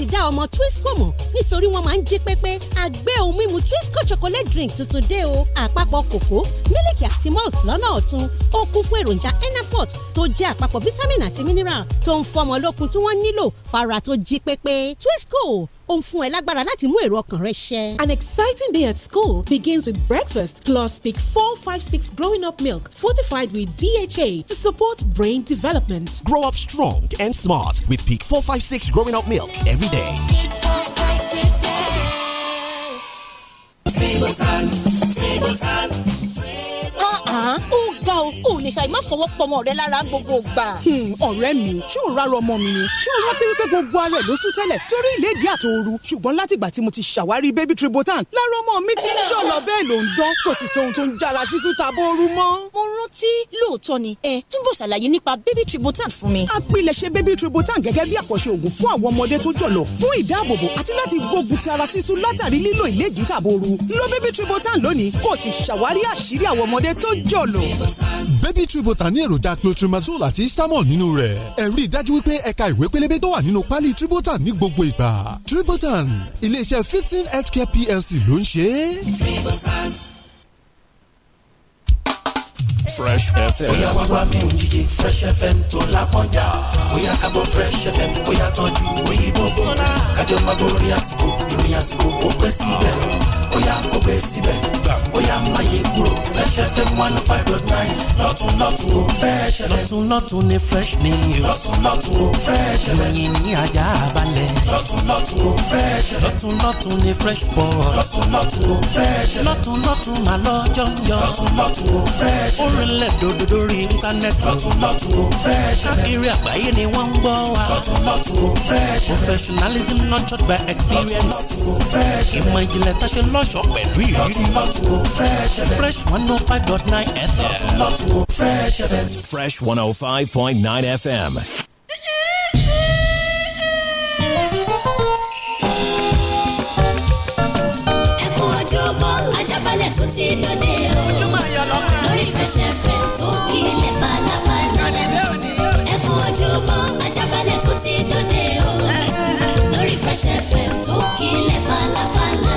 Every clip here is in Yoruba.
láti dá ọmọ Twisco mọ̀ nítorí wọ́n máa ń jí pépé àgbẹ̀ ohun mímu Twisco chocolate drink tuntun dé o àpapọ̀ kòkó mílìkì àti malt lọ́nà ọ̀tun ó kún fún èròjà enafort tó jẹ́ àpapọ̀ vitamin àti mineral tó ń fọmọ lókun tí wọ́n nílò fara tó jí pépé Twisco ó ń fún ẹ lágbára láti mú èrò ọkàn rẹ ṣẹ. An exciting day at school begins with breakfast plus Peak Six growing up milk fortified with DHA to support brain development. Grow up strong and smart with Peak Six growing up milk every day. Nacional. o kò lè ṣàì má fọwọ́ pọmọ rẹ lára gbogbo gbà. Hmm, ọ̀rẹ́ mi ṣé ò rárọ ọmọ mi ni ṣé o rántí wípé gbogbo ara ẹ̀ ló sún tẹ́lẹ̀ torí ìlédìí àtòoru ṣùgbọ́n látìgbà tí mo ti ṣàwárí baby tribotan lára ọmọ mi ti ń jọ̀lọ̀ bẹ́ẹ̀ ló ń dán kò sì sóhun tó ń jára sísun tabóoru mọ́. mo rántí lóòótọ́ ni ẹ túbọ̀ ṣàlàyé nípa baby tribotan fún mi. apilẹ̀ṣẹ̀ baby tribotan gẹ́gẹ́ bí àkọ́ṣe òògùn fún àwọn ọmọdé tó jọ̀lọ̀ fún ìdáàbòbò àti láti gbógun ti ara sísun látàrí lílo ìlédìí tàbóoru lo baby tribotan lónìí kò sì ṣàwárí àṣírí àwọn ọmọdé tó jọ̀lọ̀ baby tributan ní èròjà clotrimazole àti istamol nínú rẹ̀ ẹ rí i dájú wípé ẹ̀ka ìwé pélébé tó wà nínú pálí tributan ní gbogbo ìgbà tributan iléeṣẹ́ fifteen healthcare plc ló ń ṣe é. tributan fresh fm. bóyá wá wá mi ò jíjẹ fresh fm to tó lápọ́njà. bóyá ká gbọ́ fresh fm bóyá tọ́jú òyìnbó bò. kájọ máa borí àsìkò ìròyìn àsìkò ó pẹ́ síbẹ̀ bóyá kò bẹ́ síbẹ̀ bóyá máyé kúrò fẹsẹ̀ fẹ́ one oh five dot nine lọ́tún lọ́tún ó fẹsẹ̀ fẹ́. lọ́tún lọ́tún ni fresh news. lọ́tún lọ́tún ó fẹsẹ̀ fẹ́. lẹ́yìn ní ajá balẹ̀. lọ́tún lọ́tún ó fẹsẹ̀ fẹ́. lọ́tún lọ́tún ni fresh sport. lọ́tún lọ́tún ó fẹsẹ̀ fẹ́. lọ́tún lọ́tún mà lọ́jọ́ ń yọ. lọ́tún lọ́tún ó fẹsẹ̀ fẹ́. orílẹ̀ dòdò lórí íńtánẹ́ẹ̀tì. lọ́tún lọ́tún ó fẹsẹ̀ fẹ́. káàkiri àgbáyé ni wọ́n ń gbọ́ wa. lọ́tún lọ́tún ó fẹ́ṣẹ̀. professionalism nurtured by experience. lọ́tún lọ́tún fresh. fẹ́ṣẹ̀. ìmọ̀ ìjìnlẹ̀ tá ṣe lọ́ pẹ̀lú lọ́tún oh, fresh fm. fresh fm. lọ́tún lọ́tún fresh fm. fresh one oh five point nine fm. ẹkún ajábalẹ̀ tó ti dòde o lórí fresh fm tó kílẹ̀ falafala ẹkún ajábalẹ̀ tó ti dòde o lórí fresh fm tó kílẹ̀ falafala.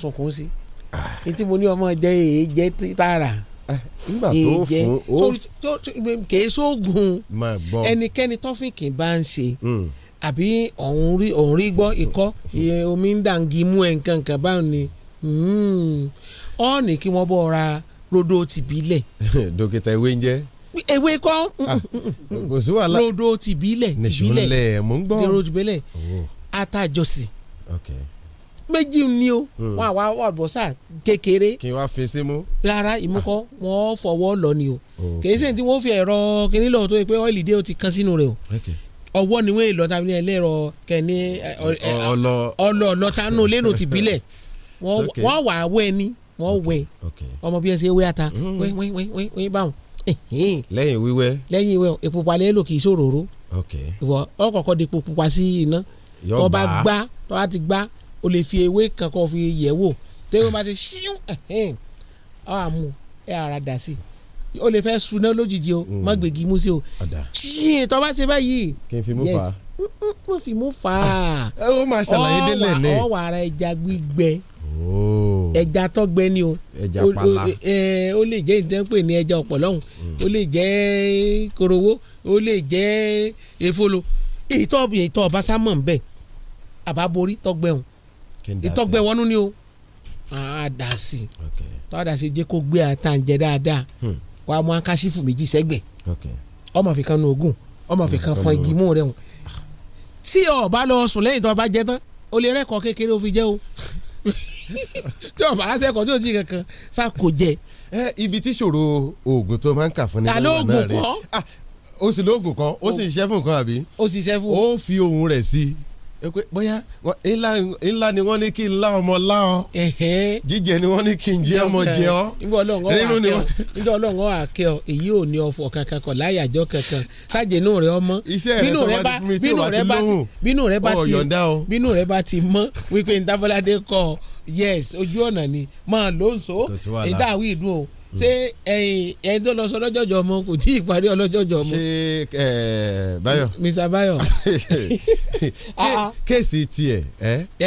sunkún sí ní tí mo ní ọmọ jẹ èé jẹ tààrà nígbà tó fún ó kèé sóògùn ẹnikẹ́ni tọ́fìnkì bá ń ṣe hmm. àbí ọ̀hún rí ọ̀hún rí gbọ́ ikọ́ omi ń dàǹgì mú ẹ̀ nǹkan kan báwọn ni hmm. ọ̀ ní kí wọ́n bọ̀ ra rodo tìbílẹ̀. dókítà ewé ń jẹ́ ewé kọ́ ah, kò sí wàhálà rodo tìbílẹ̀ tìbílẹ̀ nìṣó ńlẹ̀ mò ń gbọ́ rodo tìbílẹ̀ oh. atajọsí méjì ni o hmm. wọn àwa àbọ̀sà kékeré kí wọ́n fi sí mú. rárá ìmúkọ ah. wọn fọwọ́ lọ ni o kì í sèǹ tí wọ́n fi ẹ̀rọ kìnìún lọ tó yẹ pé ọ́ìlì dé o ti kan sínú rẹ̀ o ọwọ́ ni wọ́n èlò ọ̀tá ní ẹlẹ́rọ kẹ́ni ọlọ lọ́tánú lẹ́nu tìbílẹ̀ wọ́n wà á wẹ́ ni wọ́n wẹ̀ ọmọ bí ẹ ṣe wẹ́ ata wẹ́ hmm. wẹ́ wẹ́ wẹ́ báwọn. lẹ́yìn wíwẹ́. lẹ́yìn wíwẹ́ epo palẹ́ lò kì í ṣòróró ìwọ ọkọ̀ọ̀kọ̀ di epo pupa sí iná tó bá gbá tó bá ti gbá o lè fi ewé kankan fi yẹ̀ wò tẹ́wọ́n bá ti ṣíún ẹ̀hìn ọ̀ àmú ẹ̀ ara dà sí o lè fẹ́ suná lójijì o má mm. gbègi mú sí o ṣíì tó bá ṣe báyìí kí n fi mú fà á mo fi mú fà á ó máa ṣàlàyé délẹ̀ ní ọwọ́ ara ẹja gbígbẹ oh. ẹja tọgbẹ ni o ẹja pala ó lè jẹ́ ìtẹ́pè ní ẹja ọ̀pọ̀lọ́hún ó mm. lè jẹ́ korowó ó lè jẹ́ efolo ìtọ́ ìtọ́ ọbaṣámọ̀ ń bẹ̀ àbáborí tọgbẹ̀hún ìtọ́gbẹ́ wọnú ni o hmm. a dà sí tọ́ dà sí jẹ́ kó gbé àtàǹjẹ dáadáa hmm. wà á mú akásífù méjì sẹ́gbẹ̀ ọmọ fi kan nu ogun ọmọ fi hmm. kan fọn igi mú rẹ hùn tí o bá lọ sùn lẹ́yìn tó o bá jẹ tán o lè rẹ́kọ̀ọ́ kékeré o fi jẹ́ o tí o bá sẹ́kọ̀ọ́ tí o ti kankan sá kò jẹ. ibi tí ṣòro oògùn tó máa ń kà fún ni lọ́wọ́ rẹ̀ ó sì lóògùn kan ó sì ṣiṣẹ́ fún nǹkan àbí ó sì ṣiṣẹ́ fún ó fi ohun rẹ̀ sí i pé bóyá ńlá ni wọ́n ní kí n lá ọmọ lá ọ jíjẹ ni wọ́n ní kí n jẹ ọmọ jẹ ọ nínú ni wọ́n. nígbà ọlọ́run ọ̀ àkẹ́ ọ èyí ò ní ọ̀fọ̀ kankan kọ̀ láyàjọ́ kankan sájẹ̀nù rẹ ọmọ bínú rẹ bá bínú rẹ bá ti bínú rẹ bá ti bínú rẹ ti mọ́ wípé ntàfọládé kọ yes ojú ọ̀nà ni máa lóńsó ìdáwí ìdún o ṣé ẹyin ẹyin tó lọ sọ lọ́jọ́jọ́ ọmọ kò tí ì parí ọlọ́jọ́jọ́ ọmọ. ṣé ẹ Báyọ̀. Mr. Báyọ̀. Ah, ah. kéèsì tiẹ̀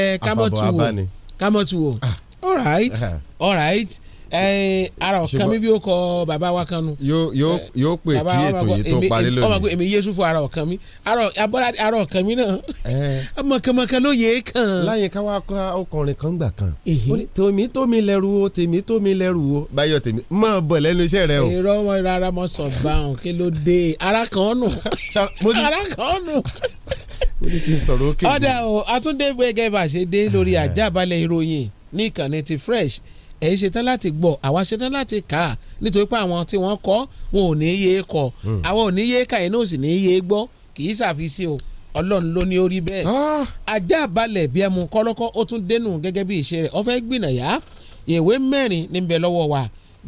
ẹ àfàbọ̀ abáni. kámọ́tù wò ah. all right all right ara ọ̀kan mi bí ó kọ bàbá wa kan nu. yóò pè kí ètò yìí tó parí lónìí. ọmọ èmi yéṣu fún ara ọ̀kan mi ara ọ̀kan mi náà mọ̀kànmọ̀kàn ló yẹ e kàn. láyé ká wá kọ́ ọkùnrin kan gbà kan tèmi tó mi lẹ́rù o tèmi tó mi lẹ́rù o báyọ̀ tèmi mọ̀ bọ̀ lẹ́nu iṣẹ́ rẹ o. irọ́ wọn rárá mọ sọ báwọn kí ló dé ara kan nù ara kan nù ó ní kí n sọ̀rọ̀ òkè. ọ̀dà o àtúndé gbẹgẹ bá ṣe dé lórí àjábálẹ̀ ìròyìn ní ìkànnì ti fresh ẹ̀ ń ṣetán láti gbọ́ àwa ṣetán láti kà á nítorí pé àwọn tí wọ́n kọ́ wọn ò ní yé kọ́ hmm. àwọn ò ní yé kà iná ò ní yé gbọ́ kì í ṣàfisí o ọlọ́run ló ní orí bẹ́ẹ̀ ah! ajá balẹ̀ bí ẹmu kọ́lọ́kọ́ ó tún dénú gẹ́gẹ́ bí ìṣe rẹ̀ ó gbìnàyà ìwé mẹ́rin níbẹ̀ lọ́wọ́ wa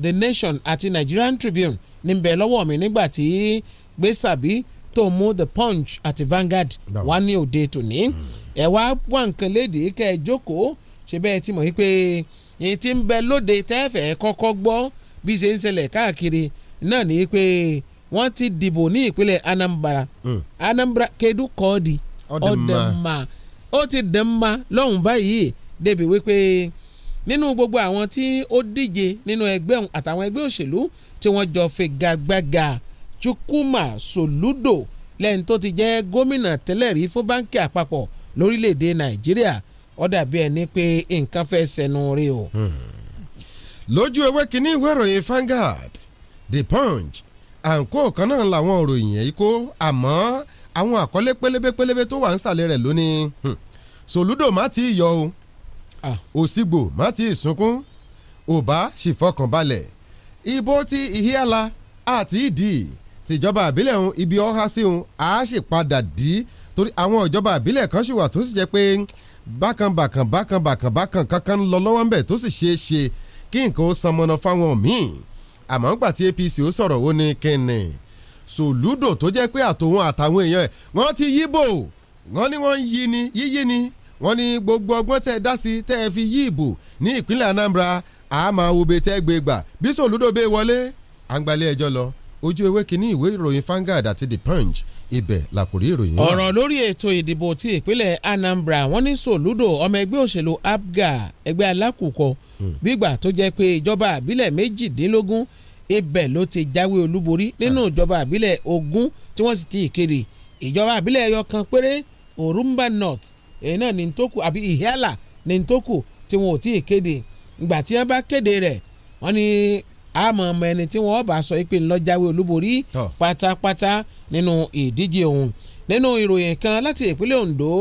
The Nation àti Nigerian Tribune níbẹ̀ lọ́wọ́ mi nígbà tí gbèsàbí tó mú The Punch àti Vanguard wá ní òde tòní hmm. ẹ̀ wá wà nǹkan léde kẹ́ ẹ jókòó ṣe bẹ́ẹ̀ ti mọ̀ wípé. E yìí ti ń bẹ lóde tẹ́fẹ̀ kọ́kọ́ gbọ́ bí ṣe ń ṣẹlẹ̀ káàkiri náà ní pé wọ́n ti dìbò ní ìpínlẹ̀ Anambra mm. Anambra kedu kọ́ọ̀dì ọ̀dẹ̀mà ó ti dẹ̀mà lọ́hùn báyìí débi wípé nínú gbogbo àwọn tí ó díje nínú ẹgbẹ́ àtàwọn ẹgbẹ́ òṣèlú tí wọ́n jọ figagbága Chukwuma Soludo lẹ́yìn tó ti jẹ́ gómìnà tẹ́lẹ̀ rí fún báńkì àpapọ̀ lórílẹ̀‐èdè Nàìjíríà ó dàbí ẹni pé nǹkan fẹ́ sẹnu rí o. lójú ewé kínní ìwé ìròyìn Vanguard The Punch àǹkó kan náà làwọn òròyìn yẹn kó àmọ́ àwọn àkọlé pélébé pélébé tó wà ń sàlẹ̀ rẹ̀ lónìí hmm. Sòlúdò má ti yọ o Òsígbò má ti sunkún òbá sì fọkànbalẹ̀ ibo ti ìhíàlà àti ìdí tìjọba àbílẹ̀ ń ibi ọ̀há sí un àá sì padà dí torí àwọn ìjọba àbílẹ̀ kan sì wà tó sì jẹ́ pé bákan bákan bákan bákan bákan kankan lọ lọ́wọ́ ń bẹ̀ tó sì ṣeé ṣe kí nǹkan ó san mọ́nà fáwọn míì àmọ́ ń gbà tí APC ó sọ̀rọ̀ ó ní kẹ́nẹ̀ sòlúdò tó jẹ́ pé àtòun àtàwọn èèyàn ẹ̀ wọ́n ti yíbò wọ́n ní wọ́n yí ni yíyí ni wọ́n ní gbogbo ọgbọ́n tẹ́ ẹ dá sí tẹ́ ẹ fi yí ìbò ní ìpínlẹ̀ Anambra àmọ́ òbe tẹ́ gbé gbà bí sòlúdò bẹ́ẹ̀ wọlé àǹgbálẹ̀ ẹjọ́ lọ ojú ewé kínní ìwé ìròyìn Vanguard àti The Punch ibẹ̀ làkòrí ìròyìn náà. ọ̀rọ̀ lórí ètò ìdìbò ti ìpínlẹ̀ Anambra wọ́n ní Soludo ọmọ ẹgbẹ́ òṣèlú APGA ẹgbẹ́ alákùkọ hmm. bígbà tó jẹ́ pé ìjọba àbílẹ̀ méjìdínlógún ibẹ̀ ló ti jáwé olúborí nínú hmm. ìjọba àbílẹ̀ ogún tí wọ́n sì ti ìkéde ìjọba àbílẹ̀ ẹyọ kan péré Orumba North èyí náà ní ntókù àbí Ihiala ní ntókù tí wọn ò tí ì kéde ìgbà tí wọ́n bá kéde rẹ̀ wọ́n ní àmọ́ ọmọ ẹni tí wọ́n bá sọ ìpè ńlọ́jáwé olúborí pátápátá nínú ìdíje ọ̀hún nínú ìròyìn kan láti ìpínlẹ̀ Ondo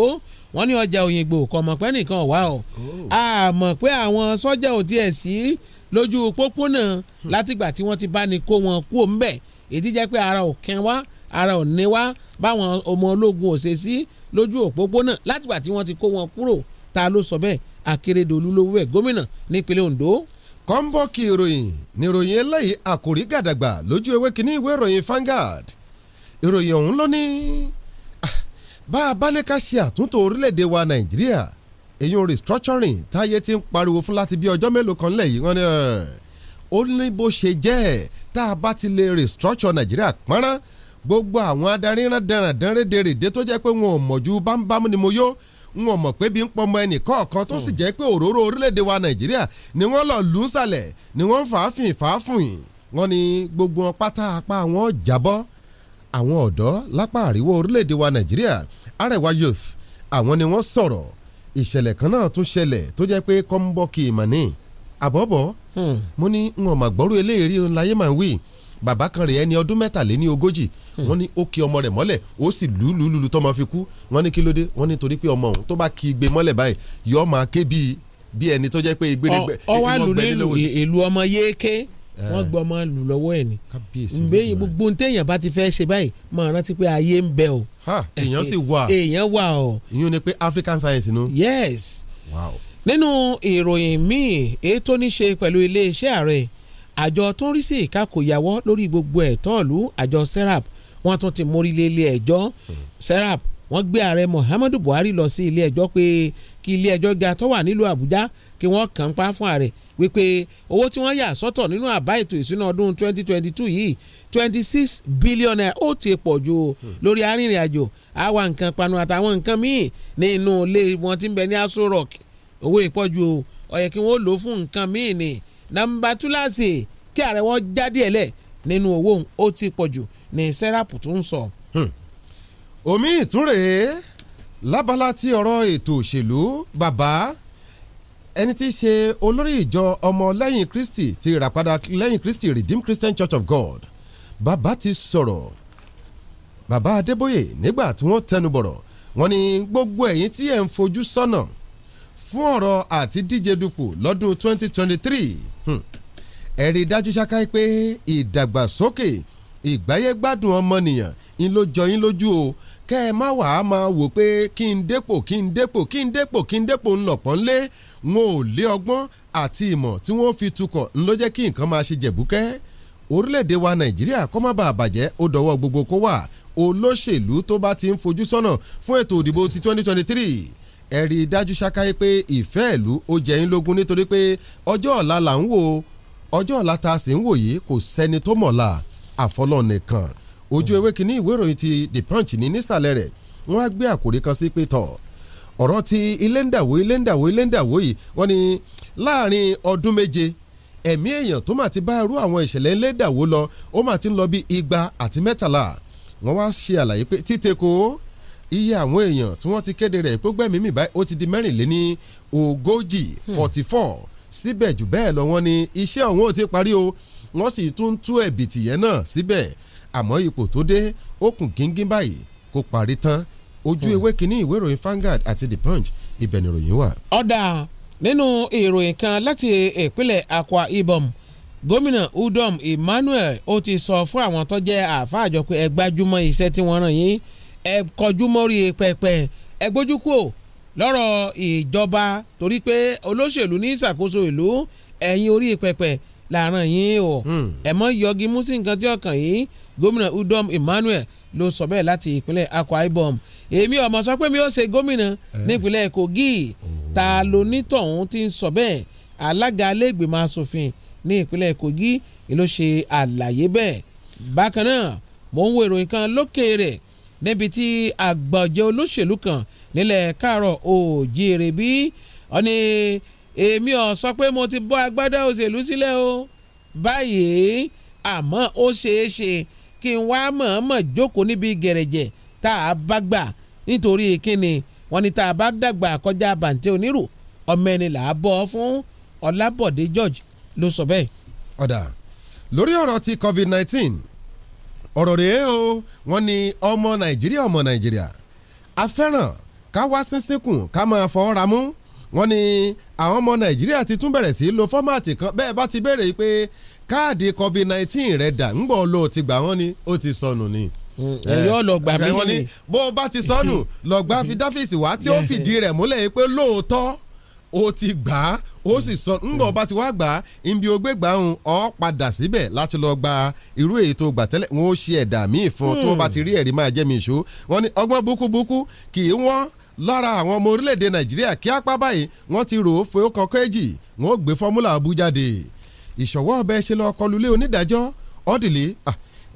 wọ́n ní ọjà Òyìngbò kò mọ̀ pé nìkan wà ó àmọ́ oh. pé àwọn sọ́jà ò tiẹ̀ sí lójú pópónà hmm. látìgbà tí wọ́n ti bá ní kó wọn kú òun bẹ̀ èdí jẹ́ pé ara ò kẹ́ wá ara ò ní wá báwọn ọmọ ológun ò ṣe sí lójú òpópónà látìgbà tí wọ́n ti kó wọn kúrò ta ló sọ bẹ́ẹ̀ Akérédolú ló wẹ̀ gómìnà nípínlẹ̀ Ondo kọ́ńbọ́ọ̀kì ìròyìn níròyìn eléyìí àkòrí gàdàgbà lójú ewé kínní ìwé ìròyìn Vanguard ìròyìn ọ̀hún ló ní ah, bá a bá ní ká ṣe àtúntò orílẹ̀-èdè wa nàìjíríà èyí ń restructuring táyé ti ń pariwo fún láti bí ọjọ́ mélòó kan lẹ̀ yìí wọ́n ní ó ní bó ṣe jẹ́ tá a bá ti lè restructure nàìjíríà pọ́nrán gbogbo àwọn adarí rán dẹ̀rẹ̀dẹ̀ tó jẹ́ pé wọn ò mọ̀ ju bámúbámú ni mo yó n ò mọ̀ pé bí ń pọmọ ẹnì kọ̀ọ̀kan tó sì hmm. jẹ́ pé òróró orílẹ̀-èdè wa nàìjíríà ni wọ́n lọ lù ú sàlẹ̀ ni wọ́n fàáfin fàáfin wọ́n ní gbogbo pátá apá wọn jábọ́ àwọn ọ̀dọ́ lápá àríwá orílẹ̀-èdè wa nàìjíríà Arewa Youth àwọn ni wọ́n sọ̀rọ̀ ìṣẹ̀lẹ̀ kan náà tún ṣẹlẹ̀ tó jẹ́ pé kọ́ńbọ́ọ̀kì ìmọ̀ ni àbọ̀bọ̀ hmm. mo ní n ò mà gbọ́rú eléyìí rí láyé màá wí bàbá kan rèé ẹni ọdún mẹ́tàléní ogójì hmm. wọ́n ní ó ki ọmọ rẹ̀ mọ́lẹ̀ ó sì lùlù lùlù tọmọ fi kú wọ́n ní kí ló dé wọ́n ní torí pé ọmọ òun tó bá ki igbe mọ́lẹ̀ báyìí yọ ọmọ aké bí ẹni tó jẹ́ pé ìgbélégbé ọwọ́ àlùlé ìlú ọmọ yéèké wọ́n eh. gbọ́ ọmọ lù lọ́wọ́ ẹ̀ ni nbẹ́yìn gbogbo ntẹ̀yìn bá ti fẹ́ ṣe báyìí máa rántí pé ayé ń bẹ o. èèyàn sì wà èèyàn wà o. ìyún ni pé African science nu. yes. wow. nínú ìròyìn míì èyí ní ṣe pẹ̀lú iléeṣẹ́ ààrẹ àjọ tó ń rí sí ìkákòyàwọ́ lórí gbogbo ẹ̀tọ́ ìlú àjọ serap wọ́n tún ti mórí lé ilé ẹjọ́ hmm. serap wọ́n gbé ààrẹ Muhammadu Buhari lọ sí ilé ẹjọ́ pé kí ilé ẹjọ́ ga tó wà nílùú Àbújá kí wọ́n kàn pa fún ààrẹ wípé owó tí wọ́n yà sọ́tọ̀ nínú àbá ètò ìsúná ọdún 2022 yìí 26 billion naira ó ti pọ̀ jù lórí arìnrìn-àjò àwa nǹkan panu àtàwọn nǹkan míì ní inú ilé wọn ti ń bẹ ní Aso Rock owó ìpọ́jù ó yẹ kí wọ́n lò fún nǹkan míì ní nàmbà túláàsì kí ààrẹ wọn jáde ẹ̀lẹ̀ nínú owó ó ti pọ̀ jù ní sẹ́rápù tó ń sọ. So omi ìtúnrè lábala ti ọ̀rọ̀ ètò òṣèlú bàbá ẹni tí í ṣe olórí ìjọ ọmọ lẹ́yìn Kristi ti ìràpadà lẹ́yìn Kristi redeem Christian Church of God bàbá ti sọ̀rọ̀ bàbá Adébóyè nígbà tí wọ́n tẹnu bọ̀rọ̀ wọ́n ní gbogbo ẹ̀yin tí ẹ̀ ń fojú sọ́nà fún ọ̀rọ̀ àti díje dupò lọ́dún 2023 hmm, ẹ rí dájú ṣáká pé ìdàgbàsókè ìgbáyégbádùn ọmọnìyàn ń yín lójú o kẹ́ ẹ má wàá máa wò pé kí n dépò kí n dépò kí n dépò kí n dépò ńlọ̀pọ̀ ńlé wọn ò lé ọgbọ́n àti ìmọ̀ tí wọ́n fi tukọ̀ ńlọ kí nǹkan máa ṣe jẹ̀búkẹ́ orílẹ̀-èdè wa nàìjíríà kọ́ má bàa bàjẹ́ ó dọ̀wọ́ gbogbo kó wà olóṣèlú tó bá ti ń fojú sọ́nà fún ètò òdìbò ti 2023 ẹ rí i dájú ṣákáyé pé ìfẹ́ ìlú ó jẹ yín lógún nítorí pé ọjọ́ ọ̀la là ń wò ọjọ́ ọ̀la tá a sì ń wò yìí kò sẹ́ni tó mọ̀la àfọlọ́ nìkan ojú ewé kínní ìwé ìròyìn ti the punch ní nísàlẹ̀ rẹ̀ wọ́n á gbé àkòrí kan sí pé tọ̀ ọ̀rọ̀ ti ilé ń dàwó ilé ń dàwó ilé ń dàwó yìí wọ́n ní láàrin ọdún méje ẹ̀mí èèyàn tó mà ti bá irú àwọn ìṣẹ̀lẹ̀ ilé dàwó lọ ó mà ti ń lọ bí igba àti mẹ́tàlá wọ́n wá ṣe àlàyé pé títe kó iye àwọn èèyàn tí wọ́n ti kéde rẹ̀ pé mi báyìí ó ti di mẹ́rìnléní ogójì hmm. forty four síbẹ̀ jù bẹ́ẹ̀ lọ wọ́n ní iṣẹ́ ọ̀hún ò ti parí o wọ́n sì tún tú ẹ̀bìtì yẹn náà síbẹ̀ àmọ́ ipò tó dé ó kùn gíngín báyìí kó parí tán ojú ewé kínní ìwé ìròyìn Vanguard àti The Punch ibẹ̀ ni ìròyìn wà. ọ̀dà nínú ìròyìn kan láti ìpínlẹ̀ Akwa Ibom gómìnà Udom Emmanuel ó ti sọ fún àwọn tó jẹ́ àáfàá àjọ pé ẹ gbájúmọ́ iṣẹ́ tí wọ́n ràn yín ẹ kọjú mọ́rí pẹpẹ ẹ gbójú kúò lọ́rọ̀ ìjọba torí pé olóṣèlú ní ìṣàkóso ìlú ẹ̀yìn orí pẹpẹ làárọ̀ yín o hmm. ẹ yọgi mú sí nǹkan tí ọkàn yín gómìnà Udom Emmanuel ló sọ bẹ́ẹ̀ láti ìpínlẹ̀ Akwa Ibom èmi ọmọ sọ pé mi ò ṣe gómìnà eh. nípínlẹ̀ Kogi oh. ta ló nítọ̀hún ti ń sọ bẹ́ẹ̀ alága alẹ́gbẹ̀mọ asòfin ní ìpínlẹ̀ Kogi ló ṣe àlàyé bẹ́ẹ̀ bákan náà mò ń wo ìròyìn kan lókè rẹ̀ níbi tí àgbàjọ olóṣèlú kan nílẹ̀ káàrọ̀ òjíire bí ọ èmi ò sọ pé mo ti bọ́ agbádá òṣèlú sílẹ̀ o báyìí àmọ́ ó ṣeé kí n wá mọ̀ọ́mọ̀ jókòó níbi gẹ̀rẹ̀jẹ̀ tá a bá gbà nítorí kíni wọn ni tá a bá dàgbà kọjá bàǹtẹ́ onírù ọmọ ẹni là á bọ́ fún Ọlábọ̀dé George ló sọ bẹ́ẹ̀. ọ̀dà lórí ọ̀rọ̀ ti COVID-19 ọ̀rọ̀ rèé o wọn ni ọmọ Nàìjíríà ọmọ Nàìjíríà a fẹ́ràn ká wá sínsínkù ká máa fọwọ́ ra mú wọ́n ní àwọn ọmọ nàìjíríà ti tún bẹ̀rẹ̀ sí lo fọ́máàtì kan bẹ́ẹ̀ bá ti béèrè pé káàdì covid nineteen rẹ̀ dà ńgbọ́ ló ti gbà wọ́n ni ó ti sọnù ni mm, ẹ̀yọ́ lọ gbà mí ni bó o bá ti sọnù lọ gbà mm-hmm. fidafisi wá tí ó fìdí rẹ̀ múlẹ̀ pé lóòótọ́ ó ti gbà á ó sì sọ ńgbọ́ ọba mm-hmm. ti wá gbà á ibi ògbé gbà ń ọ padà síbẹ̀ láti lọ gba irú èyí tó gbà tẹ́lẹ̀ wọn ó ṣe ẹ̀dà míì fún tí wọ́n bá ti mm. rí ẹ̀rí máa jẹ́ mi ìṣó wọn ni ọgbọ́n búkúbúkú kì í wọ́n lára àwọn ọmọ orílẹ̀-èdè nàìjíríà kí apá báyìí wọ́n ti rò ó fẹ́ ó kọ́kọ́ wọ́n ó gbé fọ́múlà abújáde ìṣọ̀wọ́ ọbẹ̀ ṣe lọ kọlu lé onídàájọ́ ọ́dìlé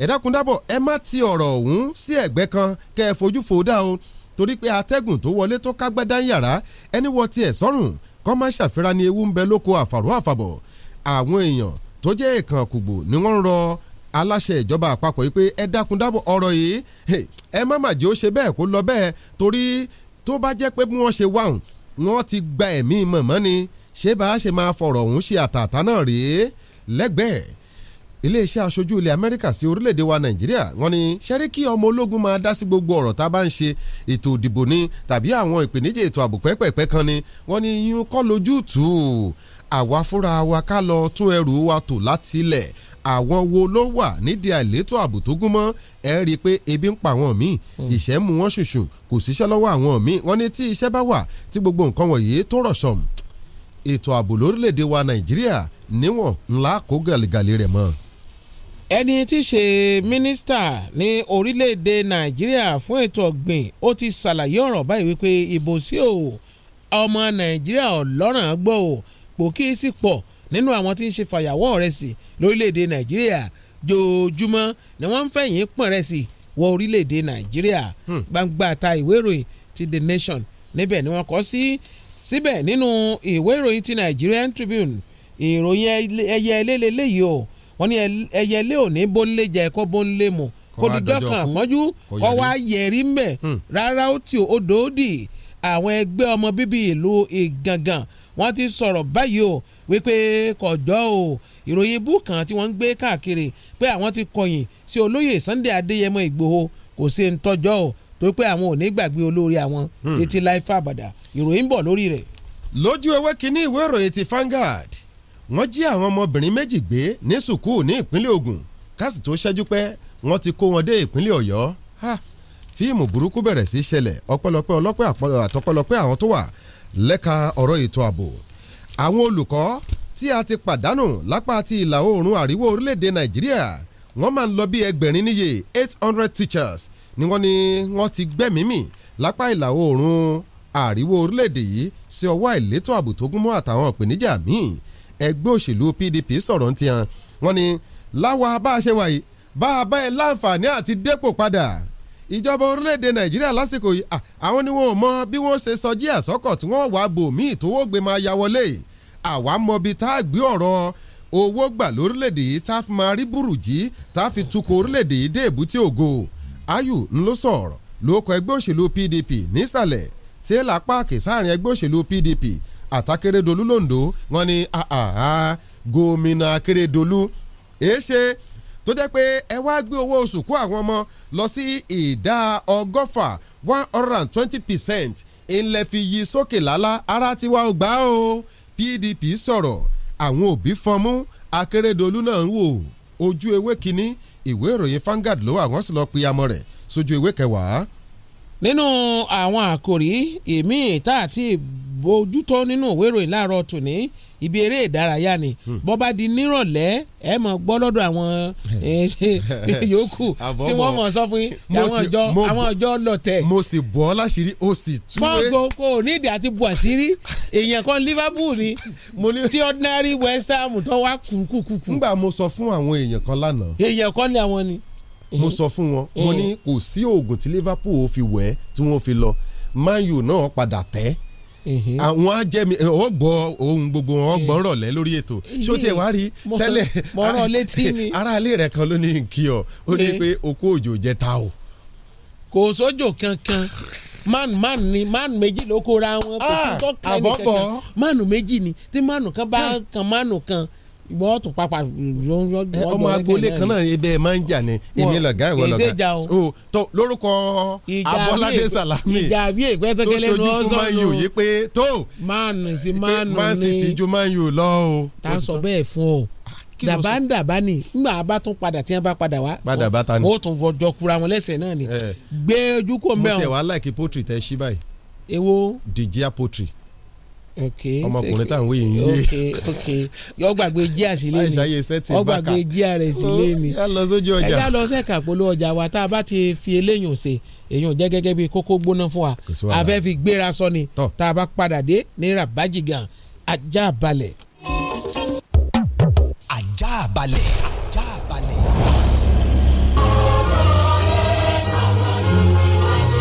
ẹ̀dákúndábọ̀ ẹ má ti ọ̀rọ̀ ọ̀hún sí ẹ̀gbẹ́ kan kẹ́ ẹ fojú fò dá o torí pé atẹ́gùn tó wọlé tó kágbádá ń yàrá ẹni wọ tiẹ̀ sọ́rùn kọ́ má ṣàfihàn ni ewu ń bẹ lóko àfàrọ̀ àfàbọ̀ àwọn èèyàn tó jẹ́ èèkàn kùgbò ni wọ́n ń rọ aláṣẹ ìjọba àpapọ̀ yìí pé ẹ ọ̀rọ̀ yìí ẹ má mà jẹ́ ó ṣe bẹ́ẹ̀ kó lọ bẹ́ẹ̀ torí tó bá jẹ́ pé wọ́n ṣe wáhùn wọ́n ti gba ẹ̀mí mọ̀mọ́ ni ṣé bá a ṣe máa fọ̀rọ̀ ọ̀hún ṣe àtàtà náà rèé lẹ́gbẹ̀ẹ́ iléeṣẹ́ aṣojú ilẹ̀ amẹ́ríkà sí orílẹ̀-èdè wa nàìjíríà wọ́n ní ṣẹ́rí kí ọmọ ológun máa dá sí gbogbo ọ̀rọ̀ tá a bá ń ṣe ètò òdìbò ni tàbí àwọn ìpèníjà ètò ààbò pẹ́pẹ́pẹ́ kan ni wọ́n ní yín kọ́ lójú tù ú àwa fúnra wa ká lọ tún ẹrù wa tò láti ilẹ̀ àwọn wo ló wà nídìí àìlétò ààbò tó gún mọ́ ẹ rí i pé ebi ń pa àwọn míì hmm. ìṣẹ́ mú wọn ṣùṣù kò síṣẹ́ lọ́wọ́ àwọn míì wọ́n ní tí iṣẹ́ bá wà tí gbogbo nǹkan wọ̀nyí tó rọ̀ sọ̀mù ètò ààbò lórílẹ̀‐èdè wa nàìjíríà níwọ̀n ńlá kó gàlégàlé rẹ̀ mọ́. ẹni tí í ṣe mínísítà ní orílẹ̀‐èdè nàìjíríà fún ètò ọ̀gbìn ó ti ṣàlàyé ọ̀rọ̀ báyìí wípé ìbò sí o ọmọ nàìjíríà ọ̀lọ́ràn gbọ́ o pòkí sì pọ̀ nínú àwọn tí ń ṣe fàyàwọ́ rẹ̀ sí lórílẹ̀‐èdè nàìjíríà jòjúmọ́ ni wọ́n ń fẹ̀yìn pọ̀n rẹ̀ sí wọ orílẹ̀‐èdè nàìjíríà hmm. gbangba ta ìwé ìròyìn ti The Nation níbẹ̀ ni wọ́n kọ sí síbẹ̀ nínú ìwé ìròyìn ti Nigerian Tribune ìròyìn ẹyẹ eléle léyìí o wọ́n ní ẹyẹ ilé òní bónlé jẹ kó bónlé mu kó dijọ́ kan pọ́njú kó wá yẹ̀rí mbẹ̀ hmm. rárá ó ti odò dì àwọn ẹgbẹ́ ọmọ bíbí ìlú Ìgangan wọ́n ti sọ̀rọ̀ báyìí o wípé kọjọ́ o ìròyìn ibú kan tí wọ́n ń gbé káàkiri pé àwọn ti kọ̀yìn sí olóyè Sunday Adéyẹmọ Ìgbòho kò sí ń tọ́jọ́ o tó pé àwọn ò ní gbàgbé olórí àwọn hmm. títí láì fàbàdà ìròyìn ń bọ̀ lórí rẹ̀. lójú ewé kínní ìwé ìròyìn ti Vanguard wọ́n jí àwọn ọmọbìnrin méjì gbé ní sùkúù ní ìpínlẹ̀ Ògùn káàsì tó ṣẹ́jú pé wọ́n ti kó wọn dé ìpínlẹ̀ Ọ̀yọ́ fíìmù burúkú bẹ̀rẹ̀ sí ṣẹlẹ̀ ọpẹ́lọpẹ́ ọlọ́pẹ́ àtọpẹ́lọpẹ́ àwọn tó wà lẹ́ka ọ̀rọ̀ ètò ààbò àwọn olùkọ́ tí a ti pàdánù lápá ti ìlà oòrùn àríwó orílẹ̀-èdè Nàìjíríà wọ́n máa ń lọ bí ẹgbẹ̀rin níye eight hundred teachers ni wọ́n ní wọ́n ti gbẹ́mìímì lápá ìlà oòrùn àríwó orílẹ̀-èdè yìí sí ọwọ́ àìlétò ààbò tó gúnmọ́ àtàwọn ìpèníjà míì ẹgbẹ́ òṣèlú PDP sọ̀rọ̀ ní tiwọn wọ́n ní láwa bá a ṣe wà yìí bá a bá ẹ láǹfààní àti dépò padà ìjọba orílẹ̀-èdè nàìjíríà lásìkò yìí àwọn ni wọn ò mọ bí wọ́n ṣe sọjí àsọ́kọ̀ tí wọ́n wàá bò míì tó wọ́gbẹ́ máa ya wọlé àwa mọbi tá a gbé ọ̀rọ̀ owó gbà lórílẹ̀-èdè yìí tá a fi máa rí burújí tá a fi tukọ̀ orílẹ̀-èdè yìí dé èbúté ògo ayù ńlọ sọ̀rọ̀ lóko ẹgbẹ́ òṣèlú pdp nísàlẹ̀ tí ẹ là páàkì sáàrin ẹgbẹ́ òṣèlú pdp àtàkérédolú londo wọn ni gómìnà akérèdọ́lù èéṣe tó jẹ́ pé ẹ wá gbé owó oṣù kó àwọn ọmọ lọ sí ìdá ọgọ́fà one hundred and twenty percent ńlẹ̀ fi yí sókè lálá ara tiwa ò gbà ó pdp sọ̀rọ̀ àwọn òbí fọnmú akérèdọ́lù náà ń wò ojú ewé kínní ìwé ìròyìn Vanguard ló wà wọ́n sì lọ pe amọ̀ rẹ̀ sójú ìwé kẹwàá. nínú àwọn àkòrí èmi tá àti bójútó nínú ìwé ìròyìn tòní ibi eré ìdárayá ni hmm. bó bá di nírọ̀lẹ́ ẹ mọ̀ gbọ́ lọ́dọ̀ àwọn eh, yòókù tí wọ́n mọ̀ sọ fún yín àwọn ọjọ́ lọ̀tẹ̀. mo sì bọ́ ọ láṣìírí o sì tú e. pọ́ǹgò kò nídìí àti bù àṣírí èèyàn kan Liverpool ni tí ordinary West Ham tó wá kùkùkùkù. nígbà mo sọ fún àwọn èèyàn kan lánàá. èèyàn kan ni àwọn ni. mo sọ fún wọn mo eh. ní kò sí oògùn tí Liverpool fi wẹ̀ tí wọ́n fi lọ Man U náà padà tẹ́ Mhm. àwọn á jẹ́ mi ó gbọ́ ohun gbogbo wọn ó gbọ́ rọ̀lẹ́ lórí ètò ṣé o tiẹ̀ wá rí tẹ́lẹ̀ ara ilé rẹ̀ kan ló ní kí ọ ó ní pé okú òjò jẹ ta o. kò sójò kankan man man ni man méjì ló kóra wọn kò ah, sí tọ́ka ẹnì kankan manu méjì ni tí manu kan bá kan manu kan ìwọ tún pápá ọmọ agboolé kan náà ibẹ̀ ẹ máa ń jà ní èmi lọgá ìwọ lọgá o tó lórúkọ abọ́ládé salami tó sojú fún man u yìí pé tó man sí man ní man sì ti ju man u lọ o. tá sọ bẹ́ẹ̀ fún o ah, dàbá ń dàbá ni ngbà bá tún padà tí wọn bá padà wá padà bá ta ni o tún fọjọ kura wọn lẹ́sẹ̀ náà ni eh. gbé ojú kò mẹ o. mo tẹ wàhálà kí ọmọkùnrin tá à ń wéyìn yé yọ gbàgbé jíà sílé mi ọ gbàgbé jíà rẹ sílé mi ẹ já lọ sẹ́ka polówó ọjà wa tá a bá ti fi eléyìn ṣe èyàn jẹ́ gẹ́gẹ́ bí kókó gbóná fún wa a fẹ́ fi gbéra sọ ni tá a bá padà dé ní rabajigan ajá balẹ̀. ajá balẹ̀.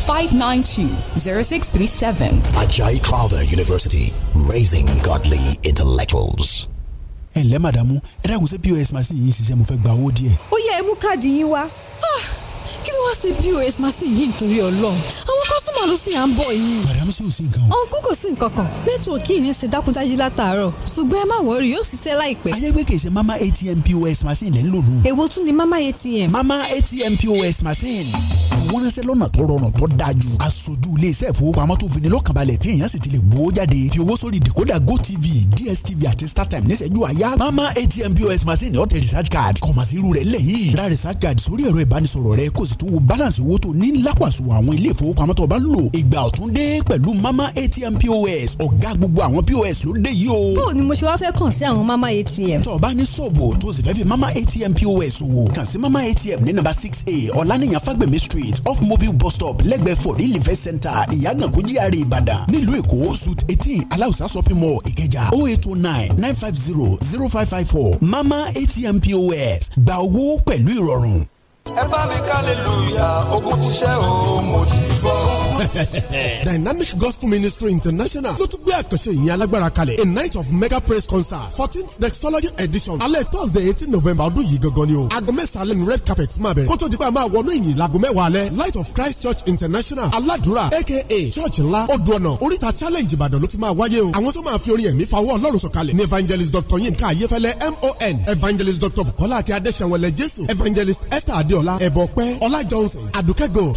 592-0637. Ajayi Carver University, raising godly intellectuals. ẹ ǹlẹ́ màdàmú ẹ dákun ṣé pos machine yìí ṣiṣẹ́ mo fẹ́ gba owó díẹ̀. ó yẹ ẹ káàdì yín wá ah, kí ló wá ṣe pos machine yìí nítorí ọlọ́run àwọn kọ́sọ́mà ló sì à ń bọ̀ yìí. màdàmú sì ò sí nǹkan o. ọ̀nkú kò sí nǹkan kan nẹ́tíwọ̀kì yìí ń ṣe dákúndájí látàárọ̀ ṣùgbọ́n ẹ má wọrí yóò ṣiṣẹ́ láìpẹ́. ayégbé kì mama atm pos machine lẹ́ ń lò èwo tún ni mama atm. mama atm pos machine wọ́n ránṣẹ́ lọ́nà tó rọrùn tó dájú. aṣojú iléeṣẹ́ ìfowópamọ́ tó fini lọ́kànbalẹ̀ tí èèyàn sì ti lè gbowó jáde. fi owó sórí decoder gotv dstv àti startime níṣẹ́jú àyà. mama atm pos machine ọ̀tẹ̀ research card kọ̀mọ̀sí irú rẹ̀ lẹ́yìn. ra research card sórí ẹ̀rọ ìbánisọ̀rọ̀ rẹ kó sì tún wo balance owó tó ní lápàṣù àwọn ilé ìfowópamọ́ tó bá ń lò. ìgbà ọ̀tun dé pẹ̀lú mama atm ní ṣọ́ọ̀bù tó a ọ̀lànìyàn fagbemi street street off mobile bus stop lẹ́gbẹ̀ẹ́ for real event center ìyàgànkú GRA ìbàdàn nílùú èkó suit eighteen aláùsá shopping mall ìkẹjà o oh eight o oh nine nine five zero zero five five four mama atm pos gba owó pẹ̀lú ìrọ̀rùn. ẹ bá mi ká lè lùyà ogun ti ṣẹ́ o mo ti gbọ́. Dynamic Gospel Ministry International ló tún gbé àkànṣe ìyẹn alágbára kalẹ̀ a night of mega praise concert fourteenth Dextology edition alẹ́ Thursday eighteen November ọdún yìí gangan ni o aago mẹ́sàn-án lẹ́nu red carpet máa bẹ̀rẹ̀ kótó dípẹ́ máa wọnú ìyìn laago mẹ́wàá alẹ́ Light of Christ Church International aládùúrà aka church ńlá odò ọ̀nà oríta challenge Ìbàdàn ló ti máa wáyé o àwọn tó máa fi orin ẹ̀mí fawọ́ Ọlọ́run sọ̀kalẹ̀ ni evangelist Dr. Yinka Ayefẹ́lẹ́ MON evangelist Dr. Bukola Akin Adéṣẹ́wọlẹ̀ Jésù evangelist Esther Adéọlá ẹ̀bọ̀pẹ́ Ọlá Johnson Adùkẹ́ Gold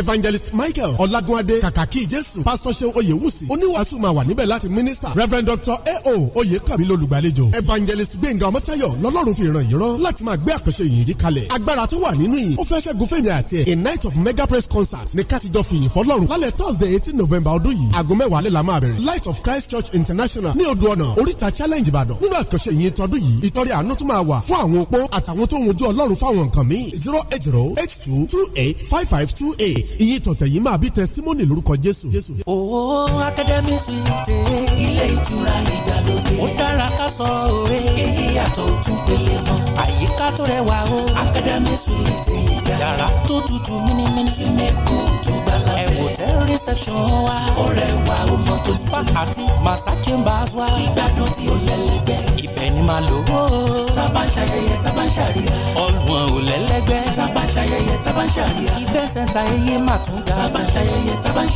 evangelist Mike michael ọlágúnadé kàkàkí jésù pásítọ̀ ṣeun oyèwùsì oníwàásù máa wà níbẹ̀ láti mínísítà rev dr ao oyèkàmí lolùgbàlejò evangelist gbẹ̀ngà ọmọtayọ lọ́lọ́run fi ràn yín rán láti máa gbé àkànṣe ìyìn yìí kalẹ̀ agbára tó wà nínú yìí ó fẹ́ ṣẹ́gun fèmí àti ẹ̀ a night of mega press concert ní kátijọ́ fìyìn fọlọ́run lálẹ́ thursday eighteen november ọdún yìí aago mẹ́wàá lè la máa bẹ̀rẹ̀ light of christ church international ní odò ọ̀nà oríta challenge ìbàdàn nínú àkànṣe ìyìn tọdún yìí ìtọ́rẹ àánú tún máa wà fún àwọn opó àtàwọn tó ń wojú ọlọ́run fáwọn nǹkan míì zero eight zero eight two two eight five five two eight ìyìn tọ̀tẹ̀ yìí m máa bí testimony lórúkọ Jésù. owó Academy Suite ilé ìtura ìgbàlódé ó dára ká sọ òwe èyí yàtọ̀ òtún pélé mọ́ àyíká tó rẹwà o Academy Suite yàrá tó tutù mímímí sùnmẹ́kù tó gbàlá hotel reception wa. ọ̀rẹ́ wa ó mọ tó ti tó. spa àti massa chambers wa. ìgbádùn tí ó lẹ́lẹ́gbẹ́. ibẹ̀ ni màá lò ó. tábà ń ṣayẹyẹ tábà ń ṣàríyá. ọ̀gbun ò lẹ́lẹ́gbẹ́. tábà ń ṣayẹyẹ tábà ń ṣàríyá. ìfẹ́ sẹ́ńtà eyé máa tún ga. tábà ṣayẹyẹ tábà ń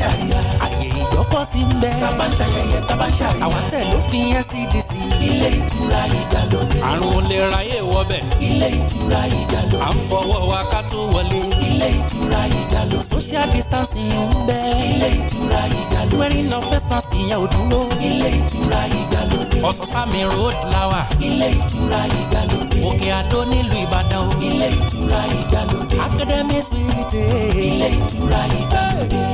àyè ìgbọ́kọ̀ sí ń bẹ. tábà ṣayẹyẹ tábà ń àwọn tẹ̀ ló fi NCDC. ilé ìtura ìgbàlódé. àrùn olè ráyè wọbẹ̀. ilé ìtura ìgbàlódé. à ń fọwọ́ wa ká tó wọlé. ilé ilé ìtura ìdàlú. social distancing ń bẹ. ilé ìtura ìdàlú. wearing no face mask ìyẹn ò ilé ìtura ìdàlódé. ọ̀sán-sámi road lawa. ilé ìtura ìdàlódé. òkè àdó nílùú ìbàdàn o. ilé ìtura ìdàlódé. academy suite. ilé ìtura ìdàlódé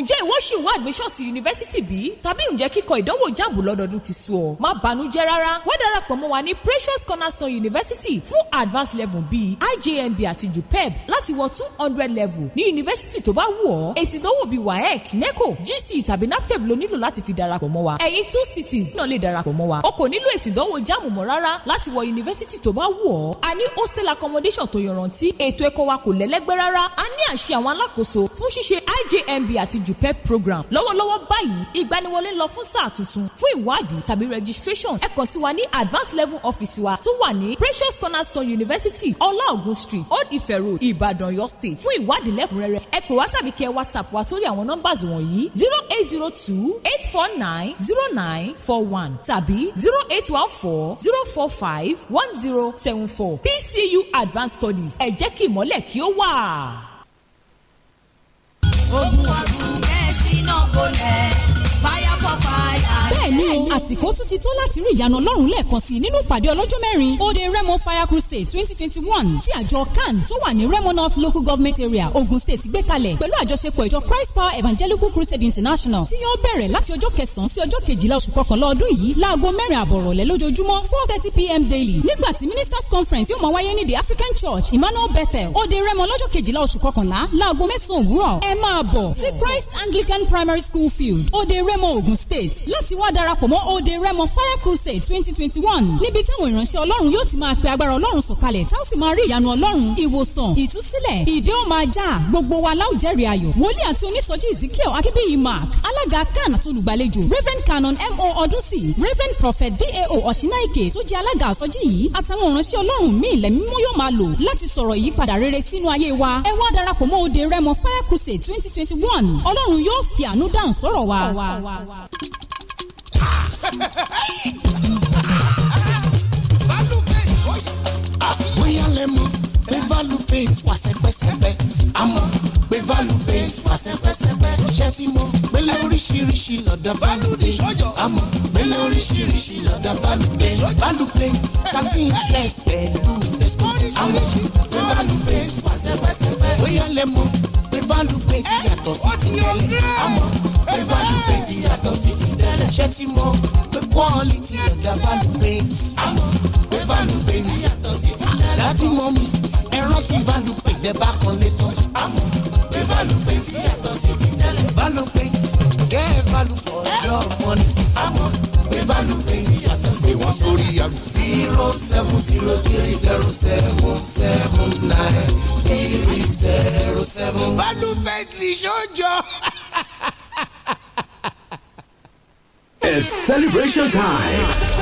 ǹjẹ́ ìwọ ṣì wá admission sí yunifásítì bí? tàbí ǹjẹ́ kíkọ ìdánwò jáàbù lọ́dọọdún ti sú ọ? má banújẹ́ rárá wọ́n darapọ̀ mọ́ wa ní Precious Cornerstone University fún advanced level bíi IJMB àti JUPEB láti wọ two hundred level ní university tó bá wù ọ́ èsì ìdánwò bíi WAEC NECO GC e tàbí NAPTEP e ló nílò láti fi darapọ̀ mọ́ wa ẹ̀yin two cities náà lè darapọ̀ mọ́ wa o kò nílò èsì ìdánwò jáàmù mọ́ rárá láti wọ yunifásítì tó bá wù ọ́ a ní hostel accommodation tó yọrantí ètò ẹ̀kọ́ wa kò lẹ́lẹ́gbẹ́ rárá a ní àṣẹ àwọn alákòóso fún ṣíṣe IJMB àti jupep program lọ́wọ́lọ́wọ́ báyìí ìgbaniwọlé lọ fún sáà tuntun fún ìwádìí tàbí registration ẹ kàn sí wa ní advanced level office wa tó wà ní precious cornerstone university ọláògùn street old ife road ìbàdàn yọ state fún ìwádìí lẹ́kùnrẹ́rẹ́ ẹ pè wá tàbí kẹ whatsapp wa sórí àwọn nọ́mbàs wọ̀nyí zero eight zero two eight four nine zero nine four one tàbí zero eight one four zero four five one zero seven four pcu advanced studies ẹ jẹ́ kí ìmọ̀lẹ̀ kí ó wà ogun ọdún kẹ́sì náà kò lẹ̀ bẹ́ẹ̀ni o àsìkò tún ti tó láti rí ìyanu Ọlọ́run lẹ́ẹ̀kan sí nínú ìpàdé ọlọ́jọ́ mẹ́rin òde Remo Fire Crusade twenty twenty one tí àjọ CAN tó wà ní Remo North Local Government Area Ogun State gbé kalẹ̀ pẹ̀lú àjọṣepọ̀ ìjọ Christ Power Evangelical Crusade International tí yóò bẹ̀rẹ̀ láti ọjọ́ kẹsàn-án sí ọjọ́ kejìlá oṣù kọkànlá ọdún yìí láago mẹ́rin àbọ̀rọ̀lẹ́ lójoojúmọ́ four thirty pm daily nígbà tí ministers conference yóò máa wáyé ní the African Church Emmanuel Bethel òde Remo lọ́jọ́ kejìlá oṣù kọkànlá láago mẹ́sàn-án òwúrọ̀ ẹ máa bọ̀ sí Christ Anglican Primary School field òde Remo Ogun State láti wá dar darapọ̀ mọ́ òde remo fire crusade twenty twenty one níbi táwọn ìránṣẹ́ ọlọ́run yóò ti máa pe agbára ọlọ́run sọ̀kalẹ̀ tá ó sì máa rí ìyanu ọlọ́run ìwòsàn ìtúsílẹ̀ ìdè ó máa já gbogbo wa láwùjẹ́rìí ayọ̀ wòlíì àti onísọjí ezekiel akínbíyì mark alága kan àti olùgbàlejò reverend canon mo ọdúnsì reverend prophet dao ọ̀ṣínáìkè tó jẹ́ alága àsọjí yìí àtàwọn ìránṣẹ́ ọlọ́run míì lẹ́mí mímọ́ yóò máa lò láti sọ̀rọ̀ ìyípadà rere sínú ayé wa ẹ wá darapọ̀ mọ́ òde rẹ́mọ fire crusade twenty twenty one ọlọ́run yóò fi àánú dáhùn sọ̀rọ̀ wa bóyá lẹ mọ̀ pé value paint wà sẹ́pẹ́sẹ́pẹ́ àmọ́ pé value paint wà sẹ́pẹ́sẹ́pẹ́ ṣé ti mọ̀ pélé oríṣiríṣi lọ́dọ̀ value dé àmọ́ pélé oríṣiríṣi lọ́dọ̀ value dé value paint satin flex pẹ̀lú àwọn pé value paint wà sẹ́pẹ́sẹ́pẹ́ bóyá lẹ mọ̀ pé value paint yàtọ̀ sí ti tẹ́lẹ̀ àmọ́ pé value paint yàtọ̀ sí ti ṣé ti mọ̀ pé quality ọ̀dà value paint. àmọ́ pé value paint yàtọ̀ sí ti tẹ́lẹ̀. láti mọ mi ẹran ti value paint bẹ́ẹ̀ bá kan lé tán. àmọ́ pé value paint yàtọ̀ sí ti tẹ́lẹ̀. value paint get value for your money. àmọ́ pé value paint yàtọ̀ sí ti tẹ́lẹ̀. ìwọ̀n sórí àmì. zero seven zero three zero seven seven nine three zero seven. value paint ni sọ́jọ́. It's celebration time.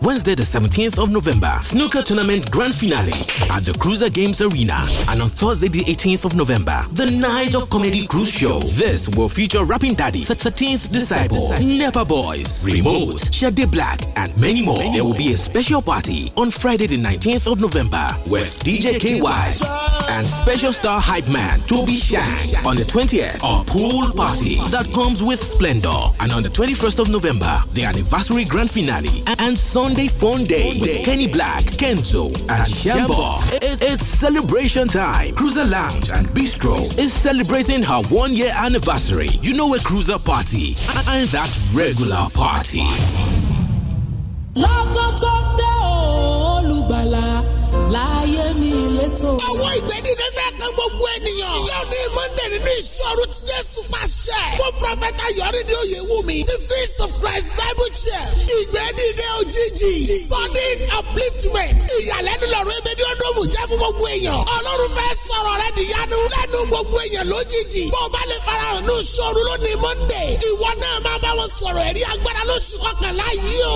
Wednesday, the 17th of November. Snooker Tournament Grand Finale at the Cruiser Games Arena. And on Thursday, the 18th of November, the Night of Comedy Cruise Show. This will feature Rapping Daddy, The 13th Disciple, Nepa Boys, Remote, Shade Black, and many more. There will be a special party on Friday, the 19th of November with DJ KY and special star hype man Toby Shang on the 20th. A pool party that comes with splendor. And on the 21st of November, the anniversary grand finale and some Sunday Phone Day with Kenny Black, Kenzo, and Shambo. It's celebration time. Cruiser Lounge and Bistro is celebrating her one year anniversary. You know a cruiser party and that regular party. láyé mi létò. ọwọ́ ìgbẹ́ dídé náà kan gbogbo ènìyàn. yóò ní monday nínú ìṣòro tí jésù pàṣẹ. fún prọfẹta yọrídìí òye wù mí. the feast of christ bible church. ìgbẹ́ dídé òjijì. sudden upliftment. ìyàlẹ́nu lọ́rọ̀ ebèdí ọdọ́mù jẹ́ fún gbogbo èèyàn. ọlọ́run fẹ́ sọ̀rọ̀ rẹ dìyanu. lẹ́nu gbogbo èèyàn lójijì. bó o bá lè farahàn ní ìṣòro lónìí monday. ìwọ náà máa bá wọn sọ̀rọ̀ ẹ̀rí agbára lóṣù kọkànlá yìí o.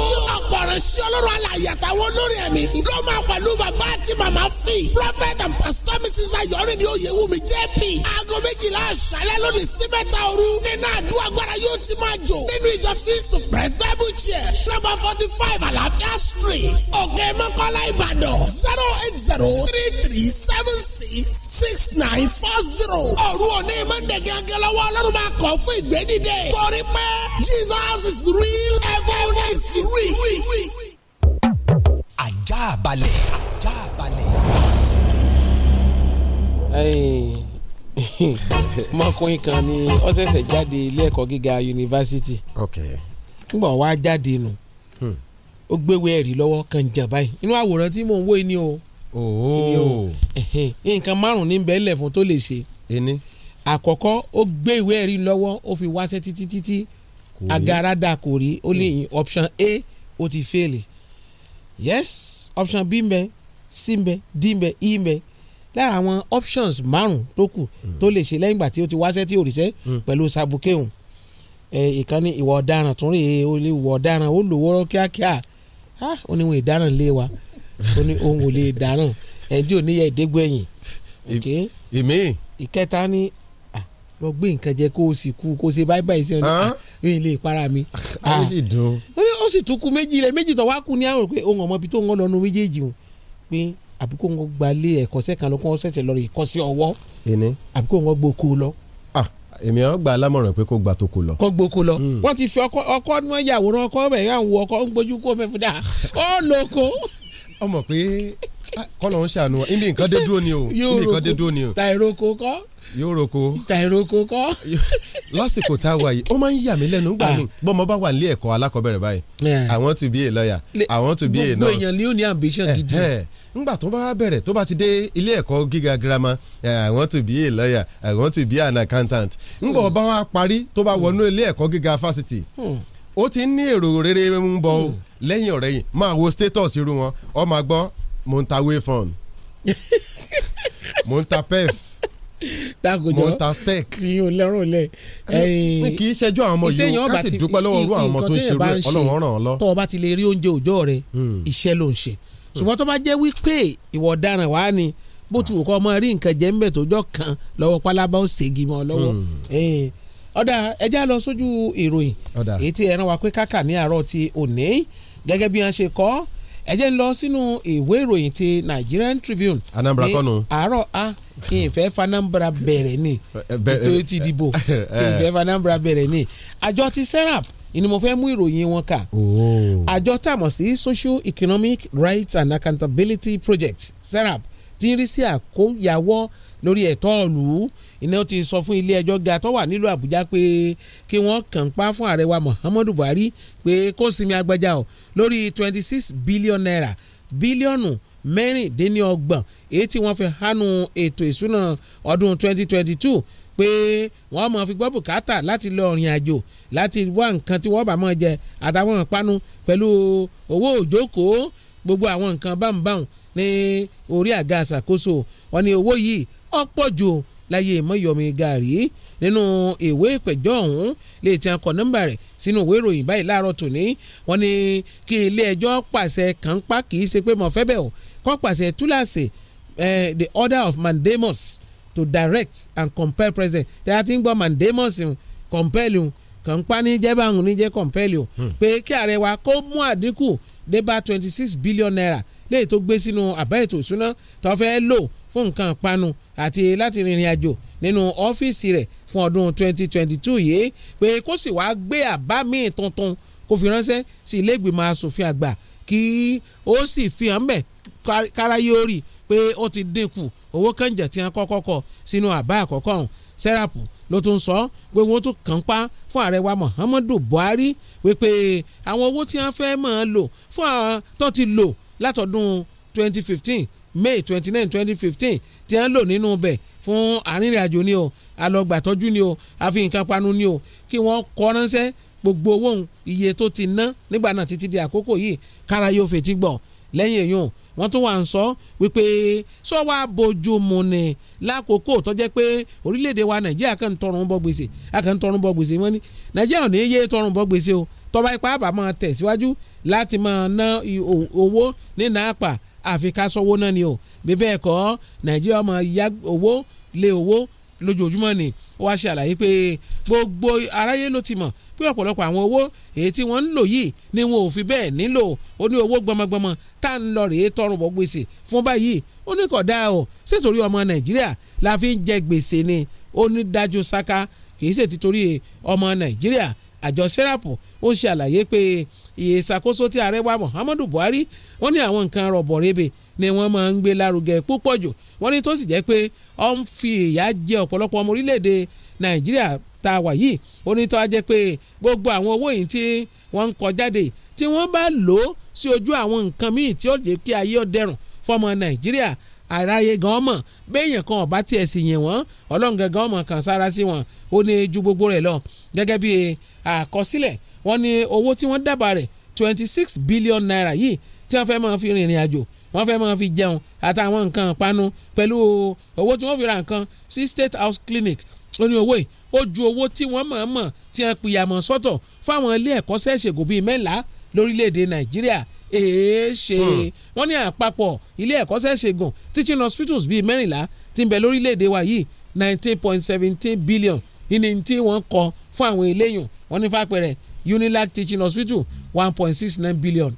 ọ̀pọ̀ àti màmá fi. prophet and pastor mrs ayọ̀rìndì oyèwùmí jp. aago méjìlá àṣálẹ́ lónìí sí mẹ́ta òru. nínú àdúrà agbára yóò ti máa jò. nínú ìjọ feast of praise bible church number forty five àlàáfíà street òkè mọ́kọ́lá ìbàdàn zero eight zero three three seven six six nine four zero. ọ̀run òní mọ́ndé gángan lọ́wọ́ ọlọ́run máa kọ̀ fún ìgbédìde. torí pé jesus is real heaven is real ajá balẹ̀. ajá balẹ̀. mọkùnrin kan ni ó ṣẹ̀ṣẹ̀ jáde ilé ẹ̀kọ́ gíga yunifásitì ńgbọ̀n wá jáde nù hmm. ó gbéwé ẹ̀rí lọ́wọ́ kan jà báyìí inú àwòrán tí mò ń wò ni o nǹkan márùn-ún ní bẹ́ẹ̀lẹ̀ fún tó lè ṣe àkọ́kọ́ ó gbé ìwé ẹ̀rí lọ́wọ́ ó fi wáṣẹ́ títí títí agarada kò rí ó lè hmm. option A ó ti fẹ́ẹ̀lì yes option b ń bẹ c ń bẹ d ń bẹ e ń bẹ lára àwọn options márùn tó kù hmm. tó lè ṣe lẹ́yìn ìgbà tí ó ti wáṣẹ́ tí ò ríṣẹ́ hmm. pẹ̀lú sabukehun ìkànnì ìwà ọ̀daràn tún rí o lè wọ ọ̀daràn ó lò wọ́rọ́ kíákíá ó ní wọn ìdáràn lé wa ó ní òun ò lè dáràn ẹ̀ tí ò níyẹ ìdégbò ẹ̀yìn. ìmí. ìkẹta ni lọ gbé nǹkan jẹ kó o sì kú kó o ṣe báyìí báyìí sẹ́yìn náà yóò lè para mi. ayé ah. sì dùn. ó sì tún kú méjì rẹ méjì tó wá kú ní àrò pé ohun ọmọ ibi tó ń lọ nu méjèèjì o pé àbí kó ń gba lé ẹ̀kọ́ṣẹ́ kan lọ kó ń ṣẹ̀ṣẹ̀ lọ rè kọ́ṣẹ́ ọwọ́ àbí kó ń gbó kó lọ. Ah, èmi àwọn gba alámọ̀ràn pé kó gba tó kó lọ. kó gbó kó lọ hmm. wọ́n ti fi ọkọ ọmọ pé ah, kọ́lọ̀ ń ṣàánú ibi nǹkan dé dúró ni o ibi nǹkan dé dúró ni o. tàìrókò kọ́ yóò roko. ìta ìroko kọ́. lásìkò tá a wà yìí ó máa ń yà mí lẹ́nu gbà mí ah. bọ́ mo bá wà nílé ẹ̀kọ́ alákọ̀ọ́bẹ̀rẹ̀ báyìí eh. I want to be a lawyer I want to be a nurse. gbogbo èèyàn ni ó ní ambition eh, gidi. Eh. ngbà tó bá bẹ̀rẹ̀ tó bá ti dé ilé ẹ̀kọ́ gíga girama I want to be a lawyer I want to be an accountant. ngbà hmm. ọba wa parí tó bá wọnú ilé ẹ̀kọ́ gíga fásitì hmm. ó ti ní èrò rere ń bọ̀ hmm. lẹ́yìn ọ̀rẹ́yìn máa wo status irú wọn ọ máa gbọ́ mo ń ta wayfond mo ń ta pef dákòjọ́ mọta fi hàn lẹ́rùn lẹ̀. kì í ṣẹjọ́ àwọn ọmọ yìí o ká dúpẹ́ lọ́wọ́ irú àwọn ọmọ tó ń ẹ̀ ọlọ́run lọ. bá ti lè rí oúnjẹ òjò rẹ hmm. iṣẹ́ ló ń ṣe hmm. ṣùgbọ́n tó bá jẹ́ wípé ìwọ ọ̀daràn wá ni bó ti kọ́ kan lọ́wọ́ pálábá ó ṣègi mọ́ lọ́wọ́ hmm. ọ̀dà ẹja lọ sójú ìròyìn èyí pé ìfẹ́ fanambra bẹ̀rẹ̀ ni ètò ti dìbò ìfẹ́ fanambra bẹ̀rẹ̀ ni àjọ ti serap ni mo fẹ́ mú ìròyìn wọn kà oh. àjọ tàmọ̀ sí social economic rights and accountability project serap ti ń rí sí àkóyawọ́ lórí ẹ̀tọ́ ọ̀lú iná ti sọ fún ilé ẹjọ́ ga tó wà nílùú àbújá pé kí wọ́n kàn pa fún ààrẹ wa muhammadu buhari pé kó sinmi agbẹja o lórí twenty six billion naira bílíọ̀nù mẹ́rìndínlọ́gbọ̀n èyí tí wọ́n fi hánu ètò ìsúná ọdún 2022 pé wọ́n máa fi gbọ́ bùkátà láti lọ rìn àjò láti wá nǹkan tí wọ́n bá máa jẹ àtàwọn ìpanu pẹ̀lú owó òjókòó gbogbo àwọn nǹkan báǹbáǹ ní orí àga àṣàkóso wọn ni owó yìí ọ̀pọ̀ jù láyé mọ́yọ̀mí gàrí nínú ìwé ìpẹ̀jọ́ ọ̀hún lè ti ọkọ̀ nọ́mbà rẹ̀ sínú ìwé ìròyìn báyìí láàárọ̀ tòní wọ́n ní kí ilé ẹjọ́ pàṣẹ kàńpá kì í ṣe pé mo fẹ́ bẹ̀ ọ́ kọ́ pàṣẹ túláàsì the order of mandamus to direct and compel president tí a ti ń gbọ́ mandamus compel you. kàn ń pa ní jẹ́ báwọn oníjẹ́ compel you. Hmm. pé kí ààrẹ wa kó mú àdínkù dé bá twenty six billion naira léyìí tó gbé sínú àbá ètò ìsúná tó fẹ́ lò fún nǹkan panu àti láti rìnrìn àjò nínú ọ́fíìsì rẹ̀ fún ọdún 2022 yìí pé kó sì wáá gbé àbá míì tuntun kó fi ránṣẹ́ sí ilé ìgbìmọ̀ asòfin àgbà kí ó sì fi hàn bẹ́ẹ̀ káráyé ó rí pé ó ti dínkù owó kànjẹ̀ tí wọ́n kọ́kọ́ kọ sínú àbá àkọ́kọ́ ọ̀hún sẹ́ràpù ló tún sọ pé wọ́n tún kàn pa fún ààrẹ wa Muhammadu Buhari wípé àwọn owó tí wọ́n fẹ́ máa lò fún àwọn tó ti lò látọdún 2015 May 29 2015 tí wọ́n lò nínú bẹ̀ fún arìnrìnàjò ni o alọgbàtọ́jú ni o àfi nǹkan panu ni o kí wọ́n kọ́ ránṣẹ́ gbogbo owó iye tó ti ná nígbà náà títí di àkókò yìí kára yóò fetí gbọ́ lẹ́yìn èyàn wọ́n tún wà ń sọ wípé sọ wá bójú mu ni lákòókò tó jẹ́ pé orílẹ̀-èdè wa nàìjíríà kàn ń tọrùn bọ́ gbèsè a kàn ń tọrùn bọ́ gbèsè wọ́n ní nàìjíríà ò ní yé tọrùn bọ́ gbèsè o tọba ipá àbá máa tẹ̀síwájú láti máa ná owó nínú àpà àfi ká sọ́wọ́ náà ni o bíbẹ́ ẹ̀kọ́ nàìjíríà máa yá owó lé owó lójoojúmọ́ ni ó wá ṣe àlàyé pé gbogbo aráyé ló ti mọ̀ pé ọ̀pọ̀lọpọ̀ àwọn owó èyí tí wọ́n ń lò yìí ni wọn ò fi bẹ́ẹ̀ nílò ó ní owó gbọmọgbọmọ tá à ń lọ rèé tọrùn bọ̀ gbèsè fún báyìí ó ní kò dáa o sítorí ọmọ nàìjíríà la fi ń jẹ gbèsè ni ó ní dájú sáká kì í ṣe ti torí ọmọ nàìjíríà àjọ sẹ́ràpù ó ṣe àlàyé pé ìṣàkóso ti ààrẹ wa muhammadu buhari wọ́n ní àwọn nǹkan rọ̀bọ̀rẹ́bẹ̀ ni wọ́n máa ń gbé lárugẹ púpọ̀ jù wọ́n ní tó sì jẹ́ pé ó ń fi ìyà jẹ ọ̀pọ̀lọpọ̀ ọmọ orílẹ̀-èdè nàìjíríà tá a wà yìí ó ní tó a jẹ́ pé gbogbo àwọn owó yìí tí wọ́n ń kọ jáde tí wọ́n bá lò ó sí ojú àwọn nǹkan míì tí ó lè kí ayé ó dẹrùn fọmọ nàìjíríà àráyé gan mọ̀ béèyàn kan ọ̀bá tiẹ̀ sì yìn wọ́n ọlọ́run gangan mọ̀ kàn sára sí wọn ó ní ju gbogbo rẹ̀ lọ gẹ́gẹ́ bí àkọsílẹ̀ wọ́n ní owó tí wọ́n dábàá rẹ̀ twenty six billion naira yìí tí wọ́n fẹ́ máa fi rìnrìn àjò wọ́n fẹ́ máa fi jẹun àtàwọn nǹkan ìpanu pẹ̀lú owó tí wọ́n fi ra nǹkan sí State House Clinic ó ní owó yìí ó ju owó tí wọ́n mọ̀ọ́mọ̀ tí wọ́n pìyàmọ̀ sọ́tọ̀ fáwọn ilé ẹ̀kọ́ sẹ́ṣẹ̀gùn bíi mẹ́la lórílẹ̀‐èdè Nàìjíríà èé ṣe hmm. wọ́n ní àpapọ̀ ilé ẹ̀kọ́ sẹ́ṣẹ̀gùn teaching hospitals bíi mẹ́rìnlá tí ń bẹ lórílẹ̀‐èdè wa yìí nineteen point seventeen billion ìní tí wọ́n kọ fún àwọn eléyìn wọ́n ní fàpẹ̀rẹ̀ Unilag teaching hospital one point six nine billion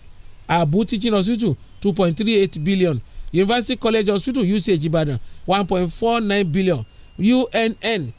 Abu teaching hospital two point three eight billion University College Hospital UCH Ibadan one point four nine billion UNN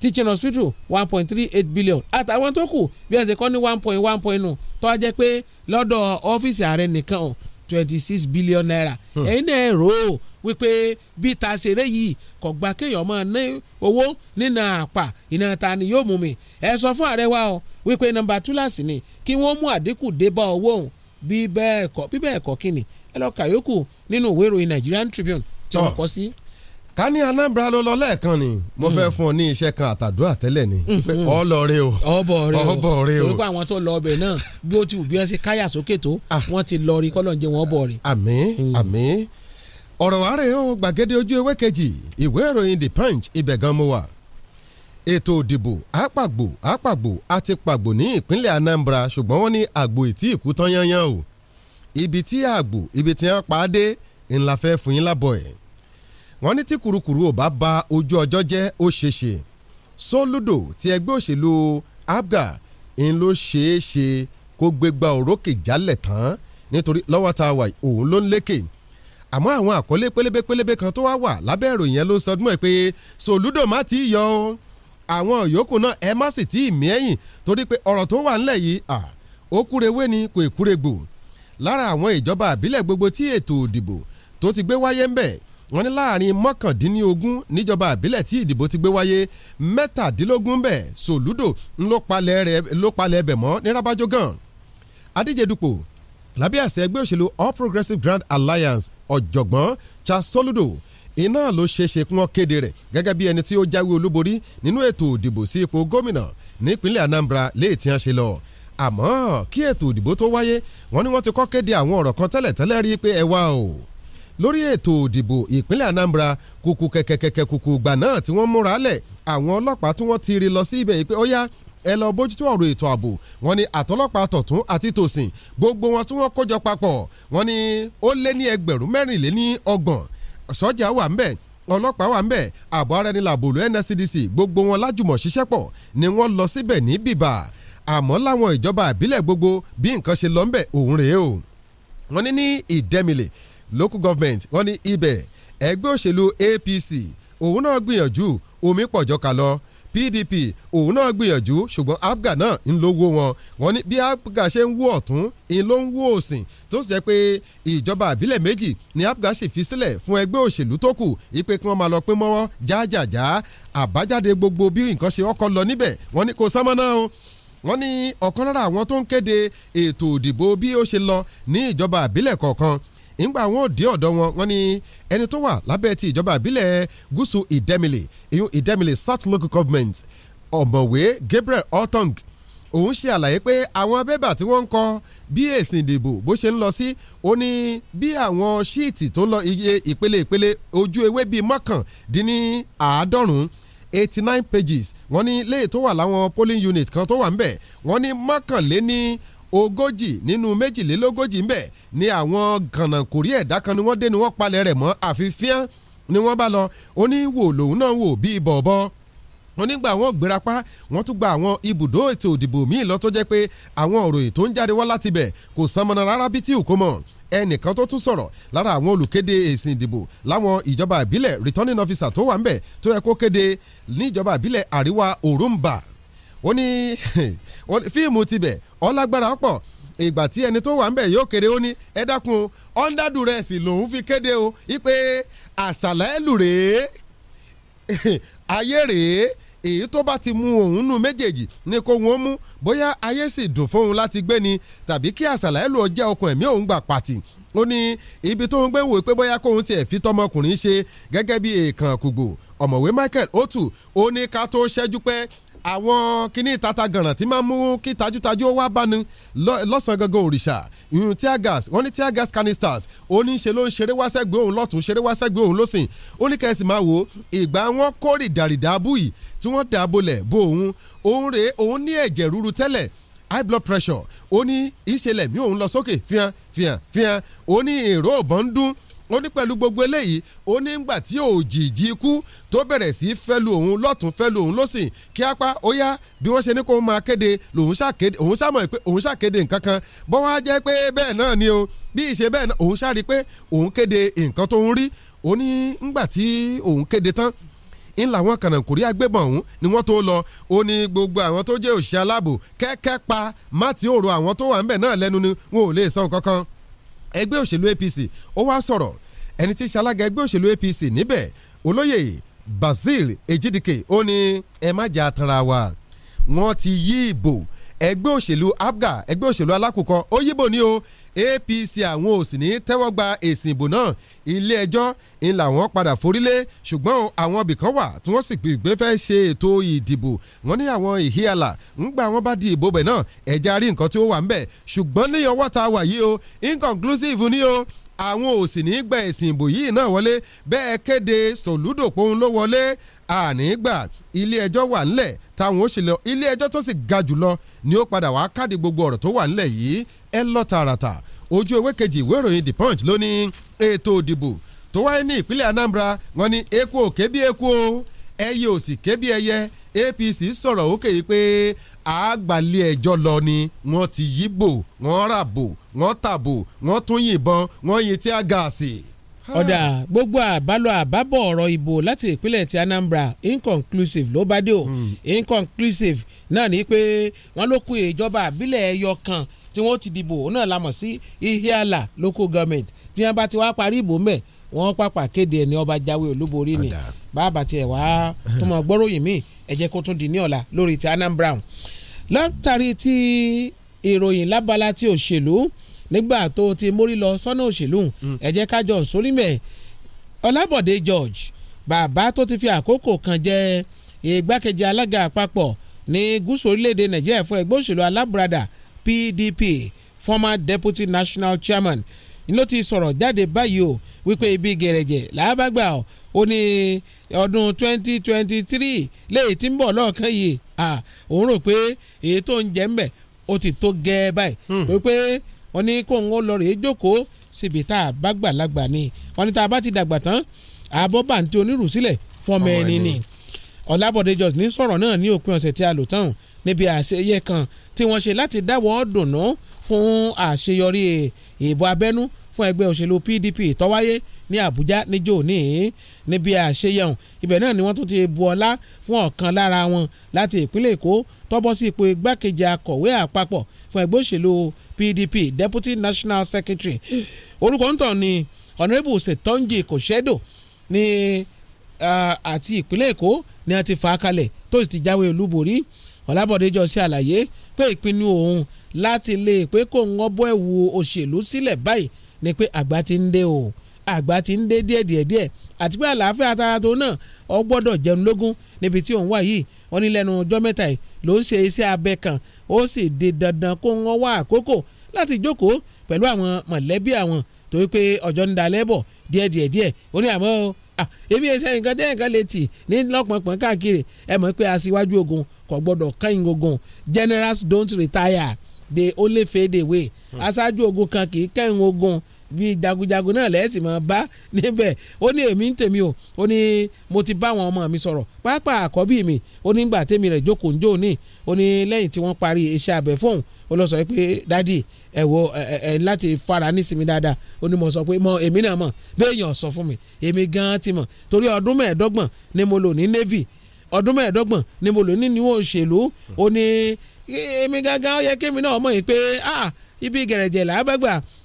Teaching Hospital one point three eight billion àtàwọn tó kù bí ẹ ṣe kọ́ ní one point one point nù tó jẹ́ pé lọ́dọ̀ ọ́fíìsì ààrẹ nìkan twenty six billion naira hmm. ẹ̀yin náà rò ó wípé bí ta ṣeré yìí kò gba kéèyàn máa ná owó nínú àpà iná ta ni yóò mú mi ẹ sọ fún ààrẹ wa o wípé nọ́mbà túláàsì ni kí wọ́n mú àdínkù dé bá owó òun bí bẹ́ẹ̀ kọ́ bí bẹ́ẹ̀ kọ́ kíni ẹ lọ kà nínú ìwé ìròyìn Nigerian Tribune tí wọ́n kọ sí. ká ní Anambra ló lọ lẹ́ẹ̀kan ni mo fẹ́ hmm. fún ọ ní iṣẹ́ kan àtàdúrà tẹ́lẹ̀ ni hmm. ọlọ́ọ̀rẹ́ o ọbọ̀ọ̀rẹ́ o ọbọ̀ọ̀rẹ́ o torí pé àwọn tó lọ ọbẹ̀ náà bí ó ti wù bí wọ́n ṣe káyà sókè tó ah. wọ́n ti lọ rí kọ́lọ̀ ń jẹ́ wọn bọ̀ rẹ̀. àmín hmm. àmín ọ̀rọ̀ àárẹ̀ o gbàgede ojú ewé kejì ìwé ìròyìn The Punch ibẹ̀ gan mo wà ètò òdìbò àpàgbò àpàgbò àti pàgbò ní ìpínlẹ̀ Anambra ṣùgbọ́n wọ́n ní àgbò ìtí ìkú tán yányán o ibi tí àgbò ibi tí wọ́n pa á dé ńlá fẹ́ fún yín lábọ̀ ẹ̀ wọ́n ní tí kurukuru ò bá ba ojú ọjọ́ jẹ́ ó ṣeéṣe soludo ti ẹgbẹ́ òṣèlú abga ń ló ṣeéṣe kó gbégbá òrókè jálẹ̀ tán nítorí lọ́wọ́ tá a wà òun ló ń lékè àmọ́ àwọn àkọlé pélébépélébé kan tó wá wà lábẹ́ ìròyìn yẹn ló ń sọdún ẹ̀ pé soludo má ti yọ ọ́ àwọn yòókù náà ẹ má sì tí ì mí ẹ̀yìn torí pé ọ̀rọ̀ tó wà ńlẹ̀ yìí ó kúrewé ni kò kúre gbò lára àwọn ìjọba àbílẹ̀ gbogbo tí ètò ìdìbò tó ti gbé wáyé ń bẹ̀ wọ́n ní láàrin mọ́kàndínlógún níjọba àbílẹ̀ tí ìdìbò ti gbé wáyé mẹ́tàdínlógún bẹ̀ sòlúdò ló palẹ̀ ẹbẹ̀ mọ́ ní rábájó gan adíje lábẹ́ àṣẹ ẹgbẹ́ òṣèlú All Progressives Grand Alliance ọ̀jọ̀gbọ́n Charles Soludo iná ló ṣeé ṣe kí wọ́n kéde rẹ̀ gẹ́gẹ́ bí ẹni tí ó jáwé olúborí nínú ètò òdìbò sí ipò gómìnà nípínlẹ̀ Anambra léè tí wọ́n ṣe lọ àmọ́ kí ètò òdìbò tó wáyé wọ́n ní wọ́n ti kọ́ kéde àwọn ọ̀rọ̀ kan tẹ́lẹ̀tẹ́lẹ̀ rí pé ẹ wá o lórí ètò òdìbò ìpínlẹ̀ Anambra kùkù kẹ̀kẹ̀kẹ̀kẹ̀ kùkù ìgbà náà tí wọ́n múra lẹ̀ àwọn ọlọ́pàá tí wọ́n ti rí lọ sí ibẹ̀ yìí pé ó yá ẹ lọ bójútó ọ̀rọ̀ ètò ààbò wọ́n ní àtọlọ́pàá tọ̀tún àti tòsìn gbogbo wọn tí wọ́n kójọ papọ̀ wọ́n ní ó lé ní ẹgbẹ̀rún mẹ́rìnléní ọgbọ̀n sọ́jà wà ń bẹ̀ ọlọ́pàá wà ń bẹ̀ ààbò ara ẹni làbòlù NSCDC gbogbo wọn lájùmọ̀ ṣiṣẹ́ pọ̀ ni wọ́n lọ síbẹ̀ ní bìbà àmọ́ láwọn ìjọba àbílẹ̀ gbogbo bí nǹkan ṣe lọ ń bẹ̀ òun rèé o wọ́n ní ní ìdẹ́milẹ̀ local government wọ́n ní ibẹ̀ ẹgbẹ́ òṣèlú APC òun náà gbìyànjú omi pọ̀jọ́ka lọ PDP òun náà gbìyànjú ṣùgbọ́n APGA náà ń ló wó wọn wọn ní bí APGA ṣe ń wó ọ̀tún ń ló ń wó òsìn tó sì jẹ́ pé ìjọba àbílẹ̀ méjì ni APGA sì fi sílẹ̀ fún ẹgbẹ́ òṣèlú tó kù ipe kí wọ́n máa lọ pín mọ́wọ́ jájàjá àbájáde gbogbo bí nǹkan ṣe ọkọ̀ lọ níbẹ̀ wọ́n ní kò sámọ́ná o wọ́n ní ọ̀kan lára àwọn tó ń kéde ètò òdìbò bí ó ṣe lọ ní ìjọba àbílẹ̀ kọ̀ọ̀kan ńgbà wọn ò dé ọ̀dọ̀ wọn wọn ni ẹni tó wà lábẹ́ ti ìjọba ìbílẹ̀ gúúsù ìdẹ́milẹ̀ ìyún ìdẹ́milẹ̀ south local government ọ̀mọ̀wé Gabriel Otong òun ṣe àlàyé pé àwọn abẹ́bà tí wọ́n ń kọ bí èsì ìdìbò bó ṣe ń lọ sí ó ní bí àwọn ṣíìtì tó ń lọ iye ìpele ìpele ojú ewé bíi mọ́kàndínní àádọ́rùn-ún eighty nine pages wọ́n ní léè tó wà láwọn polling unit kan tó wà ń bẹ̀ wọ́n ní mọ́kànléní ogójì nínú méjìlélógójì ńbẹ̀ ni àwọn gànàkórí ẹ̀dá kan ni wọ́n dé ni wọ́n palẹ̀ rẹ̀ mọ́ àfihàn ni wọ́n bá lọ oníwò lòun náà wò bíi bọ̀ọ̀bọ̀ wọ́n nígbà wọ́n gbérapá wọ́n tún gba àwọn ibùdó ètò òdìbò míì lọ tó jẹ́ pé àwọn òròyìn tó ń jáde wá láti bẹ̀ kò sanmọ́nà rárá bí tí ò kó mọ̀ ẹnìkan tó tún sọ̀rọ̀ lára àwọn olùkéde èsì ìdìbò láwọn ìjọba ìbílẹ̀ returning officer tó wà ń bẹ̀ tó yẹ kó kéde níjọba ìbílẹ̀ àríwá òrùnbà ó ní fíìmù tibẹ̀ ọlágbára pọ̀ ìgbà tí ẹni tó wà ń bẹ̀ yóò kéré ó ní ẹ dákun under lòun fi kéde o ipe àṣàlà ẹlù rèé ayé rèé èyí tó bá ti mu òun nù méjèèjì ni kò wọ́n mú bóyá ayé sì dùn fóun láti gbé ni tàbí kí àṣàlà ẹlù ó jẹ́ okùn ẹ̀mí òun gbà pàtì ó ní ibi tó ń gbé wò pé bóyá kóun tiẹ̀ fi tọmọkùnrin ṣe gẹ́gẹ́ bí èèkàn kùgbò ọ̀mọ̀wé Michael Otu ó ní ká tó ṣẹ́jú pẹ́ àwọn kíní tata gànràn tí máa ń mú kí tajútajú ó wá báni lọ́sàn-án gangan òrìṣà ìyún tear gas wọ́n ní tear gas canisters oníṣe ló ń ṣeré wá sẹ́gbẹ́ òun lọ́tún ṣeré wá sẹ́gbẹ́ òun lọ́sìn ó ní kẹ́sì máa wò ó ìgbà wọn kórè dàrídàbù yìí tí wọ́n dà bolẹ̀ bo òun òun rèé òun ní ẹ̀jẹ̀ ríru tẹ́lẹ̀ high blood pressure ó ní ìṣẹ̀lẹ̀ mi òun lọ sókè fihàn fihàn fihàn ó ní èrò ọ̀bọ̀n ń dún ó ní pẹ̀lú gbogbo eléyìí ó ní ngbà tí òjìji ikú tó bẹ̀rẹ̀ sí fẹ́lu òun lọ́tún fẹ́lu òun lọ́sìn kí apá ó yá bí wọ́n ṣe ní kó máa kéde lòun ṣàkéde òun ṣàmọ̀ pé òun ṣàkéde nǹkan kan bọ́ wá jẹ́ pé bẹ́ẹ̀ náà ni o bí ìṣe bẹ́ẹ̀ náà òun ṣàrí pé òun kéde nǹkan tó ń rí ó ní ngbà tí òun kéde tán ń làwọn kànáńkùrí agbébọn ọ̀hún ni wọ́n tó lọ ó ní gbogbo àwọn tó jẹ́ òṣìṣẹ́ aláàbò kẹ́kẹ́ pa má ti òru àwọn tó wà ń bẹ̀ náà lẹ́nu ni wọn ò lè sọ nǹkan kan ẹgbẹ́ òṣèlú APC ó wá sọ̀rọ̀ ẹni tí í ẹgbẹ́ òṣèlú APC níbẹ̀ olóyè Basil Ejidike ó ní ẹ má jà tanra wa wọ́n ti yí ìbò ẹgbẹ́ òṣèlú APGA ẹgbẹ́ òṣèlú alákòókò ó yíbò ní o APC àwọn ò sì ní tẹ́wọ́ gba èsì ìbò náà ilé ẹjọ́ ń làwọn padà forílé ṣùgbọ́n àwọn ibìkan wà tí wọ́n sì gbé fẹ́ ṣe ètò ìdìbò wọ́n ní àwọn ìhíàlà ń gba àwọn bá di ìbò bẹ̀ náà ẹ̀já rí nǹkan tí ó wà ń bẹ̀ ṣùgbọ́n ní ọwọ́ ta wà yìí o inconclusive ni o àwọn ò sì ní gba èsì ìbò yìí náà wọlé bẹ́ẹ̀ kéde sòlúdòpọ̀ ń ló wọlé ànígbà ilé ẹjọ́ wà ńlẹ̀ táwọn ó ṣe lọ ilé ẹjọ́ tó sì ga jùlọ ni ó padà wá káàdì gbogbo ọ̀rọ̀ tó wà ńlẹ̀ yìí ẹ lọ tààràtà ojú ewé kejì ìwé ìròyìn the punch ló ní ètò òdìbò tó wáyé ní ìpínlẹ̀ Anambra wọ́n ní eku ò ké bí eku o ẹyẹ ò ké bí ẹyẹ APC sọ̀rọ̀ òkè yìí pé àgbàlẹ̀ ẹjọ́ lọ ni wọ́n ti yíbò wọ́n ràbò wọ́n tàbò wọ́n tún yìnbọn wọ́n yin tí a gà sí Ah. ọ̀dà gbogbo àbálọ àbábọ̀ ọ̀rọ̀ ìbò láti ìpínlẹ̀ ti Anambra inconclusive ló bá dé o hmm. inconclusive náà ni pé wọ́n ló kù ìjọba àbílẹ̀ ẹyọ kan tí wọ́n ti dìbò náà la mọ̀ sí Ihiala local government bí wọ́n bá ti wá parí ìbò mẹ́ẹ̀ wọ́n pàpà kéde ẹni ọba jáwé olúborí ni bàbá tiẹ̀ wá tó mọ̀ gbọ́ròyìn míì ẹ̀jẹ̀ kó tún di ní ọ̀la lórí ti Anambra látàrí ìròyìn lábala ti òṣèlú nígbà tó ti mórí lọ sọ́nà òṣèlú mm. ẹ jẹ́ ká jọ sólímẹ̀ Ọlábọ̀dé George bàbá tó ti fi àkókò kan jẹ́ igbákejì alága àpapọ̀ ní gúúsù orílẹ̀-èdè Nàìjíríà fún ẹgbẹ́ òṣèlú alábùradà PDP former deputy national chairman ló ti sọ̀rọ̀ jáde báyìí o wípé ibi gẹ̀rẹ̀jẹ̀ làbàgbà o ó ní ọdún 2023 léyìí tí ń bọ̀ lọ́ọ̀kan yìí òun rò pé èyí tó ń jẹ́ ń bẹ̀ ó ti tó gẹ́ẹ́ báyìí hmm. wípé wọ́n ní kóun ó lọ rèé jókòó síbi tá a bá gbàlagbà ni wọ́n ní tá a bá ti dàgbà tán àbọ̀ bá ń ti onírù sílẹ̀ fọmọ ẹni ni ọ̀làbọ̀dé jọ̀s ní sọ̀rọ̀ náà ní òpin ọ̀sẹ̀ tí a lò tán níbi àṣeyẹ kan tí wọ́n ṣe láti dáwọ́ dùnú fún àṣeyọrí ìbò abẹ́nú fún ẹgbẹ́ òṣèlú PDP tó ní Àbújá níjó ní níbi àṣeyẹun ibẹ̀ náà ni wọ́n tún ti bu ọlá fún ọ̀kan lára wọn láti ìpínlẹ̀ Èkó tó bọ́ sí ipò igbákejì akọ̀wé àpapọ̀ fún ẹgbẹ́ òṣèlú PDP Deputy National Secretary orúkọ ń tàn ní Honourable Ṣètọ́njì Kòṣẹ́dò ní àti ìpínlẹ̀ Èkó ni a ti fà á kalẹ̀ tó sì ti jáwé olúborí Ọlábọ̀dé jọ sí àlàyé pé ìpinnu òun láti lè pé kó ń ọbọ̀ ẹ̀wù òṣèlú sílẹ̀ báyìí ni pé àgbà ti ń dé o àgbà ti ń dé díẹ̀díẹ̀díẹ̀ àti pé àlàáfíà atara tó náà ọ gbọ́dọ̀ jẹun lógún níbi tí òun wà yìí wọ́n ní lẹ́nu ọjọ́ mẹ́ta yìí ló ń ṣe iṣẹ́ abẹ kan ó sì di dandan kó wọ́n wá àkókò láti jókòó pẹ̀lú àwọn mọ̀lẹ́bí àwọn torí pé ọjọ́ ń dalẹ́ bọ̀ díẹ̀díẹ̀ díẹ̀ ó ní àmọ́ o èmi ẹsẹ̀ nǹkan tẹ́ nǹkan lè tì ní lọ́pọ̀npọ̀n káàkiri ẹ mọ̀ pé aṣíwájú ogun kò gbọ́dọ̀ kẹ́yìn ogun generals don't retire they only fade away hmm. aṣáájú ogun kan kì í kẹ́yìn ogun bíi jagunjagun náà lẹ́sìn si mọ́ bá níbẹ̀ ó ní èmi ń tèmi o ó ní mo ti bá àwọn ọmọ mi sọ̀rọ̀ pápá àkọ́bí mi ó ní gbà tèmi rẹ̀ jókòó njó ní ó ní lẹ́yìn tí wọ́n parí iṣẹ́ abẹ fóun ó lọ sọ pé dádì ẹ wo ẹ ẹ láti fara nísìmí dáadáa ó ní mo sọ pé mọ èmi náà mọ̀ béèyàn sọ fún mi èmi gan-an ti mọ̀ torí ọdún mẹ́ẹ̀ẹ́dọ́gbọ̀n ni mo lò ní navy ọdún mẹ́ẹ̀ẹ́dọ́gbọ̀n ni mo lò ní níwọ̀n òṣèlú ó ní èmi gangan ó yẹ kémi náà mọ̀ yìí pé ah ibi gẹ̀rẹ̀jẹ̀ làá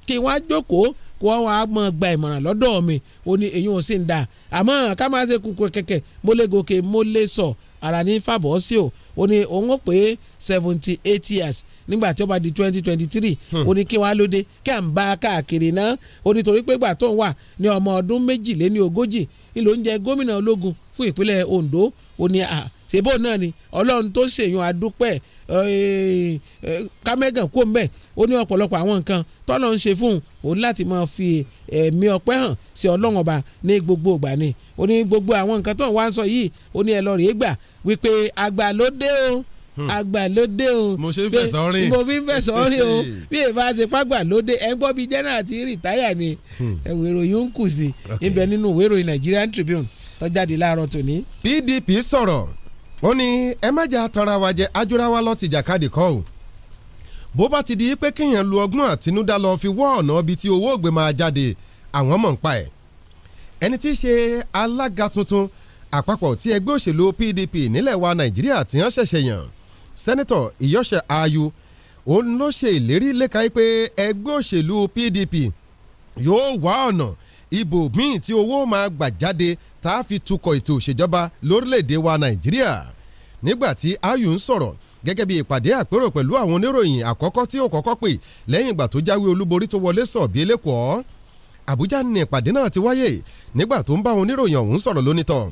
kí wọ́n á jókòó kó wọ́n á mọ̀ gba ìmọ̀ràn lọ́dọ̀ mi ó ní èyí ò sì ń da àmọ́ ká máa ṣe kúkú kẹ̀kẹ́ mo gòkè mo sọ ara ní fàbọ̀ sí o ó ní òun pé seventy eight years nígbà tí ó bá di twenty twenty three hmm. ó ní kí wọ́n á lóde kí à ń bá a káàkiri náà ó ní torí pé gbà tó ń wà ní ọmọ ọdún méjìléní ogójì ńlò ń gómìnà ológun fún ìpínlẹ̀ Ondo ó ní à ṣèbó náà ni ọlọ́run tó ṣèyàn adúpẹ́ kámẹ́gàn kó mbẹ́ ó ní ọ̀pọ̀lọpọ̀ àwọn nǹkan tọ́lọ̀ ń ṣe fún òun láti máa fi ẹ̀mí ọpẹ́ hàn sí ọlọ́run ọba ní gbogbo ìgbà ni ó ní gbogbo àwọn nǹkan tó ń wá ń sọ yìí ó ní ẹ lọ rèé gbà wípé àgbà ló dé o hmm. àgbà ló dé o mo ṣe ń fẹsọ̀ rìn mo fi ń fẹsọ̀ rìn o bí èèfà ṣe pàgbà ló dé ẹ ń gbọ́ bí general ti rìtáyà ni hmm. ẹ̀wẹ̀ ìròyìn ń kù sí ibẹ̀ nínú ìwé ìròyìn Nigerian Tribune tó jáde láàárọ̀ tòní. PDP sọ̀rọ̀ ó ní ẹ má jà tanra wa jẹ ajúra wa lọ́ọ́ ti jàkadì kọ́ o bó bá ti di pé kéèyàn lu ọgbọ́n àtinúdá lọ fi wọ́ ọ̀nà ibi tí owó ògbé máa jáde àwọn mọ̀ ń pa ẹ̀ ẹni tí í ṣe alága tuntun àpapọ̀ tí ẹgbẹ́ òṣèlú PDP nílẹ̀ wa Nàìjíríà tí wọ́n ṣẹ̀ṣẹ̀ yàn sẹ́nitọ̀ Ìyọ́ṣẹ̀ Ayu òun ló ṣe ìlérí lẹ́ka pé ẹgbẹ́ òṣèlú PDP yóò wá ọ̀nà ibo míì tí owó máa gbà jáde tá a fi tukọ̀ ètò òṣèjọba lórílẹ̀‐èdè wa Nàìjíríà nígbà tí Ayu ń gẹ́gẹ́ bí ìpàdé àpérò pẹ̀lú àwọn oníròyìn àkọ́kọ́ tí ó kọ́kọ́ pè lẹ́yìn ìgbà tó jáwé olúborí tó wọlé sọ̀ bí elékòó Àbújá ní ìpàdé náà ti wáyé nígbà tó ń bá oníròyìn ọ̀hún sọ̀rọ̀ lónìtàn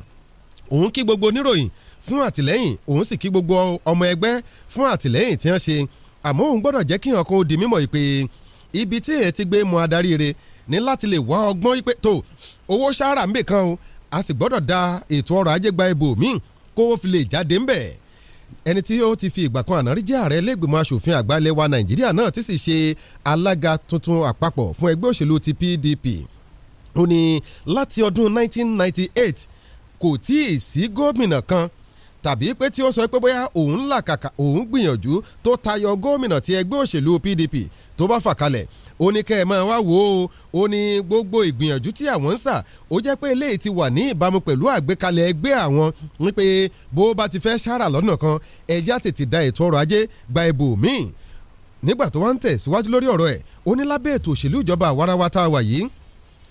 òun kí gbogbo oníròyìn fún àtìlẹ́yìn òun sì kí gbogbo ọmọ ẹgbẹ́ fún àtìlẹ́yìn tí wọ́n ṣe àmọ́ òun gbọ́dọ̀ jẹ́ kí hàn kó o a da ètò ọrọ̀ ajé gba ibò kó o fi lè jáde ńbẹ̀ ẹni tí ó ti fi ìgbà kan àná rí jẹ́ ààrẹ lẹ́gbẹ̀mọ asòfin àgbà ilẹ̀ wa nàìjíríà náà ti sì ṣe alága tuntun àpapọ̀ fún ẹgbẹ́ òṣèlú ti PDP ó ní láti ọdún 1998 kò tíì sí gómìnà kan tàbí pé tí ó sọ pé bóyá òun làkàkà òun gbìyànjú tó tayọ gómìnà ti ẹgbẹ́ òṣèlú PDP tó bá fà kalẹ̀ ó ní kẹ́ ẹ máa wá wò ó ó ní gbogbo ìgbìyànjú tí àwọn ń sà ó jẹ́ pé eléyìí ti wà ní ìbámu pẹ̀lú àgbékalẹ̀ ẹgbẹ́ àwọn ní pé bó bá ti fẹ́ sára lọ́nà kan ẹjá tètè da ètò ọrọ̀ ajé gba ibò míì nígbà tó wá ń tẹ̀síwájú lórí ọ̀rọ̀ ẹ̀ ó ní lábẹ́ ètò òṣèlú ìjọba àwarawa tá a wà yìí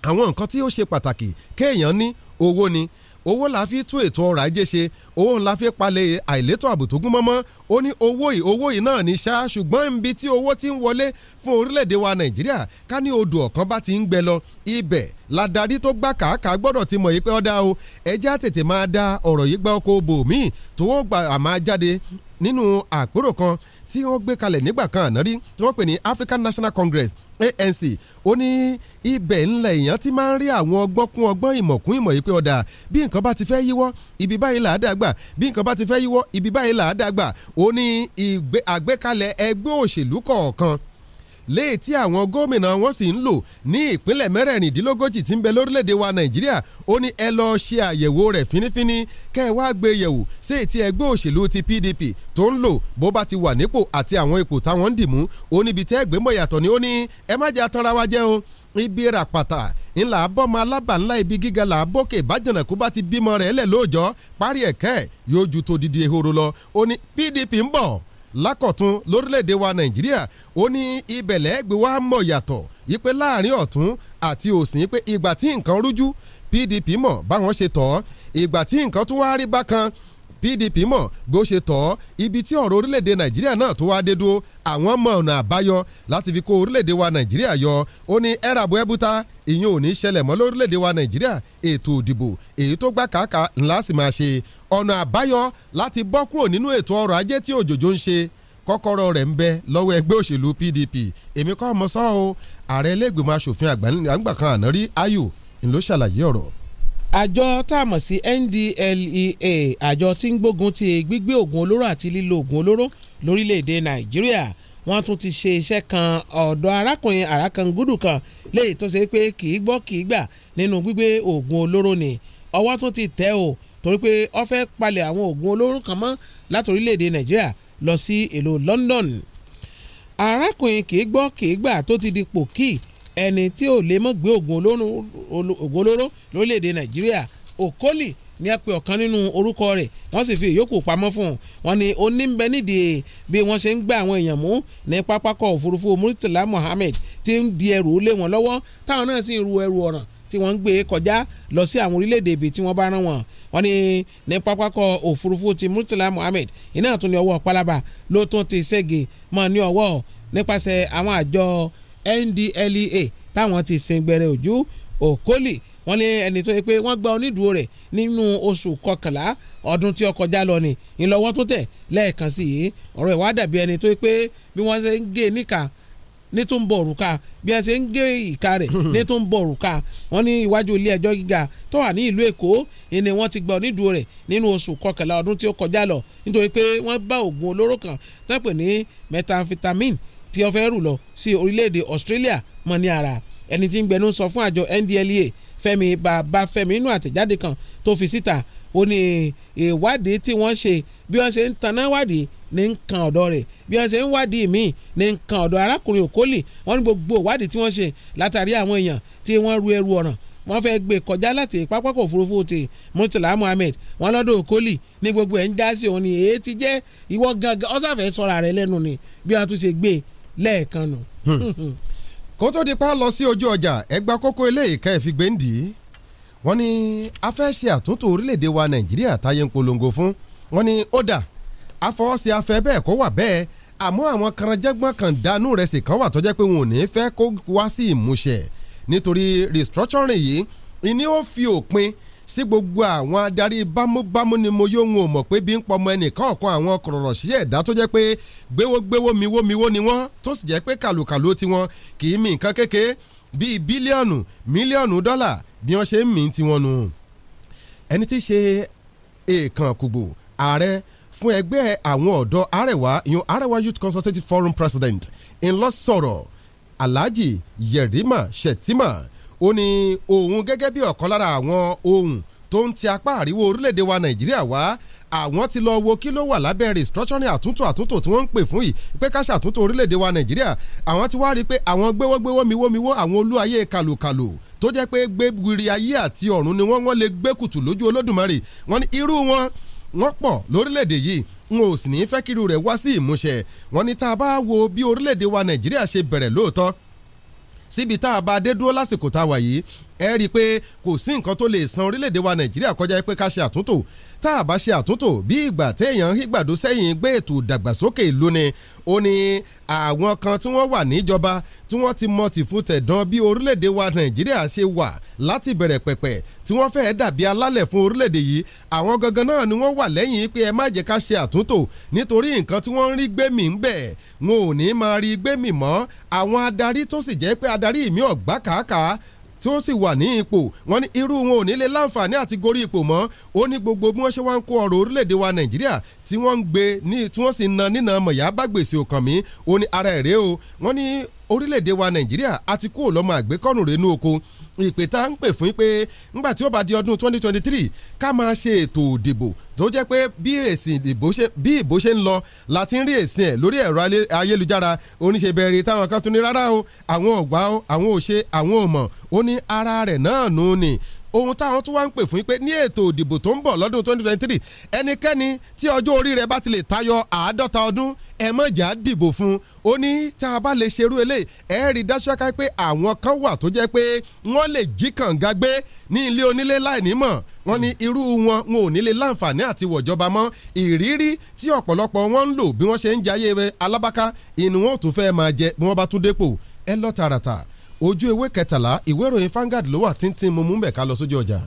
àwọn nǹkan tí ó ṣe pàtàkì kéèyàn ní owó ni owó la fi tún ètò ọrọ̀ ajé ṣe owó la fi palẹ̀ àìlétò ààbò tó gún mọ́mọ́ ó ní owó yìí owó yìí náà ní ṣá ṣùgbọ́n ibi tí owó ti ń wọlé fún orílẹ̀-èdè wa nàìjíríà ká ní odò ọ̀kan bá ti ń gbẹ lọ ibẹ̀ ladarí tó gbà kàákà gbọ́dọ̀ ti mọ̀ yìí pé ọ̀dà o ẹjẹ́ àtètè máa da ọ̀rọ̀ yìí gba ọkọ̀ òbò míì tó gbà àmà jáde nínú àpérò kan tí wọ́n gbé kalẹ̀ nígbà kan àná rí tí wọ́n pè ní African National Congress ANC ó ní ibẹ̀ ńlẹ̀ èèyàn ti máa ń rí àwọn ọgbọ́n kún ọgbọ́n ìmọ̀ kún ìmọ̀ yìí pé ọ̀dà bí nǹkan bá ti fẹ́ yíwọ́ ibi báyìí là á dàgbà bí nǹkan bá ti fẹ́ yíwọ́ ibi báyìí là á dàgbà ó ní àgbékalẹ̀ ẹgbẹ́ òṣèlú kọ̀ọ̀kan léè tí àwọn gómìnà wọn sì ń lò ní ìpínlẹ̀ mẹ́rẹ̀ẹ̀rìndínlógójì tí ń bẹ lórílẹ̀‐èdè wa nàìjíríà ó ní ẹ lọ ṣe àyẹ̀wò rẹ̀ fínífíní kẹ́ ẹ wá gbé e yẹ̀wò sí ti ẹgbẹ́ òṣèlú ti PDP tó ń lò bó bá ti wà nípò àti àwọn ipò táwọn ń dìmú ó níbi tẹ́ ẹgbẹ́mọ̀ yàtọ̀ ni ó ní ẹ má jẹ́ atanra wa jẹ́ o ibi ràpàtà ńlá bọ́mọ alábàńlá ibi gíga là á bókè bájànàkú bá ti bímọ rẹ̀ lẹ̀ lóòjọ́ parí ẹ̀kẹ́ yóò ju tó didi ehoro lọ ó ní PDP ń bọ̀ lákọ̀tún lórílẹ̀‐èdè wa nàìjíríà ó ní ibẹ̀lẹ́ gbé wa mọ̀ yàtọ̀ yípe láàrin ọ̀tún àti òsì yípe ìgbà tí nǹkan rújú PDP mọ̀ báwọn ṣe tọ̀ ìgbà tí nǹkan tún wá rí bákan PDP mọ̀ bí ó ṣe tọ́ ibi tí ọ̀rọ̀ orílẹ̀-èdè nàìjíríà náà tó wá dé dúró àwọn mọ ọ̀nà àbáyọ láti fi kó orílẹ̀ wa nàìjíríà yọ ó ní ẹ̀ràbọ̀ ẹ̀bùtà ìyẹn ò ní ṣẹlẹ̀ mọ́ lórílẹ̀ wa nàìjíríà ètò ìdìbò èyí tó gbà kàkà ńlá sì máa ṣe ọ̀nà àbáyọ láti bọ́ kúrò nínú ètò ọrọ̀ ajé tí òjòjò ń ṣe kọ́kọ́rọ́ rẹ̀ ń bẹ lọ́wọ́ ẹgbẹ́ òṣèlú PDP èmi kọ́ ọmọ sọ́ọ́ o ààrẹ ilé ìgbìmọ̀ asòfin àgbà kan àná rí ayò ńlọ ṣàlàyé ọ̀rọ̀ àjọ tá a mọ̀ sí NDLEA àjọ tí ń gbógun ti gbígbé oògùn olóró àti lílo oògùn olóró lórílẹ̀‐èdè nàìjíríà wọ́n tún ti ṣe iṣẹ́ kan ọ̀dọ̀ arákùnrin àràkàngúdù kan léyìí tó ṣe pé kì í gbọ́ kì í gbà nínú gbígbé oògùn olóró ni ọwọ́ tún ti tẹ̀ o torí pé ó fẹ́ palẹ̀ àwọn oògùn olóró kan mọ́ láti orílẹ̀‐èdè nàìjíríà lọ sí ìlú London arákùnrin kì í gbọ́ kì í gbà tó ti di pòkì ẹni tí ò lè mọ̀ gbé oògùn olóró lórílẹ̀‐èdè nàìjíríà okoli ní ẹ pé ọ̀kan nínú orúkọ rẹ̀ wọ́n sì fi ìyókù pamọ́ fún un wọ́n ní onímbẹ́ nídìí bí wọ́n ṣe ń gbá àwọn èèyàn mú ní pápákọ̀ òfurufú Murtala Mohammed ti ń di ẹrù lé wọn lọ́wọ́ táwọn náà sì ń ru ẹrù ọ̀ràn tí wọ́n ń gbé kọjá lọ sí àwọn orílẹ̀-èdè ibi tí wọ́n bá rán wọn wọ́n ní ní pápákọ̀ òfurufú ti Murtala Mohammed iná tún ní ọwọ́ pálábá ló tún ti ṣẹ́gi mọ́ ní ọwọ́ nípasẹ̀ àwọn àjọ NDLEA táwọn ti sin gbẹrẹ òjú Okoli wọ́n lé ẹni tó yẹ pé wọ́n gba onídùúró rẹ̀ nínú oṣù kọkànlá ọdún tí ó kọjá lọ ni ìlọ́wọ́ tó tẹ̀ lẹ́ẹ̀kan sí i ọ̀rọ̀ ìwà dàbí ẹni tó yẹ pé bí wọ́n ṣe ń gé níkà ní tó ń bọ̀ òrùka bí wọ́n ṣe ń gé ìka rẹ̀ ní tó ń bọ̀ òrùka wọ́n ní iwájú ilé ẹjọ́ gíga tó wà ní ìlú Èkó ni wọ́n ti gba onídùúró rẹ̀ nínú oṣù kọkànlá ọdún tí ó kọjá lọ nítorí pé wọ́n bá oògùn olóró kan tó ní methamphetamine tí wọ́n fẹ́ rù lọ sí orílẹ̀-èdè Australia mọ́ ní ara ẹni tí ń gbẹnu sọ fún àjọ NDLEA Fẹ́mi Babafẹ́mi inú àtẹ̀jáde kan tó fi síta ó ní ìwádìí tí wọ́n ṣe bí wọ́n ṣe ń taná wádìí ní nǹkan ọ̀dọ́ rẹ̀ bí wọ́n ṣe ń wádìí míì ní nǹkan ọ̀dọ́ arákùnrin Okoli wọ́n ní gbogbo ìwádìí tí wọ́n ṣe látàrí àwọn èèyàn tí wọ́n ru ẹrù ọ̀ràn wọ́n fẹ́ gbé e kọjá láti pápákọ̀ òfurufú ti Murtala Muhammed wọ́n lọ́dọ̀ Okoli ní gbogbo ẹ̀ ń dá sí òun ni èyí ti jẹ́ ìwọ gangan ọ́sàfẹ́ sọ̀rọ̀ lẹ́ẹ̀kan nù. Hmm. Hmm, hmm. kó tó di pa lọ sí ojú ọjà ẹgbà kókó eléyìí ká ẹ̀ fi gbé ń dì í wọ́n ní a fẹ́ ṣe àtúntò orílẹ̀-èdè wa nàìjíríà táyé ń polongo fún wọ́n ní ó dà àfọwọ́sí afẹ́ bẹ́ẹ̀ kó wà bẹ́ẹ̀ àmọ́ àwọn karanjẹ́gbọ́n kan dánú rẹ̀ sì kan wà tó pé wọn ò ní fẹ́ kó wá sí ìmúṣẹ nítorí restructuring yìí ni ó fi òpin sí gbogbo àwọn adarí bámúbámú ni mo yóò ń ò mọ̀ pé bí ń pọmọ ẹnìkan ọ̀kan àwọn kọ̀rọ̀rọ̀ sí ẹ̀dá tó jẹ́ pé gbéwógbéwó miwómiwó ni wọ́n tó sì jẹ́ pé kàlùkàlù tiwọn kì í mi nǹkan kéke bíi bílíọ̀nù mílíọ̀nù dọ́là bí wọ́n ṣe ń mí tiwọn nù. ẹni tí í ṣe èèkàn kùgbò ààrẹ fún ẹgbẹ́ àwọn ọ̀dọ́ Arewa yan Arewa Youth Consultative Forum President ńlọ sọ̀rọ̀ Alhaji Yerima Shetima ó ní òun gẹ́gẹ́ bí ọ̀kan lára àwọn ohun tó ń ti apá àríwó orílẹ̀-èdè wa nàìjíríà wá àwọn ti lọ wo kí ló wà lábẹ́ restructuring àtúntò àtúntò tí wọ́n ń pè fún yìí pé ká ṣàtúntò orílẹ̀-èdè wa nàìjíríà àwọn ti wá rí i pé àwọn gbéwọ́gbéwọ́ miwómiwó àwọn olú ayé kàlòkàlò tó jẹ́ pé gbégbiri ayé àti ọ̀run ni wọ́n wọ́n lè gbé kùtù lójú olódùmarè wọ́n ní irú wọn wọ́n pọ̀ lórílẹ̀‐èdè yìí n ò sì ní fẹ́ kiri rẹ̀ wá sí ìmúṣẹ wọ́n ní tá a bá wo bí orílẹ̀‐èdè wa nàìjíríà ṣe bẹ̀rẹ̀ lóòótọ́ síbi tá a bá dé dúró lásìkò tá a wà yìí ẹ rí i pé kò sí nǹkan tó lè san orílẹ̀-èdè wa nàìjíríà kọjá pé ká ṣe àtúntò tá a bá ṣe àtúntò bí ìgbà téèyàn ìgbàdo sẹ́yìn gbé ètò ìdàgbàsókè ìlú ni ó ní àwọn kan tí wọ́n wà níjọba tí wọ́n ti mọ tìfun tẹ̀dán bí orílẹ̀-èdè wa nàìjíríà ṣe wà láti bẹ̀rẹ̀ pẹ̀pẹ̀ tí wọ́n fẹ́ẹ́ dàbí alálẹ̀ fún orílẹ̀-èdè yìí àwọn gangan náà ni wọ́n wà lẹ́yìn pé ẹ má jẹ́ ká ṣe àtúntò nítorí nǹkan tí wọ́n ń rí gbẹ̀mí ń bẹ̀ wọn ò ní máa rí gbẹ̀mí mọ́ àwọn adarí tó sì jẹ́ pé adarí mi ọ̀gbá kàákàá tí wọ́n sì wà ní ipò wọ́n ní irú wọn ò ní lè láǹfààní àti gorí ipò mọ́ ó ní gbogbo bí wọ́n ṣe wá ń kó ọrọ̀ orílẹ̀-èdè wa nàìjíríà tí wọ́n ń gbé ní tí wọ́n sì ń na nínà mọ̀yá bá gbèsè òkàn mí ó ní ara ẹ̀rẹ́ o wọ́n ní orílẹ̀-èdè wa nàìjíríà a ti kúrò lọ́mọ àgbékọ́nù rẹ̀ nú oko ìpè tá à ń pè fún pé ńgbà tí ó bá di ọdún 2023 ká máa ṣe ètò ìdìbò tó jẹ́ pé bí èsì ìdìbò ṣe bí ìbò ṣe ń lọ la ti ń rí èsì ẹ̀ lórí ẹ̀rọ ayélujára oníṣebẹ̀rẹ̀ táwọn kan tún ní rárá o àwọn ọ̀gbà o àwọn òṣè àwọn òmọ̀ ó ní ara rẹ̀ náà nù ni ohun táwọn tún wá ń pè fún yín pé ní ètò ìdìbò tó ń bọ̀ lọ́dún 2023 ẹnikẹ́ni tí ọjọ́ orí rẹ̀ bá ti lè tayọ àádọ́ta ọdún ẹ mọ̀jà dìbò fún ó ní tá a bá lè ṣerú eléyìí ẹ rí dájú ká pé àwọn kan wà tó jẹ́ pé wọ́n lè jí kànga gbé ní ilé onílé láìnímọ̀ wọ́n ní irú wọn wọn ò nílé láǹfààní àti wọ̀jọba mọ́ ìrírí tí ọ̀pọ̀lọpọ̀ wọn ń lò bí wọ́n ṣe ń jayé alábáká ìnú wọn ò tún fẹ́ máa jẹ bí wọ́n bá tún dépò ẹ lọ tààràtà ojú ewé kẹtàlá ìwé ìròyìn Vanguard ló wà tíntín mo mú bẹ̀ ká lọ sójú ọjà.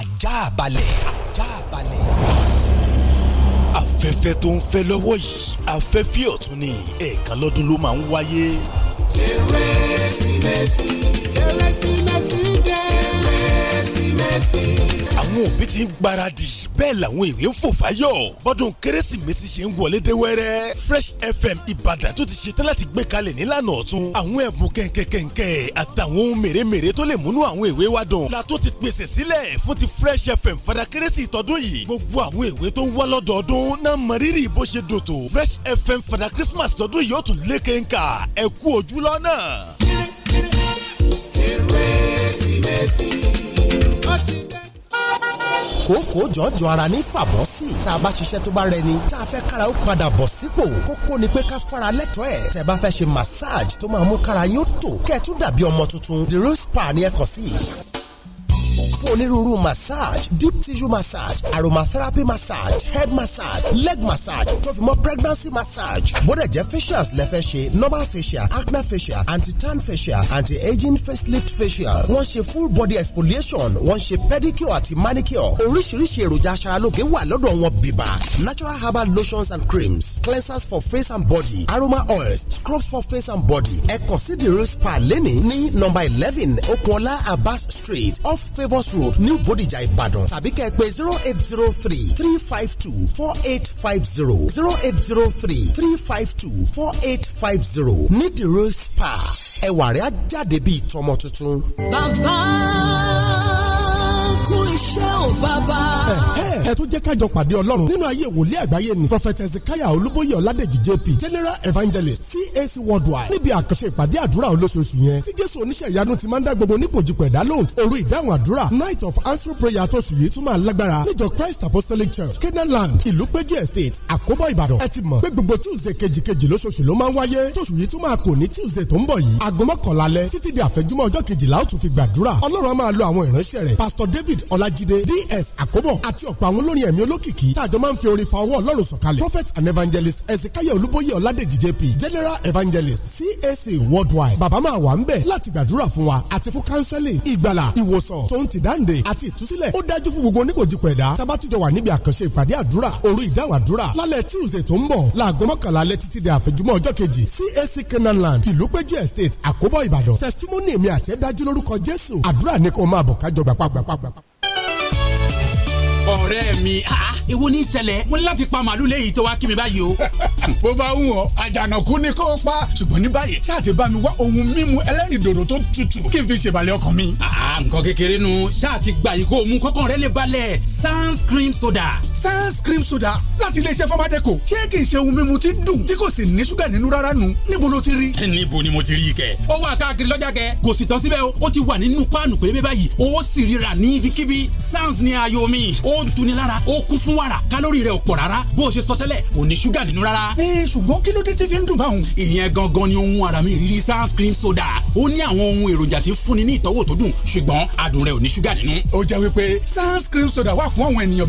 ajá balẹ̀ ajá balẹ̀ afẹ́fẹ́ tó ń fẹ́ lọ́wọ́ yìí afẹ́fẹ́ ọ̀tún ni ẹ̀ẹ̀kan lọ́dún ló máa ń wáyé. kérésìmesì kérésìmesì dé kérésìmesì. àwọn òbí ti ń gbáradì bẹ́ẹ̀ làwọn èwe ń fò fáyọ̀ bọ́dún kérésìmesì ṣe ń wọlé dé wẹ́rẹ́ fresh fm ìbàdàn tó ti ṣetán láti gbé kalẹ̀ nílànà ọ̀tún àwọn ẹ̀bùn kẹ̀kẹ́kẹ̀kẹ́ àtàwọn ohun mèremère tó lè múnú àwọn èwe wa dùn la tó ti pèsè sílẹ̀ fún ti fresh fm fada kérésì tọdún yìí gbogbo àwọn èwe tó ń wá lọ́dọọdún náà mọrírì bó ṣe dòtò fresh fm fada christmas tọdún yìí ó tún lékè ńkà ẹ kú ojú lọ́nà. kérésìmesì kókó jọjọ ara ní fàbọ́ sí i tá a bá ṣiṣẹ́ tó bá rẹni tá a fẹ́ kára ó padà bọ̀ sípò kókó ni pé ká fara lẹ́tọ̀ọ́ ẹ̀ tẹ́ bá fẹ́ ṣe massage tó máa mú kára yóò tò kẹ́ẹ̀ dàbí ọmọ tuntun the real spa ni ẹ kàn sí i fún onírúurú massage deep tissue massage aromatherapy massage head massage leg massage tó fi pregnancy massage bódẹ̀ jẹ́ facials lẹ́fẹ́ ṣe normal facial acne facial anti-tan facial anti-aging facelift facial wọ́n ṣe full body exfoliation wọ́n ṣe pedicure àti manicure oríṣiríṣi èròjà aṣaralóge wà lọ́dọ̀ wọn bíbá natural herbal lotions and creams cleansers for face and body aroma oils scrubs for face and body ẹ kàn spa lẹ́ni ní nọ́mbà eleven okunola abbas street off favour Road New Bodija Ìbàdàn tàbí kẹ́ ẹ pé zero eight zero three three five two four eight five zero zero eight zero three three five two four eight five zero Need the rose Spa ẹwà rẹ̀ á jáde bíi tọmọ tuntun. bàbá bàbá. ẹ tún jẹ́ kájọ pàdé ọlọ́run nínú ayé wòlíì àgbáyé ni prophet ezekiah olúbóyè ọládèjì jp general evangelist cac worldwide níbi àkànṣe ìpàdé àdúrà olóṣooṣù yẹn tí jésù oníṣẹ́ ìyanu ti máa ń dá gbogbo nípòjì pẹ̀dá lóhùn òru ìdáhùn àdúrà night of answer prayer tóṣù yìí tún máa lágbára níjọ christ apostolic church kenaland ìlúpéjú estate àkóbọ̀ ìbàdàn ẹ ti mọ̀ pé gbogbo tuesday kejìkejì lóṣooṣù ló máa ń wáyé tóṣù yìí tún máa kò ní tuesday tó ń bọ̀ yìí aago mọ́kànlá alẹ́ títí di àfẹ́júmọ́ ọjọ́ kejìlá ó tún fi gbàdúrà ọlọ́run á máa lo àwọn ìránṣẹ́ rẹ̀ pastor david ọlájídé d es àkóbọ̀ àti ọ̀pọ̀ àwọn olórin ẹ̀mí olókìkí tàjọ máa ń fi orin fa ọwọ́ ọlọ́run sọ̀kalẹ̀ prophet and evangelist ezekiel olúbóyè ọládèjì jp general evangelist cac worldwide bàbá máa wà ń bẹ̀ láti gbàdúrà fún wa àti fún counseling ìgbàlà ìwòsàn tó ń ti dáǹdè àti ìtúsílẹ̀ ó dájú fún gbogbo onígbòjì pẹ̀dá tabatijọ́ wà níbi àkànṣe ìpàdé àdúrà òru ìdáwàdúrà lálẹ́ tuesday tó ń bọ̀ láago mọ́kànlá alẹ́ títí di àfẹ̀jùmọ́ ọjọ́ kejì cac estate àkóbọ̀ ìbàdàn testimony mi àti ẹ̀dájú lórúkọ jésù àdúrà ní kó máa bọ̀ ọ̀rẹ́ mi ìwọ ah, ah, ní ìṣẹ̀lẹ̀ mo ní láti pa màálù léyìí tó wá kí mi báyìí o. bó bá wù ọ́ àjànàkú ni kó pa ṣùgbọ́n ní báyìí ṣáà ti bá mi wá ohun mímu ẹlẹ́rìndòdò tó tutù kí n fi ṣèbalẹ̀ ọkàn mi. Ah, nǹkan kékeré nu ṣáà ti gbà yìí kó o mú kọ́kàn rẹ lè balẹ̀ sans cream soda. sans cream soda láti iléeṣẹ́ fọ́mádẹ́kọ̀ ṣé kì í ṣe ohun mímu tí dùn tí kò sì ní ṣúgà nínú rárá nu níbo ló ti rí. níbo ni mo ti rí kẹ. ó wà káàkiri lọ́jà kẹ kò sì tán síbẹ̀ o ó ti wà nínú páànù pérébé báyìí ó sì ríra ní ibikíbi sans ní ayọ̀ mi ó ń tuni lára ó kún fún wàrà kálórì rẹ̀ ò pọ̀ rárá bó o ṣe sọ tẹ́lẹ̀ ò ní ṣúgà nínú rárá. ẹ ṣùgbọ́n kí ló dé tí fi ń dùn báwọn. ìyẹn gangan ni ohun ara mi rírí sunscreen soda ó ní àwọn ohun èròjà tí ń fúnni ní ìtọ́wò tó dùn ṣùgbọ́n adùn rẹ̀ ò ní ṣúgà nínú. ó jẹ́ wípé sunscreen soda wà fún àwọn ènìyàn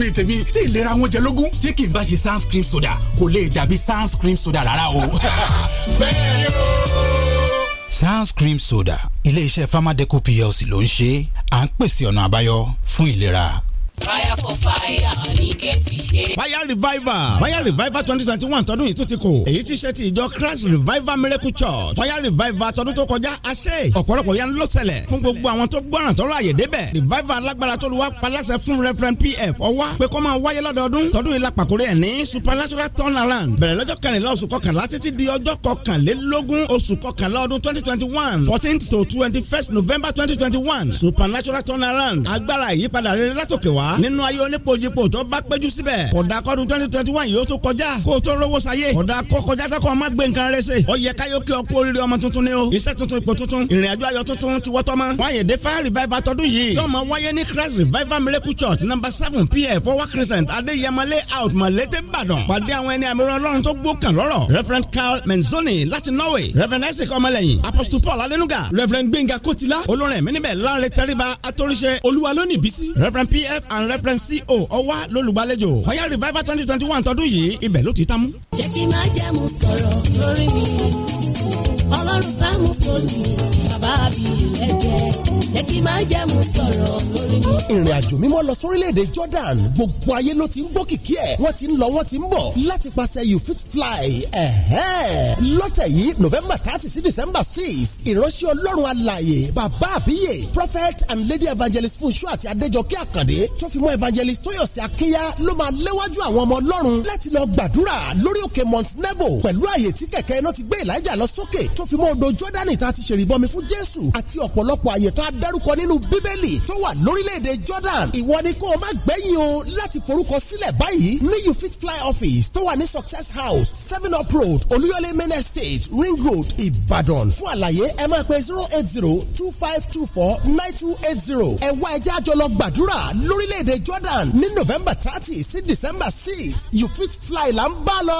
bíi soda ilé iṣẹ́ farmadeco plc ló ń ṣe à ń pèsè ọ̀nà àbáyọ fún ìlera fire for fire ní kẹ́fì fire revival fire revival twenty twenty one tọdún yìí tún ti kù èyí ti ṣe ti ìjọ christ revival miracle church fire revival tọdún tó kọjá a ṣe ọ̀pọ̀lọpọ̀ yẹn ló ṣẹlẹ̀ fún gbogbo àwọn tó gbọ́ràn tọ́lọ́ àyè débẹ̀ revival alágbára tó lu wá paláṣẹ fún referent pf ọwá pé kó máa wáyé lọ́dọọdún tọdún yìí la pàkórí ẹ̀ ní supernatural turnaround bẹ̀rẹ̀ lọ́jọ́ kẹrìnlá oṣù kọkànlá títí di ọjọ́ kọkànlélógún oṣù kọkànlá ọdún twenty twenty one fourteen to twenty first november twenty twenty one supernatural turnaround agbára ìyípadà rere látòkè wá wá nínú ayé onípojípo tó bá péjú síbẹ̀ kódà kọ́dún twenty twenty one yóò tó kọjá kó o tó rówó sayé kódà kó kọjá tó kọ́ ọ gbé nǹkan rẹ ṣe ó yẹ káyọ̀ kí ọkú oríire ọmọ tuntun ni o iṣẹ́ tuntun ipò tuntun ìrìnàjò ayọ̀ tuntun ti wọ́tọ́ mọ́ wáyé defa revival tọdún yìí tí ó máa wáyé ní Christ revival miracle church number seven pf power crescent adéyẹmọlé out mọ̀lẹ́tẹ̀ ìbàdàn pàdé àwọn ẹni àmì ọlọ́run tó gbó kàn lọ́rọ̀ reverend Carl Menzoni láti Norway reverend Isaac ọmọlẹ́yìn apostle Paul alenuga reverend Gbénga Kotila olórin ẹ̀mí níbẹ̀ láre tẹ́ríba atóríṣe olúwa lónìí bísí reverend pf and and reference co ọwá lólùgbàlejò ọ̀yá revival twenty twenty one tọdún yìí ibẹ̀ ló ti tán mú. jẹ́ kí máa jẹ́ mu sọ̀rọ̀ lórí mi ọlọ́run sáà mú sóòlù ìrìn àjò mímọ́ lọ sórílẹ̀-èdè Jordan gbogbo ayé ló ti ń gbọ́ kìkì ẹ̀ wọ́n ti ń lọ wọ́n ti ń bọ̀ láti pàṣẹ you fit fly lọ́tẹ̀ yìí November thirty sí December six ìránṣẹ́ ọlọ́run alààyè bàbá àbíyè prophet and lady evangelist Fúnṣọ́ àti Adéjọkẹ́ Àkàndé tó fi mọ́ evangelist Tóyọ̀sí Akínyá ló máa léwájú àwọn ọmọ ọlọ́run láti lọ gbàdúrà lórí òkè Mount Nebo pẹ̀lú àyè tí kẹ̀kẹ́ iná ti gbé Èlíjà lọ sókè tó fi mọ́ jésù àti ọ̀pọ̀lọpọ̀ àyè tó a dárúkọ nínú bíbélì tó wà lórílẹ̀‐èdè jordan ìwọ ni kó o má gbẹ̀yìn o láti forúkọ sílẹ̀ báyìí ní you fit fly office tó wà ní success house seven up road olúyọlé main estate ring road ìbàdàn fún àlàyé ẹ máa pe zero eight zero two five two four nine two eight zero ẹ wá ẹjẹ́ àjọlọ gbàdúrà lórílẹ̀‐èdè jordan ní november thirty sí december six you fit fly là ń bá lọ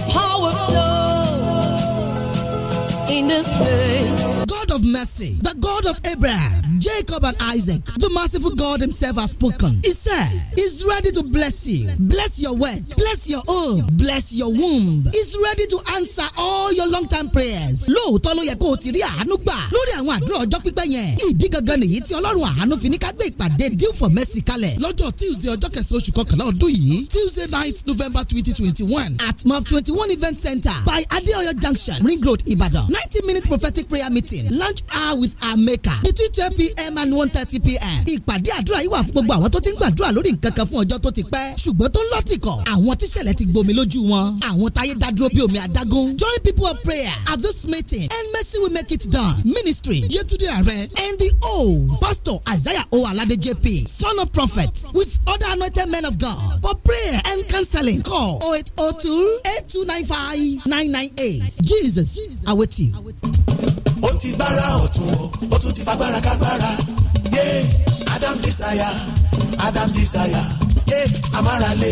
power flow in this place. of mercy, the God of Abraham, Jacob, and Isaac, the merciful God Himself has spoken. He says He's ready to bless you, bless your wealth, bless your home, bless your womb. He's ready to answer all your long time prayers. Lóòótọ́ ló yẹ kó o ti rí àánú gbà lórí àwọn àdúrà ọjọ́ pípẹ́ yẹn. Ìdí gangan nìyí tí Ọlọ́run àánú fi ní ká gbé ìpàdé deal for mercy kalẹ̀. Lọ́jọ́ Tuesday ọjọ́ kẹsàn-án oṣù kọkànlá ọdún yìí Tuesday night November twenty twenty one at MAV twenty one event center by Adeoyo junction Ring Road Ibadan ninety minute prophetic prayer meeting lunch hour with our maker between ten pm and one thirty pm. ìpàdé àdúrà yìí wà fún gbogbo àwọn tó ti ń gbàdúrà lórí nǹkan kan fún ọjọ́ tó ti pẹ́ ṣùgbọ́n tó ń lọ́tìkọ̀ àwọn tíṣẹ̀lẹ̀ ti gbomi lójú wọn àwọn táyé dádúró bí omi adágún. join people of prayer at this meeting and mercy will make it done ministry yetunde ààrẹ and the host pastor isaiah o alade jp son of prophet with other anointed men of god for prayer and counseling call 0802 8295 998 jesus await you ó ti gbára ọ̀tún ó tún ti fagbára kágbára yé yeah. Adam's Desire Adam's Desire yé yeah. amárale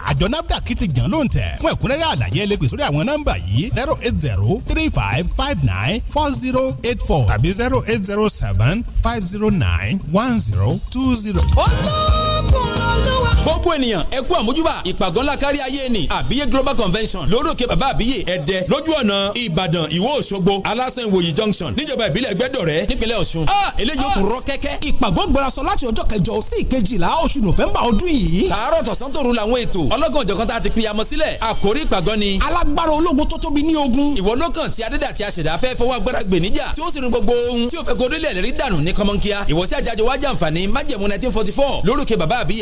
àjọ nafdac ti jàn ló ń tẹ̀ fún ẹ̀kúnrẹ́rẹ́ àlàyé ẹlẹ́gbẹ̀ sórí àwọn nọ́mbà yìí zero eight zero three five five nine four zero eight four tàbí zero eight zero seven five zero nine one zero two zero. olókùn lolúwa gbogbo ènìyàn ẹ kú àmójúbà ìpàgọ́ kárí ayé ni àbíyé global convention lórókè bàbá àbíyé ẹ̀dẹ́ lójú ọ̀nà ìbàdàn ìwó òṣogbo alásán ìwòyí junction níjọba ìbílẹ̀ ẹgbẹ́dọ̀rẹ́ nípínlẹ̀ ọ̀ṣun. a ah, eléyìí ó tún rọ kẹ́kẹ́. ìpàgọ́ gbọ́dọ̀sọ láti ọjọ́ kẹjọ sí ìkejìlá oṣù nọ́fẹ̀mbà ọdún yìí. tààrọ̀ tọ̀sán tòru làwọn ètò ọlọ́gàn tá a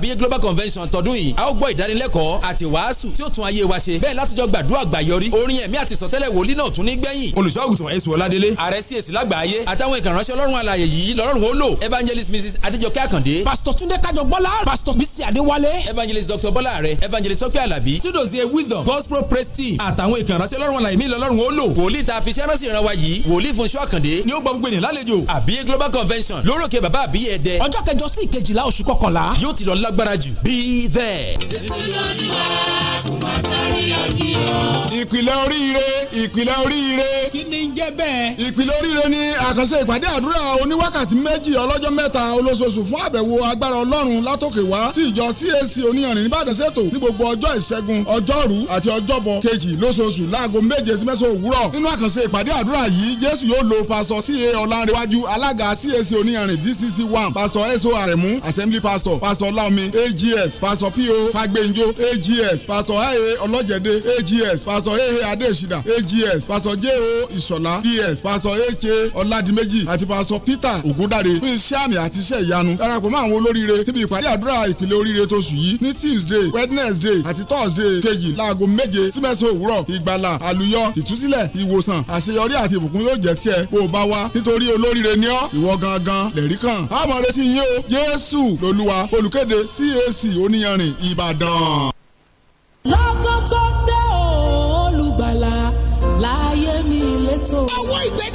ti àgbáyé global convention tọdún yìí a ó gbọ́ ìdánilẹ́kọ̀ọ́ àti wàásù tí ó tún ayé wa ṣe bẹ́ẹ̀ látijọ́ gbàdúrà àgbàyọrí orin ẹ̀mí àti sọtẹ́lẹ̀ wòlíì náà tún ní gbẹ̀yìn olùṣọ́àgùtàn ẹ̀sùn ọ̀ládélé ààrẹ csc lágbàáyé àtàwọn ìkànránṣẹ́ ọlọ́run alààyè yìí lọ́rùn ó lò evangelist mrs adéjọkẹ́ àkàndé pastor túndé kájọgbọ́lá pastor bisi adéwálé evangelist dr bọ́lá rẹ̀ evangelist tọ́pẹ́ alábí chidozie wisdom gospel praise team àtàwọn ìkànránṣẹ́ ọlọ́run alààyè mi lọ́rùn ó lò wòlíì ta fi sẹ́rọ́sì ìran wa yìí wòlíì fúnṣọ́ àkàndé ni ó gbọ́ gbogbo ènìyàn lálejò àbíyé global convention lórókè bàbá àbíyé ẹ̀dẹ́ ọjọ́ kẹjọ sí ìkejìlá oṣù kọkànlá yóò ti lọ lágb lágbára jù be there. ìpìlẹ̀ oríire ìpìlẹ̀ oríire. kí ni ń jẹ́ bẹ́ẹ̀. ìpìlẹ̀ oríire ni àkànṣe ìpàdé àdúrà oníwákàtí méjì ọlọ́jọ́ mẹ́ta olóṣooṣù fún àbẹ̀wò agbára ọlọ́run látòkè wá tí ìjọ CAC oníyanrìn nìbàdàn ṣètò ní gbogbo ọjọ́ ìṣẹ́gun ọjọ́rú àti ọjọ́bọ kejì lóṣooṣù láago méje sí mẹ́sàn-án òwúrọ̀ nínú àkànṣe ìpàdé àdúrà yìí jésù yóò lo pásítọ̀ ca Olúwaṣeyìn AGS pásọ PO Fagbenjo AGS pásọ ae Ọlọ́jẹ̀dé AGS pásọ ehe Adésínà AGS pásọ JO Ìṣọ̀lá PS pásọ eche Ọládìméjì àti pásọ Peter Ògúndàre fún iṣẹ́ àmì àti iṣẹ́ ìyanu darapọ̀ mọ́ àwọn olóríire níbi ìpàdé àdúrà ìpìlẹ̀ oríire tóṣù yìí ní Tuesday Wednesday àti Thursday kejì láago méje sí mẹ́sàn-án òwúrọ̀ ìgbàlà àlùyọ ìtúsílẹ̀ ìwòsàn àṣeyọrí àti ìbùkún yóò jẹ́ tiẹ̀ bó o bá wá nítorí olóríire ni ọ́ ìwọ gangan lẹ̀rí kan àmọ́ retí yín o Jésù lolúwa olùkéde s CAC oníyanrìn Ìbàdàn. lọ́kọ́ tó dé olùgbàlà láàyè mi lẹ́tọ̀ọ́. ọwọ́ ìgbẹ́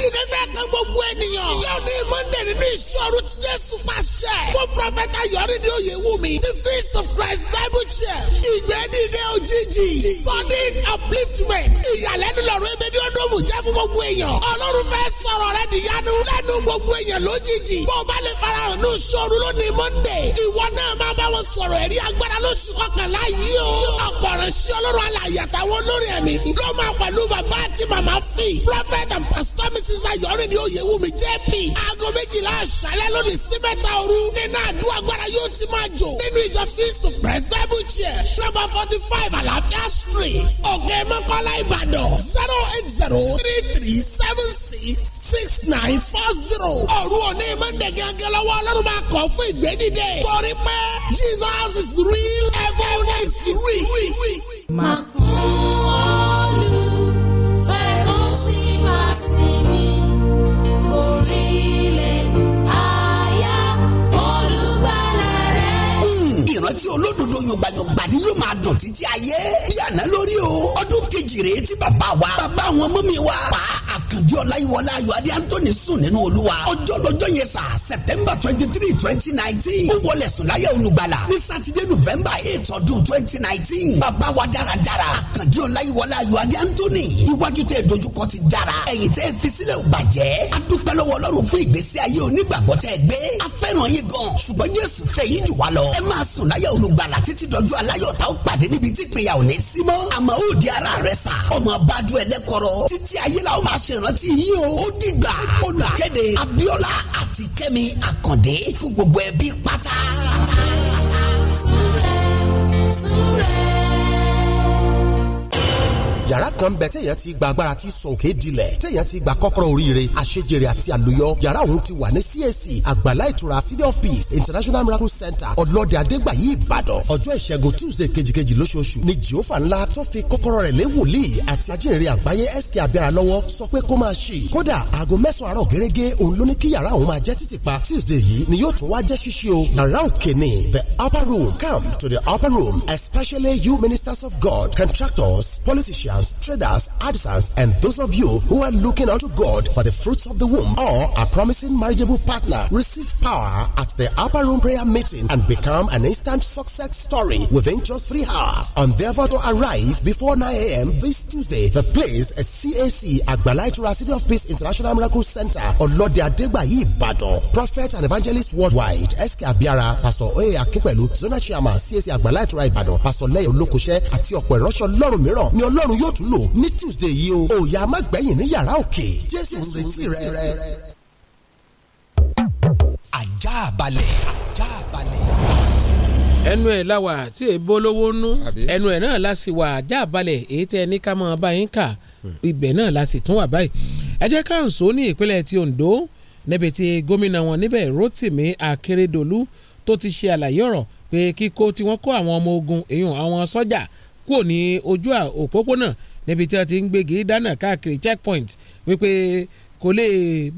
ẹni ní ìṣòro tí Jésù pàṣẹ. Fún Prọfẹ̀tà Yọ̀rìndé Oyèwùmí The Feast of Christ Bible Church. Ìgbẹ́ dìde òjijì. Sudden upliftment. Ìyàlẹ́nu lọ̀rọ̀ ebèdí ọdọ́mù jẹ́ fún gbogbo èèyàn. Ọlọ́run fẹ́ sọ̀rọ̀ rẹ dìyanu. Lẹ́nu gbogbo èèyàn lójijì. Bó o bá lè farahàn ní ìṣòro lónìí Monday. Ìwọ náà máa bá wọn sọ̀rọ̀ ẹ̀rí agbára lóṣù kọkànlá yìí o. Ọ̀pọ̀ ìránṣẹ́ Ọlọ́run alàyè àtàwọn olórin ẹ̀mí. Ló máa pẹ̀lú bàbá àti màmá fi. Prophet and pastor Mrs. Ayọ̀rìndé Oyèwùmí JP. Aago méjì méjìlá àṣálẹ́ lónìí sí mẹ́ta òru nínú àdúrà agbára yóò ti máa jò nínú ìjọ feast of praise bible church number forty five àlàáfíà street ọ̀gẹ́ mọ́kọ́lá ìbàdàn zero eight zero three three seven six six nine four zero ọ̀rú òní mọ́ndé gángan lọ́wọ́ ọlọ́run máa kọ́ fún ìgbé dìde torí pé Jesus is real heaven is real. màsùn ọ́. ìrántí olódodo yògbàyògbà ni yóò máa dùn títí ayé bí àná lórí o ọdún kejì rèé tí bàbá wa bàbá àwọn mọ́mí wa pa àkàndí ọláyíwọlá ayọ̀adé anthony sùn nínú olúwa ọjọ́ lọ́jọ́ yẹn sà september twenty three twenty nineteen ó wọlé sùn láyé olùgbàlà ní sátidé november eight ọdún twenty nineteen bàbá wa dáradára àkàndí ọláyíwọlá ayọ̀adé anthony iwájú tẹ dojúkọ ti dára ẹ̀yìn tẹ fi sílẹ̀ ò bàjẹ́ adúpẹ́ lọ́wọ́ ọlọ́run fún ìgbésí ayé onígbàgbọ́ tẹ gbé afẹ́ràn yín gan ṣùgbọ́n jésù fẹ́ yín jù wá lọ ẹ máa sùn láyé olùgbàlà títí dọjọ́ aláyọ̀ tá ó pàdé níbi tí ìpínyà ò ní sí mọ́ àmọ́ ó ara rẹ̀ sà ọmọ bá dún ẹlẹ́kọ̀rọ̀ títí ayé la ó máa ṣèrántí yìí o ó dìgbà olùkéde abiola àti kẹ́mi àkàndé fún gbogbo ẹbí pátá. súnrẹ́ súnrẹ́ yàrá kan bẹ téèyàn ti gba agbára tí sọ òkè dilẹ̀ téèyàn ti gba kọ́kọ́rọ́ oríire àṣejèrè àti àlùyọ yàrá òun ti wà ní CAC àgbàlá ìtura city of peace international miracle center ọlọ́dẹ adégbàyí ìbàdàn ọjọ́ ìṣẹ́gun tuesday kejìkejì lóṣooṣù ni jehova ńlá tó fi kọ́kọ́rọ́ rẹ̀ lé wòlíì àti ajínrere àgbáyé sk abẹ́ra lọ́wọ́ sọ pé kó máa ṣí kódà aago mẹ́sàn-án àárọ̀ gẹ́gẹ́ òun ló ní kí yàrá òun máa jẹ́ títì pa tuesday yìí ni yóò tún wá jẹ́ ṣíṣí o yàrá òkè ni the upper room come to the upper room especially you ministers of god contractors politicians traders artisans and those of you who are looking unto god for the fruits of the womb or are promising marriageable partner. Receive power at the Upper Room Prayer Meeting and become an instant success story within just three hours. Endeavor to arrive before 9 a.m. this Tuesday. The place is CAC at Balaitura City of Peace International Miracle Center on Lord Adegbayi Ibadan. Prophet and evangelist worldwide. SK Abiara, Pastor Oye Akipelu, Zona Chiama CAC at Àgbàláìtura Ìbàdàn, Pastor Lẹ́yìn Olókoṣẹ́ àti ọ̀pọ̀ ìránṣẹ́ Ọlọ́run mìíràn ni Ọlọ́run yóò tún lò ní Tuesday yìí o. Òòyà má gbẹ̀yìn ní yàrá Jesus, Jésù ń retí rẹ ajá balẹ̀ ajá balẹ̀. ẹnu ẹ̀ la wà tí èbó lówó nú ẹnu ẹ̀ náà la sì wà ajá balẹ̀ èyí tẹ́ ẹ ní ká máa bá yín kà hmm. ibẹ̀ náà la sì tún wà báyìí. ẹ jẹ́ ká ń sọ ní ìpínlẹ̀ ti Ondo níbi tí gómìnà wọn níbẹ̀ Rotimi Akeredolu tó ti ṣe àlàyé ọ̀rọ̀ pé kíkó tí wọ́n kó àwọn ọmọ ogun èèyàn àwọn sọ́jà kúrò ní ojú òpópónà níbi tí wọ́n ti ń gbégi dáná káàkiri checkpoint wípé kò lè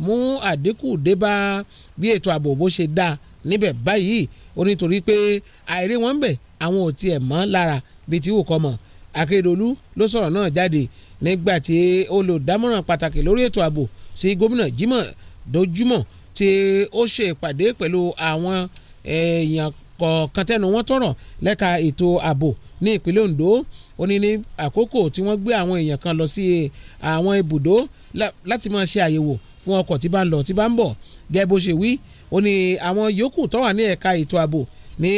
mú àdínkù dé bá bí ètò ààbò bó ṣe dáa níbẹ̀ báyìí ó nítorí pé àìrí wọn ń bẹ̀ àwọn ò tiẹ̀ mọ́ lára bíi tí wò kọ́ mọ̀ Akérédolú ló sọ̀rọ̀ náà jáde nígbà tí olùdámọ̀ràn pàtàkì lórí ètò ààbò sí gómìnà Jimoh Dojúmọ̀ tí ó ṣe ìpàdé pẹ̀lú àwọn èèyàn kọ̀ọ̀kan tẹnu wọn tọ̀rọ̀ lẹ́ka ètò ààbò ní ìpínlẹ̀ Ondo ó ní ní àkókò tí wọ́n gbé àwọn èèyàn kan lọ sí àwọn ibùdó láti máa ṣe àyẹ̀wò fún ọkọ̀ tí bá ń lọ tí bá ń bọ̀ gẹ́gẹ́ bó ṣe wí ó ní àwọn yòókù tó wà ní ẹ̀ka ètò ààbò ní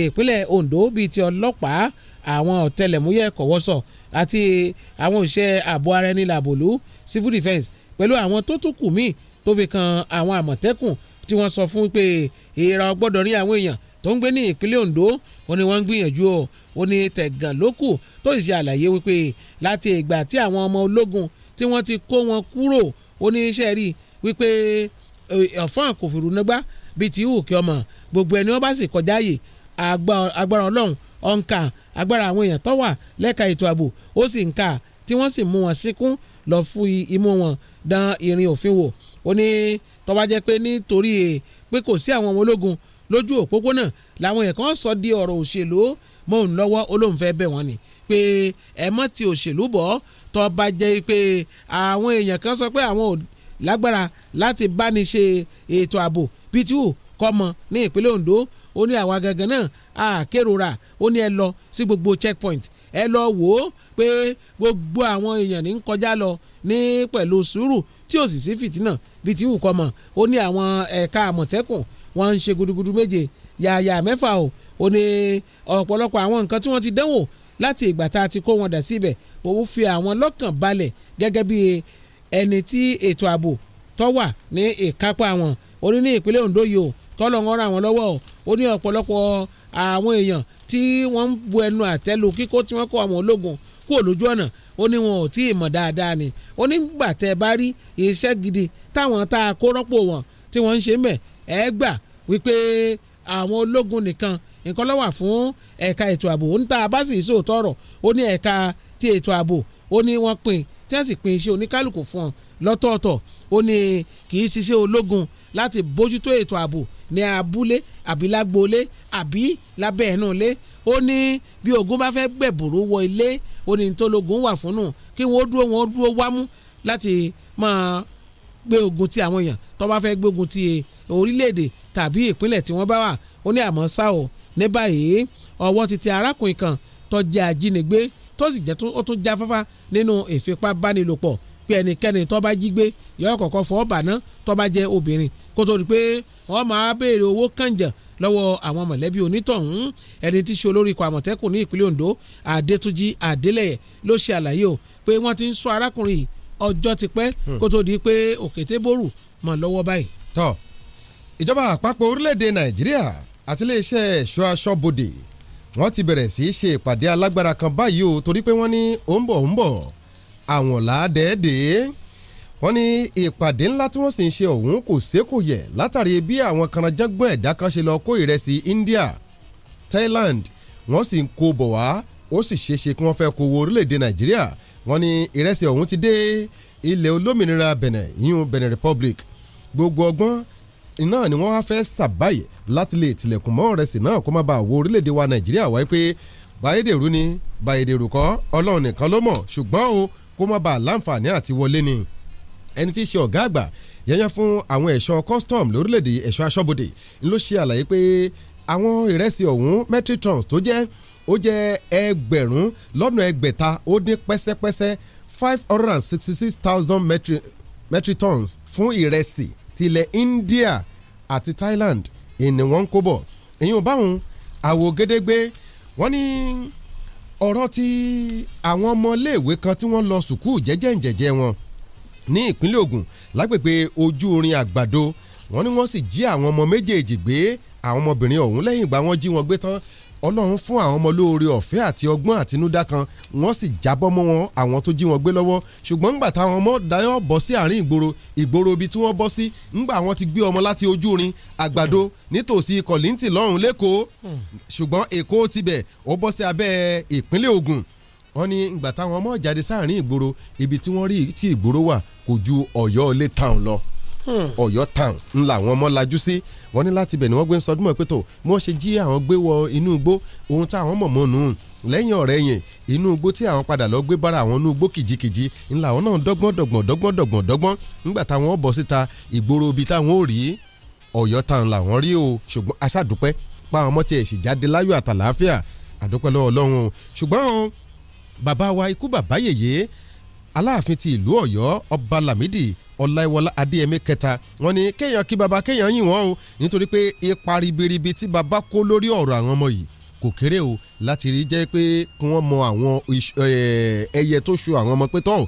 ìpínlẹ̀ Ondo bíi ti ọlọ́pàá àwọn ọ̀tẹlẹ̀múyẹ́ kọ̀wọ́sọ̀ àti àwọn òṣìṣẹ́ ààbò ara ẹni làbòlú civil defence pẹ̀lú àwọn tó tún kù míì tó fi kan àwọn àmọ̀tẹ́kùn tí wọ́n sọ fún pé ìra ọgbọ́dọ̀ rí àwọn èèyàn tó ń gbé ní ìpínlẹ̀ Ondo ó ní wọ́n ń gbìyànjú ọ̀ ó ní tẹ̀gàn lókù tó sì ṣe àlàyé wípé láti ìgbà tí àwọn ọmọ ológun tí wọ́n ti kó wọn kúrò ó ní iṣẹ́ rí wípé ọ̀fọ́n kò fìrù nígbà bíi ti hù kí ọmọ gbogbo ẹni wọ́n bá sì kọjá yìí agbára ọlọ́run ọ̀nkà agbára àwọn èèyàn tó lẹ́ka ètò ààbò ó sì ń kà tí wọ́n sì mú wọn síkún lọ fún imú wọn dán irin òfin wò ó ní tó pé nítorí pé kò sí àwọn ọmọ ológun lójú òpópónà làwọn èèyàn kan sọ di ọ̀rọ̀ òṣèlú mọ́ òun lọ́wọ́ olóńfẹ́ bẹ̀ wọ́n ni pé ẹ mọ́ ti òṣèlú bọ̀ tó bá jẹ́ pé àwọn èèyàn kan sọ pé àwọn ò lágbára láti báni ṣe ètò ààbò ptu kọ́mọ ní ìpínlẹ̀ Ondo ó ní àwa gangan náà àkérora ó ní ẹ lọ sí gbogbo checkpoint ẹ lọ wò ó pé gbogbo àwọn èèyàn ní ń kọjá lọ ní pẹ̀lú sùúrù tí ò sì sí fìtínà bíi ti wù kọ́mọ ó ní àwọn ẹ̀ka àmọ̀tẹ́kùn wọ́n ń ṣe gudugudu méje yàyà mẹ́fà o ò ní ọ̀pọ̀lọpọ̀ àwọn nǹkan tí wọ́n ti dánwò láti ìgbà tá a ti kó wọn dà síbẹ̀ òun fi àwọn lọ́kàn balẹ̀ gẹ́gẹ́ bí ẹni tí ètò ààbò tó wà ní ìkápá wọn ó ní ní ìpínlẹ̀ Ondo yìí o kọ́lọ́ngàn ra wọn lọ́wọ́ o ó ní ọ̀pọ̀lọpọ̀ àwọn èèyàn tí wọ́n ń bu ẹnu àtẹ́ lu kíkó tí wọ́n kó àwọn ológun kúrò lójú ọ̀nà ó ní wọn ò tí ì mọ̀ dáadáa ni ó ní gbà tẹ́ bá rí iṣẹ́ gidi táwọn tá a kó rọ́pò wọn tí wọ́n ń ṣe mẹ́ ẹ gbà wípé àwọn ológun nìkan nǹkan ló wà fún ẹ̀ka ètò ààbò ó ní tá a bá sì sòótọ́ ọ̀rọ̀ ó ní ẹ̀ka ti ètò ààbò ó ní wọ́n pín tí wọ́n sì pín iṣẹ́ oníkálukú fún ọ lọ́tọ̀ọ̀tọ̀ ó ní kì í ṣiṣẹ́ ológun láti bójútó ètò ààbò ní abúlé àbí lágboolé àbí lábẹ́ ẹ̀nú ilé ó ní bí ogun bá fẹ́ gbẹ̀bùrú wọ ilé ó ní tó wà fún nù kí wọ́n dúró wọ́n dúró wámú láti máa gbé ogun ti àwọn èèyàn tó bá fẹ́ gbógun ti orílẹ̀-èdè tàbí ìpínlẹ̀ tí wọ́n bá wà ó ní àmọ́ ṣá o ní báyìí ọwọ́ ti tẹ arákùnrin kan tó jẹ́ ajínigbé tó sì jẹ́ ó tún jáfáfá nínú ìfipábánilòpọ̀ pé ẹnikẹ́ni tó bá jí gbé yọ kọ̀kọ́ fọ́ bàná tó bá jẹ́ obìnrin kó tó di pé wọ́n máa béèrè owó kànjà lọ́wọ́ àwọn mọ̀lẹ́bí onítọ̀hún ẹni tí ṣe olórí ikọ̀ àmọ̀tẹ́kùn ní ìpínlẹ̀ Ondo Adétúnjì Adélẹ̀yẹ ló ṣe àlàyé o pé wọ́n ti ń sọ arákùnrin ọjọ́ ti pẹ́ hmm. kó tó di pé òkété bórù mọ̀ lọ́wọ́ báyìí. tọ́ ìjọba àpapọ̀ orílẹ̀-èdè nàìjíríà àti iléeṣẹ́ ẹ̀ṣọ́ aṣọ́bodè wọ́n ti bẹ̀rẹ̀ sí í ṣe ìpàdé alágbára kan báyìí o torí pé wọ́n ní ó ń bọ̀ ó ń bọ̀ àwọn làádẹ́ẹ̀dẹ́ wọ́n ní ìpàdé ńlá tí wọ́n sì ń ṣe ọ̀hún kò sékòyẹ̀ látàrí bí àwọn kanajágbọ́n ẹ̀dá kan ṣe lọ kó ìrẹsì India Thailand wọ́n sì ń kó bọ̀ wá ó sì ṣeé ṣe kí wọ́n fẹ́ kó wo orílẹ̀-èdè Nàìjíríà wọ́n ní ìrẹsì ọ̀hún ti dé ilẹ̀ olómìnira Benin yíyún Benin Republic gbogbo ọgbọ́n iná ni wọ́n wá fẹ́ sàbáyé láti lè tilẹ̀kùn mọ́ ọ̀rẹ́sì náà kó má bàa wo orílẹ̀-èdè wa nàìjíríà wáyé pé báyédèrú ni báyédèrú kọ́ ọlọ́run nìkan ló mọ̀ ṣùgbọ́n o kó má bàa láǹfààní àti wọlé ni ẹni tí í ṣe ọ̀gá àgbà yẹnyẹn fún àwọn ẹ̀ṣọ́ custom lórílẹ̀-èdè ẹ̀ṣọ́ aṣọ́bodè ń ló ṣe àlàyé pé àwọn ìrẹsì ọ̀hún metric tons tó jẹ́ ó jẹ́ ẹgbẹ̀rún lọ́nà ẹgbẹ̀ta ó dín pẹ́sẹ́pẹ́sẹ́ five hundred and sixty six thousand metric tons fún ìrẹsì tilẹ̀ India àti Thailand ìní wọn ń kó bọ̀ èyí ò báwọn àwò gédégbé wọ́n ní ọ̀rọ̀ tí àwọn ọmọléèwé kan tí wọ́n lọ sùkúù jẹ́jẹ́ǹjẹ̀jẹ́ wọn ní ìpínlẹ̀ Ògùn lágbègbè ojú orin àgbàdo wọ́n ní wọ́n sì jí àwọn ọmọ méjèèjì gbé àwọn ọmọbìnrin ọ̀hún lẹ́yìn ìgbà wọ́n jí wọn gbé tán ọlọ́run fún àwọn ọmọ lóore ọ̀fẹ́ àti ọgbọ́n àtinúdá kan wọ́n sì jábọ́ mọ́ wọn àwọn tó jí wọn gbé lọ́wọ́ ṣùgbọ́n ńgbà táwọn ọmọ dayọ́ bọ́ sí àárín ìgboro ìgboro ibi tí wọ́n bọ́ sí ńgbà wọn ti gbé ọmọ láti ojú rin àgbàdo nítòsí kọ̀lìntì lọ́rùn lẹ́kọ̀ọ́ ṣùgbọ́n èkó tibẹ̀ ó bọ́ sí abẹ́ ìpínlẹ̀ Ògùn wọ́n ní ìgbà táwọn ọmọ jáde sáàrin ìgboro ibi tí wọ́n rí tí ìgboro wà kò ju Ọ̀yọ́ ilé town lọ. Ọ̀yọ́ town ńlá àwọn ọmọ lajú sí wọ́n ní láti bẹ̀ ni wọ́n gbé ń sọdúnmọ̀ pé tó bí wọ́n ṣe jí àwọn gbé wọ inú igbó ohun táwọn mọ̀ mọ́ nù lẹ́yìn ọ̀rẹ́ yẹn inú igbó tí àwọn padà lọ gbé bára àwọn inú igbó kìjikìji ńlá àwọn náà dọ́gbọ́n dọ́gbọ́n dọ́gbọ́n dọ́gbọ́n dọ́gbọ́n nígbà táwọn bọ̀ síta ìgboro ibi táwọn ò rí Ọ̀yọ́ town làwọn rí o ṣùgbọ́n aṣáàdúpẹ́ pa àwọn ọmọ tiẹ̀ sì jáde láyọ̀ àtàlàáfíà àdúpẹ́ lọ́wọ́ Ọlọ́run o ṣùgbọ́n o bàbá wa ikú bàbá yèyé Aláàfin ti ìlú Ọ̀yọ́ Ọba Lámídì ọláìwọlá adéyẹmí kẹta wọ́n ní kéèyàn kí baba kéèyàn yìn wọ́n o nítorí pé ipa ribiribi tí baba kó lórí ọ̀rọ̀ àwọn ọmọ yìí kò kéré o láti rí jẹ́ pé kí wọ́n mọ àwọn eh, ẹyẹ tó ṣu àwọn ọmọ pé tọ́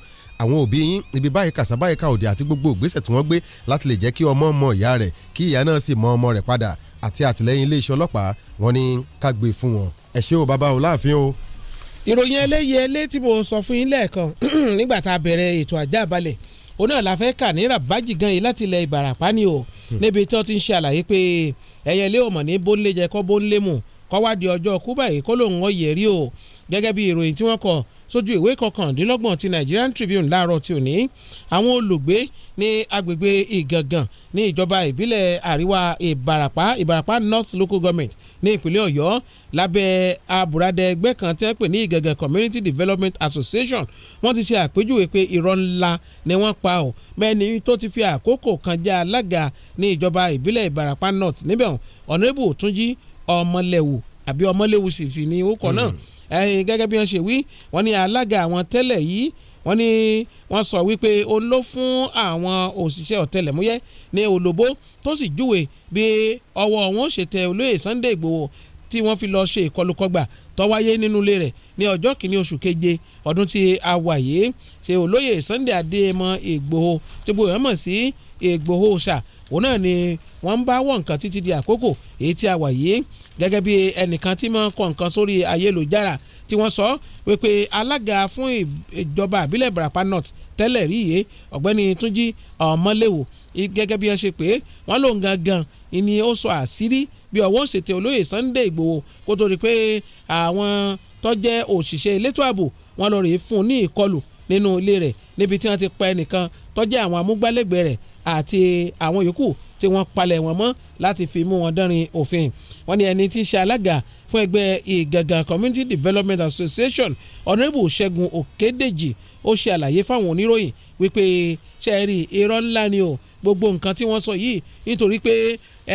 àwọn òbí yín ibi báyìí kàṣà báyìí ká òde àti gbogbo ìgbésẹ̀ tí wọ́n gbé láti lè jẹ́ kí ọmọ mọ ìyá rẹ̀ kí ìyá náà sì mọ ọmọ rẹ̀ padà àti àtìlẹ́yìn iléeṣẹ́ ọlọ́pàá wọ́n ní ká gbé fún wọn ẹ ṣé o bàbá o láàfin o. ìròyìn eléyìí elé tí mo sọ fún yín lẹ́ẹ̀kan nígbà tá a bẹ̀rẹ̀ ètò àjàbálẹ̀ òun náà la fẹ́ kà ní rabaji gan yìí láti ilẹ̀ ìbàràpá ni o hmm. níbi tí wọ́n ti ń ṣe àlàyé pé ẹyẹlé ò mọ̀ ní bóńlé jẹ kọ́ bóńlé mu kọ́ wá di ọjọ́ kúbà yìí kó lòun ọ yẹ̀ rí o gẹ́gẹ́ bí ìròyìn tí wọ́n kọ sójú ìwé kọkàndínlọ́gbọ̀n ti Nigerian Tribune láàárọ̀ tí ò ní àwọn olùgbé ní agbègbè Ìgangan ní ìjọba ìbílẹ̀ àríwá Ìbàràpá Ìbàràpá North Local Government ní ìpínlẹ̀ ọ̀yọ́ lábẹ́ àbùradà ẹgbẹ́ kan tí wọ́n ní ìgẹ̀gẹ̀ community development association wọ́n ti ṣe àpèjúwe pé irọ́ ńlá ni wọ́n pa ọ́ mẹ́ni tó ti fi àkókò kan jẹ́ alága ní ìjọba ìbílẹ̀ ìbarapá north níbẹ̀ ọ̀nẹ́bù túnjí ọmọlẹ́wù àbí ọmọlẹ́wù sì sì ni ó kọ náà hmm. gẹ́gẹ́ bí wọ́n ṣe wí wọ́n ní alága àwọn tẹ́lẹ̀ yìí wọ́n ní wọ́n sọ wípé òun ló fún àwọn òṣìṣẹ́ ọ̀tẹlẹ̀múyẹ́ ní olóbó tó sì júwe bí ọwọ́ wọn ò ṣètẹ olóyè Sunday Ìgbòho tí wọ́n fi lọ ṣe ìkọlùkọgbà tó wáyé nínú ilé rẹ̀ ní ọjọ́ kìíní oṣù keje ọdún tí a wà yìí ṣe olóyè Sunday Adéyẹmọ Ìgbòho tí gbogbo èèyàn mọ̀ sí Ìgbòho ṣà òun náà ni wọ́n ń bá wọ̀ nǹkan títí di àkókò èyí tí a wà yìí gẹ́gẹ́ bí ẹnìkan tí máa ń kọ nǹkan sórí ayélujára tí wọ́n sọ wípé alága fún ìjọba àbílẹ̀ Ìbàràpá North tẹ́lẹ̀ rí iye ọ̀gbẹ́ni Túnjí Ọmọléwò gẹ́gẹ́ bí ẹ ṣe pé wọ́n lòun gangan ni ó sọ àṣírí bí ọwọ́ ṣètè olóyè Sunday Ìgbòho kó tó rí pé àwọn tó jẹ́ òṣìṣẹ́ elétò ààbò wọn lọ rèé fún un ní ìkọlù nínú ilé rẹ̀ níbi tí wọ́n ti pa ẹnìkan tó jẹ́ àwọn amúgbálẹ́gbẹ̀ẹ́ rẹ̀ àti àwọn yòókù tí wọ́n palẹ̀ wọn mọ́ láti fi mú wọn dánrin òfin wọ́n ní ẹni tí í ṣe alága fún ẹgbẹ́ ìgangan community development association ọ̀nàrẹ́bù ṣẹ́gun òkèdèjì ó ṣe àlàyé fáwọn oníròyìn wípé ṣe é rí irọ́ ńlá ni o gbogbo nǹkan tí wọ́n sọ yìí nítorí pé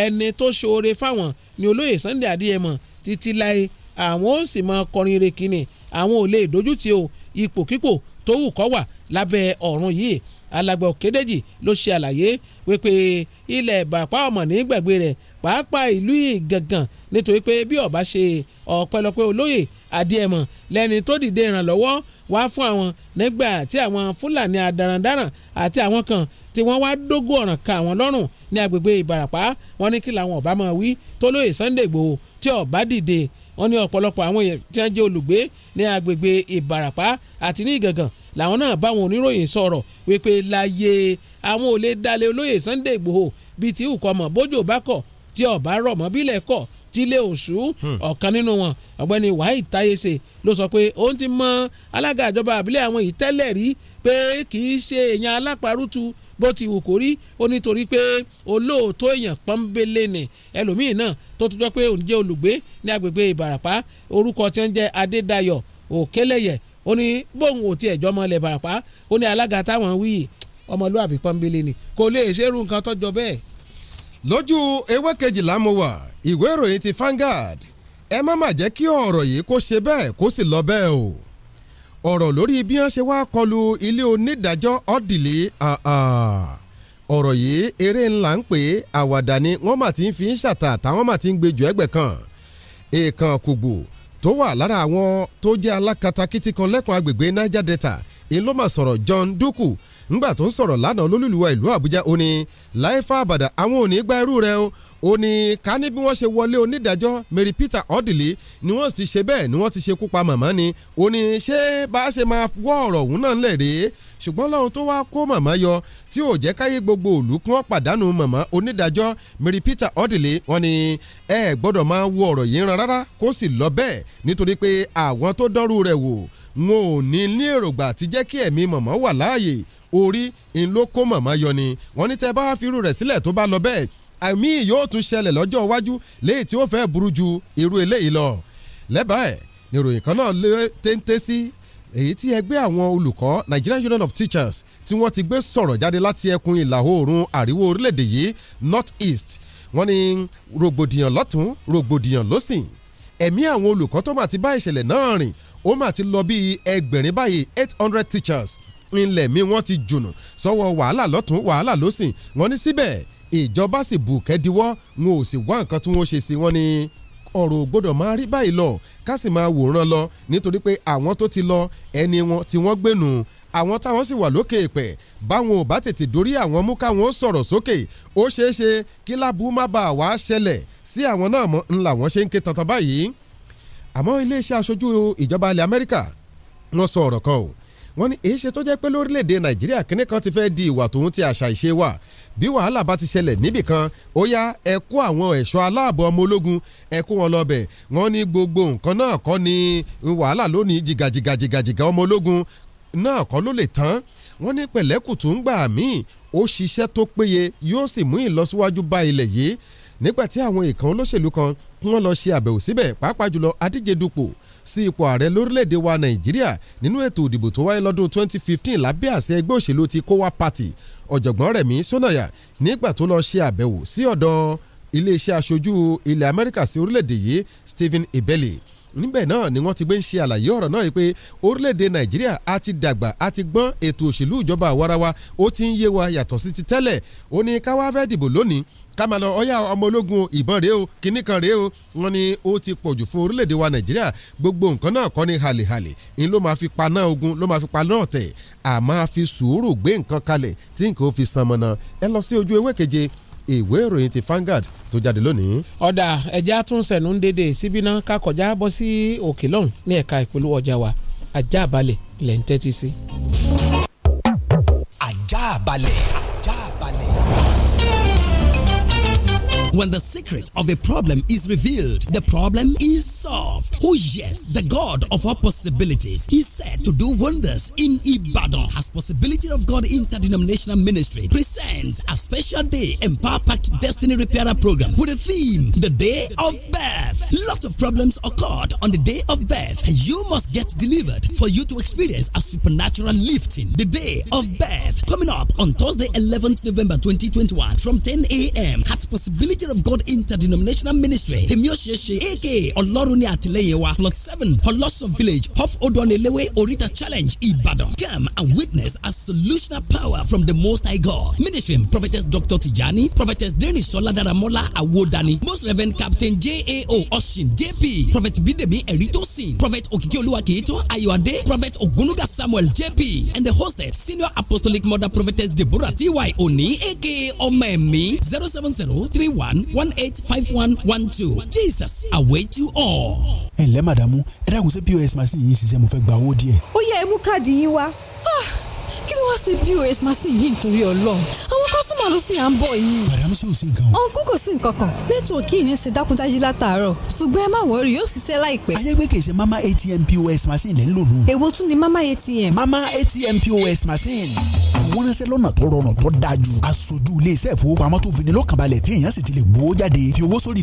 ẹni tó ṣoore fáwọn ni olóyè Sunday Adéyẹmọ títí láé àwọn ó sì máa kọrin ire kìíní àwọn ò lè dójútì o ipòkípò tó wù kó wà lábẹ́ ọ̀run yìí alàgbà òkèdèjì ló ṣe àlàyé wípé ilẹ̀ ìbàpá ọmọ ní gbàgbé rẹ̀ pàápàá ìlú ìgangan nítorí pé bí ọba ṣe ọ̀pẹ̀lọpẹ̀ olóyè adíẹ̀mọ̀ lẹ́ni tó dìde ìrànlọ́wọ́ wá fún àwọn nígbà tí àwọn fúlàní adarandaran àti àwọn kan tí wọ́n wá dógó ọ̀ràn ka àwọn lọ́rùn ní agbègbè ìbàràpá wọn ní kí làwọn ọba máa wí tó lóye Sunday Igboho tí ọba dìde wọ́n ní ọ̀pọ̀lọpọ̀ àwọn èèyàn tí wọ́n jẹ́ olùgbé ní agbègbè ìbàràpá àti ní ìgàngàn làwọn náà báwọn oníròyìn sọ̀rọ̀ wípé láyé àwọn ò lè dalẹ̀ olóyè Sunday Ìgbòho bíi ti ìkọ̀ mọ̀ bójò bá kọ̀ tí ọ̀bá rọ̀ mọ́ bílẹ̀ kọ̀ tí ilé òṣù hmm. ọ̀kan nínú wọn ọ̀gbẹ́ni Wahid Tayese ló sọ pé òun ti mọ alága ìjọba àbílẹ̀ àwọn yìí tẹ́lẹ̀ bó ti wù kó rí ó nítorí pé olóòótọ́ èèyàn pọ́nbélé ni ẹlòmíín náà tó tún jọ pé òun jẹ́ olùgbé ní agbègbè ìbàràpá orúkọ tí ń jẹ́ adédayọ̀ òkèlèyẹ ó ní bóun ò tiẹ̀ jọmọ ilẹ̀ ìbàràpá ó ní alága táwọn wí ọmọlúàbí pọ́nbélé ni kò lè ṣerú nǹkan tọ́jọ bẹ́ẹ̀. lójú ewé kejìlá mo wà ìwé ìròyìn ti Vanguard ẹ má má jẹ́ kí ọ̀rọ̀ yìí kó ṣe bẹ́ẹ̀ kó sì lọ bẹ́ẹ̀ o ọ̀rọ̀ lórí bí wọ́n ṣe wá kọlu ilé onídàájọ́ ọ̀dìlé ọ̀rọ̀ yìí eré ńlá ń pè àwàdà ni wọ́n mà ti ń fi ń ṣàtà táwọn mà ti ń gbẹjọ ẹgbẹ́ kan èèkàn kùgbò tó wà lára àwọn tó jẹ́ alákatakítí kan lẹ́kùn agbègbè Niger Delta ìlọ́mà sọ̀rọ̀ John Dukwu ńgbà tó ń sọ̀rọ̀ lánàá olólùlùwà ìlú àbújá ó ní láìfà àbàdà àwọn ò gba irú rẹ o ó ní ká ní bí wọ́n ṣe wọlé onídàájọ́ Mary Peter Odili ni wọ́n ti ṣe bẹ́ẹ̀ ni wọ́n ti ṣe kú pa màmá ni ó ní ṣé bá a ṣe máa wọ́ ọ̀rọ̀ òun náà lẹ̀ rèé ṣùgbọ́n lọ́run tó wá kó màmá yọ tí ò jẹ́ káyé gbogbo òlú kí wọ́n pàdánù màmá onídàájọ́ Mary Peter Odili wọ́n ní ẹ gbọ́dọ̀ máa wo ọ̀rọ̀ yìí rán rárá kó sì lọ bẹ́ẹ̀ nítorí pé àwọn tó dánrú rẹ̀ wò n ò ní ní èròǹgbà àti jẹ́ kí ẹ̀mí mọ̀mọ́ wà láàyè orí ń ló kó mọ̀mọ́ yọ ni wọ́n ní tẹ́ bá firú rẹ̀ sílẹ̀ tó bá lọ bẹ́ẹ̀ àmì yóò tún ṣẹlẹ̀ lọ́jọ́ iwájú léyìí tí ó fẹ́ burú ju irú eléyìí lọ lẹ́bàá ẹ̀ ni ìròyìn kan náà lé téńté sí èyí tí ẹgbẹ́ àwọn olùkọ́ Nigerian Union of Teachers tí wọ́n ti gbé sọ̀rọ̀ jáde láti ẹkùn ìlà oòrùn àríwó orílẹ̀-èdè yìí North East wọ́n ní rògbòdìyàn lọ́tún rògbòdìyàn lọ́sìn ẹ̀mí àwọn olùkọ́ tó mà ti bá ìṣẹ̀lẹ̀ náà rìn ó mà ti lọ bíi ẹgbẹ̀rin báyìí eight hundred teachers ilẹ̀ mi wọ́n ti jùnù sọ́wọ́ wàhálà lọ́tún wàhálà lọ́sìn wọ́n ní síbẹ̀ ìjọba sì bù kẹ́díwọ́ wọn ò sì wá nǹkan tí wọ́n ṣe sí wọn ni ọ̀rọ̀ gbọ́dọ̀ máa rí báyìí lọ ká sì máa wòran lọ nítorí pé àwọn tó ti lọ ẹni wọn tí wọ́n gbénu àwọn táwọn sì wà lókè èpẹ̀ báwọn ò bá tètè dórí àwọn mú káwọn ó sọ̀rọ̀ sókè ó ṣeé kí lábú má bàa wá ṣẹlẹ̀ sí àwọn náà mọ́ ńlá wọn ṣe ń ké tantan báyìí àmọ́ iléeṣẹ́ aṣojú ìjọba ilẹ̀ Amẹ́ríkà wọ́n sọ ọ̀rọ̀ kan o wọ́n ní èyí ṣe tó jẹ́ pé lórílẹ̀‐èdè Nàìjíríà kínní kan ti fẹ́ di ìwà tòun ti àṣà ìṣe wa bí wàhálà bá ti ṣẹlẹ̀ níbì kan ó yá ẹ kó àwọn ẹ̀ṣọ́ aláàbọ̀ ọmọ ológun ẹ kó wọn lọ́bẹ̀ wọ́n ní gbogbo nǹkan náà kọ́ ni wàhálà lónìí jìgàjìgàjìgàjìgà ọmọ ológun náà kọ́ ló lè tán wọ́n ní pẹ̀lẹ́kùtù ń gbà míì ó ṣiṣẹ́ tó péye yóò sì mú ìlọsíwájú bá ilẹ̀ yìí nígbà tí àwọn ìkan olóṣèlú kan kí wọ́n lọ ṣe àbẹ̀wò síbẹ̀ pàápàá jùlọ adíje dupò sí ipò ààrẹ lórílẹ̀‐èdè wa nàìjíríà nínú ètò ìdìbò tó wáyé lọ́dún 2015 lábẹ́ àṣẹ ẹgbẹ́ òṣèlú ti kówá party ọ̀jọ̀gbọ́n rẹ̀mí sọ́nàyà nígbà tó lọ ṣe àbẹ̀wò sí ọ̀dọ̀ iléeṣẹ́ aṣojú ilẹ̀ amẹ́ríkà sí orílẹ̀‐èdè yìí stephen ebele níbẹ̀ náà ni wọ́n ti gbé ń ṣe àlàyé ọ̀rọ̀ náà pé orílẹ̀-èdè nàìjíríà a ti dàgbà a ti gbọ́n ètò òṣèlú ìjọba àwarawa ó ti ń yé wa yàtọ̀ sí ti tẹ́lẹ̀ ó ní káwá fẹ́ dìbò lónìí ká máa lọ ọyá ọmọ ológun ìbọn rèé o kinní kan rèé o wọ́n ní ó ti pọ̀ jù fún orílẹ̀-èdè wa nàìjíríà gbogbo nǹkan náà kọ́ ni halehale ń ló máa fi paná ogun ló máa fi paná ọ̀tẹ̀ àmọ́ a fi sùúrù gbé nǹkan kalẹ̀ tí nǹkan ó fi san mọ́nà ẹ lọ sí ojú ewé keje ìwé ìròyìn ti Vanguard tó jáde lónìí. ọ̀dà ẹja tún sẹ̀nu ń dédé síbí náà ká kọjá bọ́ sí òkè lọ́hùn ní ẹ̀ka ìpolówó ọjà wa ajá balẹ̀ lẹ́ sí. ajá balẹ̀. When the secret of a problem is revealed, the problem is solved. Oh, yes, the God of all possibilities is said to do wonders in Ibadan. As Possibility of God Interdenominational Ministry presents a special day Empower Packed Destiny Repairer program with a theme The Day of Birth. Lots of problems occurred on the day of birth, and you must yet delivered for you to experience a supernatural lifting. The day of birth coming up on Thursday, 11th November 2021 from 10 a.m. at Possibility of God Interdenominational Ministry, Temiosheshe, aka Oloruni Atileyewa, Plot 7, Holoso Village, Hof Odonelewe Orita Challenge, Ibadan. Come and witness a solutional power from the Most High God. Ministry Prophetess Dr. Tijani, Prophetess Dennis Soladaramola Awodani, Most Reverend Captain J.A.O. Oshin, J.P., Prophet Bidemi Eritosin, Prophet Okikioluwa Wakito Ayọ̀adé, Prophet Ogunuga Samuel JP, and the hostess, Senior Apostolic Mother Prophetess Deborah T.Y. Oni, aka Omemi, 07031185112. Jesus await you all. Ẹ ǹlẹ́ màdàmú, ẹ dákun sí POS machine yìí ṣiṣẹ́ mo fẹ́ gba owó díẹ̀. Ó yẹ ẹ káàdì yín wá. Ah! kí ló wá ṣe pos machine yìí nítorí Ọlọ́run àwọn kọ́sọ́mà ló sì à ń bọ̀ yìí. bàdàmú sì ò sí nǹkan o. ọ̀nkú kò sí nǹkan kan nẹ́tíwọ̀kì yìí ní ṣe dákúndájí látàárọ̀ ṣùgbọ́n ẹ má wọrí yóò ṣiṣẹ́ láìpẹ́. ayégbé kì í ṣe mama atm pos machine lẹ́ ń lò èwo tún ni mama atm. mama atm pos machine wọ́n ránṣẹ́ lọ́nà tó rọrùn tó dájú. aṣojú iléeṣẹ́ ìfowópamọ́ tó fi ní lọ́kànbalẹ̀ tí èèyàn sì ti lè gbowó jáde. fi owó sórí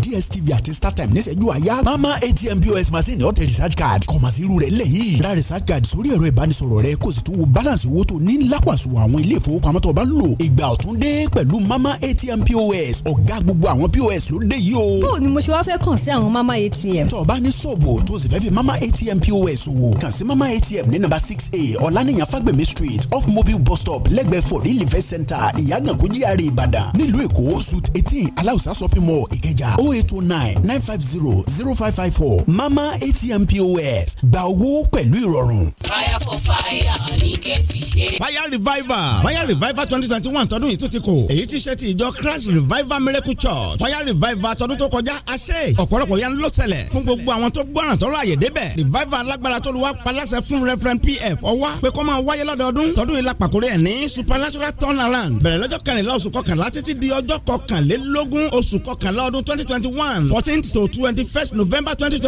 dstv àti startime níṣẹ́jú àyà. mama atm pos machine ọ̀tẹ̀ research card kọ̀mọ̀sí irú rẹ̀ lẹ́yìn. ra card sórí ẹ̀rọ ìbánisọ̀rọ̀ rẹ kò sì tún wo balance owó tó ní lápàṣù àwọn ilé ìfowópamọ́ tó bá ń lò ìgbà ọ̀tun dé pẹ̀lú mama atm pos ọ̀gá gbogbo àwọn pos ló dé yìí o. bó o ni mo ṣe wá fẹ́ kàn sí àwọn mama atm. tó bá ní ṣọ́ọ̀bù tó sì fẹ́ fi mama atm pos wò kàn sí mama atm ní nàmbà six a ọ̀lànìyàn fagbemi street off mobile bus stop lẹ́gbẹ̀ẹ́ for real event center ìyàgànkó gr e ìbàdàn nílùú èkó suit eighteen aláùsá shopping mall ìkẹjà o oh eight o oh nine nine five zero zero five five four mama atm pos gba owó pẹ̀lú ìrọ̀rùn. fire for fire fire revival fire revival twenty twenty one tọdún yìí tún ti kò èyí ti ṣe ti ìjọ christ revival miracle church fire revival tọdún tó kọjá àṣẹ ọ̀pọ̀lọpọ̀ yẹn ló ṣẹlẹ̀ fún gbogbo àwọn tó gbọ́ràn tọ́lọ́ àyè débẹ̀ revival alágbára tó lu wá paláṣẹ fún referent pf ọwá pé kó máa wáyé lọ́dọọdún tọdún yìí la pàkórí ẹ̀ ní supernatural turnaround bẹ̀rẹ̀ lọ́jọ́ kẹrìnlá oṣù kọkànlá títí di ọjọ́ kọkànlélógún oṣù kọkànlá ọdún twenty twenty one fourteen to twenty first november twenty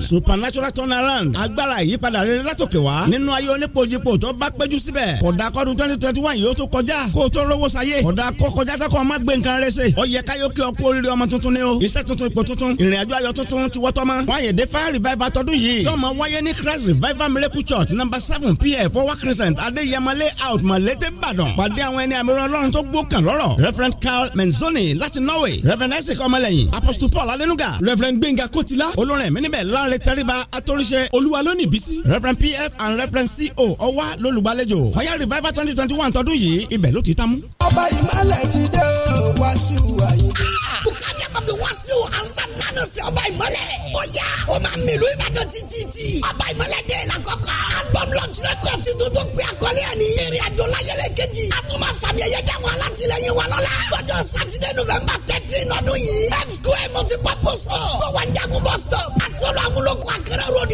supernatural turnaround agbára ìyípadà rere látòkè wá nínú ayé onípojíp ipò tó bá péjú síbẹ̀ kódà kọ́dún twenty twenty one yóò tó kọjá kó o tó rówó sáyé kódà kó kọjá tó kọ́ gbé nǹkan rẹ ṣe ọ yẹ káyọ̀ kí ọ oríire ọmọ tuntun ni o iṣẹ́ tuntun ipò tuntun ìrìn ayọ̀ tuntun ti wọ́tọ́ mọ́ wáyé dé fire revival tọdún yìí tí ọmọ wáyé ní Christ revival miracle church number seven pf power crescent adéyẹmọlé out mọ̀lẹ́tẹ̀ ìbàdàn pàdé àwọn ẹni àmì ọlọ́run tó gbó kàn lọ́rọ̀ reverend carl menzoni láti norway reverend isaac ọmọlẹ́yìn apostle paul alenuga reverend gbẹ̀ngà kotila olórin ẹ̀mí níbẹ̀ láre tẹ́ríba atóríṣe olúwa lónìí bísí reverend pf and reverend co ọw wá lólùgbàlejò fire revival twenty twenty one tọdún yìí ibẹ̀ ló ti tán mú. ọba ìmọ̀lẹ̀ ti dé o Wasiu Ayinde. Ah, bukadi ababi Wasiu ansan nanu sí ọba ìmọ̀lẹ̀. ó yá ó máa mìlú Ìbàdàn títí ọba ìmọ̀lẹ̀ dé la kọ́kọ́. album launch record ti tuntun pé àkọlé ẹ̀ ní. eré àjò láyẹlẹ kejì. a tún máa fàmì ẹ̀yẹ dáwọn alátìlẹyìn wa lọ́la. lọ́jọ́ sátidé november thirteen ọdún yìí. m square multipurpose hall. tó wà ń jagun bus stop. àti olú amúlòkọ akẹrẹ road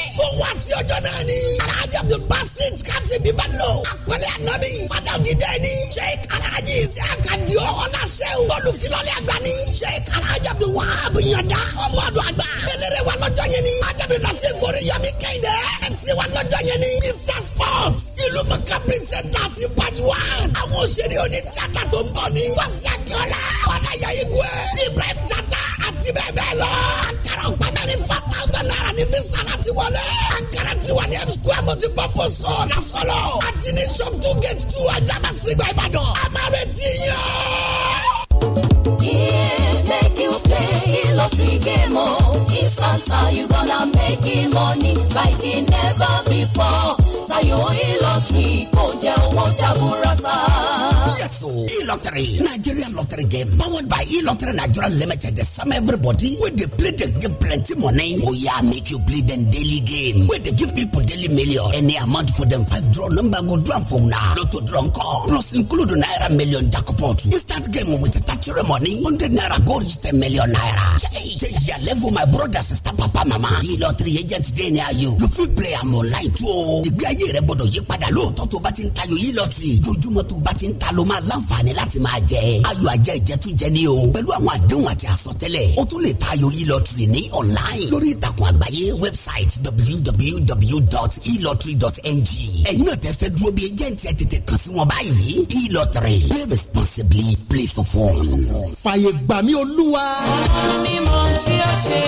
rẹ̀. fún wa sí ọjọ́ náà ni. alhaji abdul basit kati bíbá lò. àpẹẹrẹ anabi fada ògidẹ ni. sheikh alhaji isakadi ọlásẹ́wò. olùfilọ́lẹ̀ àgbà ni. sheikh alhaji abdul wahab yanda ọmọdún àgbà. eléré wa lọ́jọ́ yẹn ni. ajabi láti forí yọmi kéde. mc wa lọ́jọ́ yẹn ni. mr sports ìlú mọ̀ká pírísẹ̀tà ti pàjù wa. àwọn òṣèré oní tíátà tó ń bọ̀ ni. wàsí akíọ́lá. kọ́lá yẹ̀yẹ́ gbé. ibrahim tata àti bẹ́ẹ̀ bẹ́ẹ̀ lọ. àkàrà ọ̀pá mẹ́rin five thousand naira ní sísan àti wọ lọ́lẹ̀. Ankara ti wà ní M square multi purpose hall lásọ̀lọ̀. A ti ní shop two gate two Ajaba Sigba Ìbàdàn. A máa retí yàn. Yeah, make you play lottery game Oh, If answer you gonna make it money like e never before. Tayo e lottery Go down, jẹ́ owó jaburata. Yes, so oh. e-lottery, Nigerian lottery game, powered by e-lottery Nigeria Limited. They sum everybody where they play the game plenty money. Oh yeah, make you play them daily game. Where they give people daily million. Any amount for them five draw number go draw for now. Lotto draw call. Plus include naira million jackpot. Instant game with a touchy money. Hundred naira go reach million naira. Change your level, my brother, sister, papa, mama. E-lottery agent dey near you. You feel play am online too. The guy here, gbọdọ̀ yí you padalo? Talk to ti ń e-lottery. Jojúmọ́ tó bá to ń tayọ ta ló máa láǹfààní láti máa jẹ. ayò ajẹ́ ìjẹtújẹ ni o. pẹ̀lú àwọn àdéhùn àti àsọtẹ́lẹ̀ o tún lè ta ayò e-lottery ní online lórí ìtàkùn àgbáyé website www.elottery.ng. ẹ̀yin náà tẹ́ fẹ́ dúró bí ẹjẹ́ǹtì ẹ̀ tètè kàn sí wọn báyìí. e-lottery play responsibly play for fun. fàyè gbà mí olúwa. ọmọ tí ó ṣe.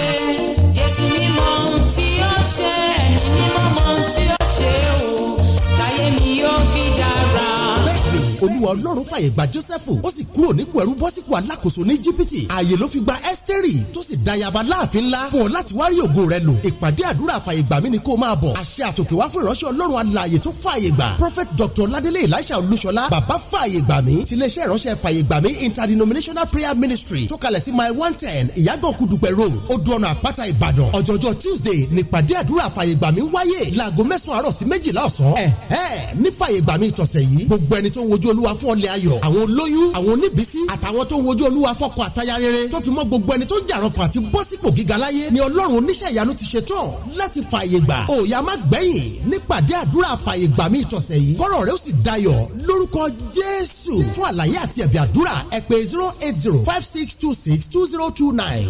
olúwa ọlọ́run fàyè gba jósẹ́fù ó sì kúrò nípò ẹrú bọ́ sípò alákòóso ní jíbítì ààyè ló fi gba ẹ́sítérì tó sì da yaba láàfin ńlá fún ọ láti wá rí ògo rẹ lò ìpàdé àdúrà fàyè gbà mí ni kó máa bọ̀ àṣẹ àtòkè wá fún ìránṣẹ́ ọlọ́run alààyè tó fàyè gbà prophet dr ládélé elisha olúṣọlá bàbá fàyè gbà mí tiléeṣẹ́ ìránṣẹ́ fàyè gbà mí interdenominational prayer ministry tó kalẹ̀ sí mile one ten ìyàgò kùdùpẹ̀ road odò ọ̀nà àpáta ìbàdàn ọ̀jọ̀jọ̀ tuesday nípàdé àdúrà fàyè gbà mí wáyé láago mẹ́sàn-án àárọ̀ sí méjìlá ọ̀sán ẹ̀ẹ́ ní fàyè gbà mí ìtọ̀sẹ̀ yìí gbogbo ẹni tó ń wojú olúwa olúwa fún ọlẹ̀ ayọ̀ àwọn olóyún àwọn oníbísí àtàwọn tó wojú olúwa fọkọ àtaya rere tó fi mọ́ gbogbo ẹni tó ń jàrọ̀kọ̀ àti bọ́ sípò gíga láyé ni ọlọ́run oníṣẹ́ ìyanu ti ṣe tán láti fààyè gbà òòyà má gbẹ̀yìn nípàdé àdúrà fààyè gbà mí ìtọ̀sẹ̀ yìí kọ́rọ̀ rẹ ó sì dayọ̀ lórúkọ jésù fún àlàyé àti ẹ̀bẹ̀ àdúrà ẹ pè zero eight zero five six two six two zero two nine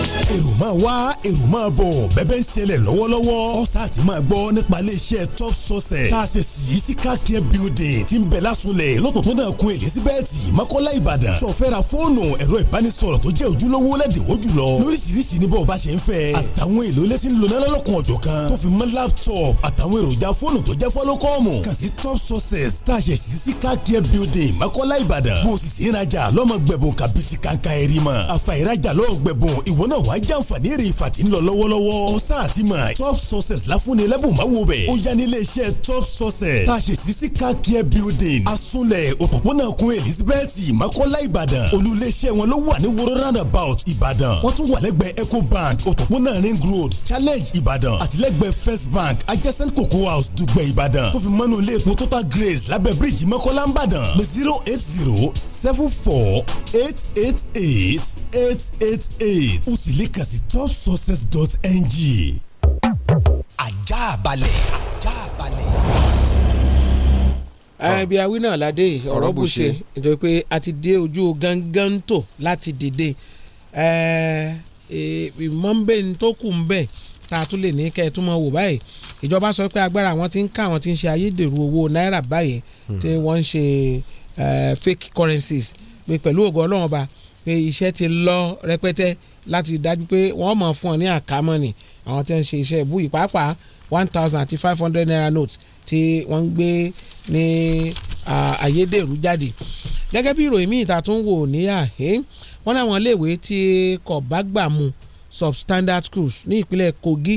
èrò máa wá èrò máa bọ̀ bẹ́bẹ́ ń ṣẹlẹ̀ lọ́wọ́lọ́wọ́ ọ̀sà àti máa gbọ́ nípa iléeṣẹ́ top sources tá a ṣe sí sí káàkiri building tí ń bẹ̀ lásunlẹ̀ lọ́pọ̀pọ̀nà kun elizabeth makola ìbàdàn sọ̀fẹ́ra fóònù ẹ̀rọ ìbánisọ̀rọ̀ tó jẹ́ ojúlówó lẹ́dínwó jùlọ lóríṣiríṣi ní bọ́ọ̀ bá ṣe ń fẹ́ àtàwọn èlò ilé tí ń lona lọ́lọ́kun ọ̀jọ̀ kan tó fi mọ́ laptop àtàwọn èròjà fóònù tó jẹ́ fọ́lọ́kọ́ọ̀mù kàn sí top sources tá a ṣe sí sí káàkiri building makola ìbàdàn bó o sì sí ìrajà lọ́mọ gbẹ̀bùn kàbìtì kàǹkà ẹ̀rí náà wàá jàǹfààní èrè ìfà tí ń lọ lọ́wọ́lọ́wọ́ ọ̀sán àti mà top success láfúnni lẹ́bùn máa wo bẹ̀ ó yá ní iléeṣẹ́ top success tá a ṣe sí sí car care building asunlẹ̀ òpópónà kun elizabeth makola ìbàdàn olú iléeṣẹ́ wọn ló wà ní woro roundabout ìbàdàn wọ́n tún wà lẹ́gbẹ̀ẹ́ eco bank òpópónà ring road challenge ìbàdàn àtìlẹ́gbẹ̀ẹ́ first bank adjacent cocoa house dùgbẹ̀ ìbàdàn tó fi mọ́nú ilé epo total grace lábẹ́ bíríìjì mọ́kọ́lá ń bàdàn pé zero eight zero seven four eight eight eight eight eight eight sì lè kàn sí topsuccess.ng. ajá balẹ̀ ajá balẹ̀. ibi awí náà ládé ọ̀rọ̀ bó ṣe nítorí pé a ti dé ojú gangan tó láti dìde e, ìmọ̀nbẹ́ ní tó kù ń bẹ̀ tá a tún lè ní kẹ́ ẹ tún mọ̀ wò báyìí ìjọba sọ pé agbára àwọn tí ń ká àwọn tí ń ṣe ayédèrú owó náírà báyìí tí hmm. wọ́n ń ṣe fake currencies pé pẹ̀lú ògo ọlọ́run ọba pé iṣẹ́ ti lọ rẹpẹtẹ láti dájú pé wọ́n mọ̀ fún ọ ní àkámọ́ ni àwọn tí wọ́n ń ṣe iṣẹ́ ìbú yìí pàápàá one thousand àti five hundred naira notes tí wọ́n ń gbé ní ayédèrú jáde gẹ́gẹ́ bí ìròyìn míì ta tún wò ní àhẹ́ wọ́n láwọn iléèwé tí kò bá gbà mu substandard schools ní ìpínlẹ̀ Kogi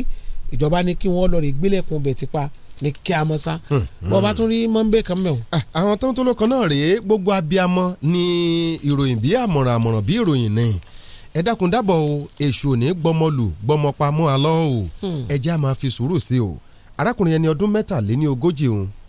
ìjọba ní kí wọ́n lọ rí gbélẹ̀kùn bẹ̀ tipa ní kí a mọ̀ sá hmm, hmm. bọ́ bá tún rí mọ́ńbé kan mẹ́ àwọn tó ń tó lókan náà rèé gbogbo abiyamọ ni ìròyìn bí àmọ̀ràn àmọ̀ràn bí ìròyìn nìyí ẹ dákun dábọ̀ o èṣù ò ní gbọmọlù gbọmọpamọ́ alọ́ o hmm. ẹjẹ́ a máa fi sùúrù sí o arákùnrin ẹni ọdún mẹ́tàléní ogójì òun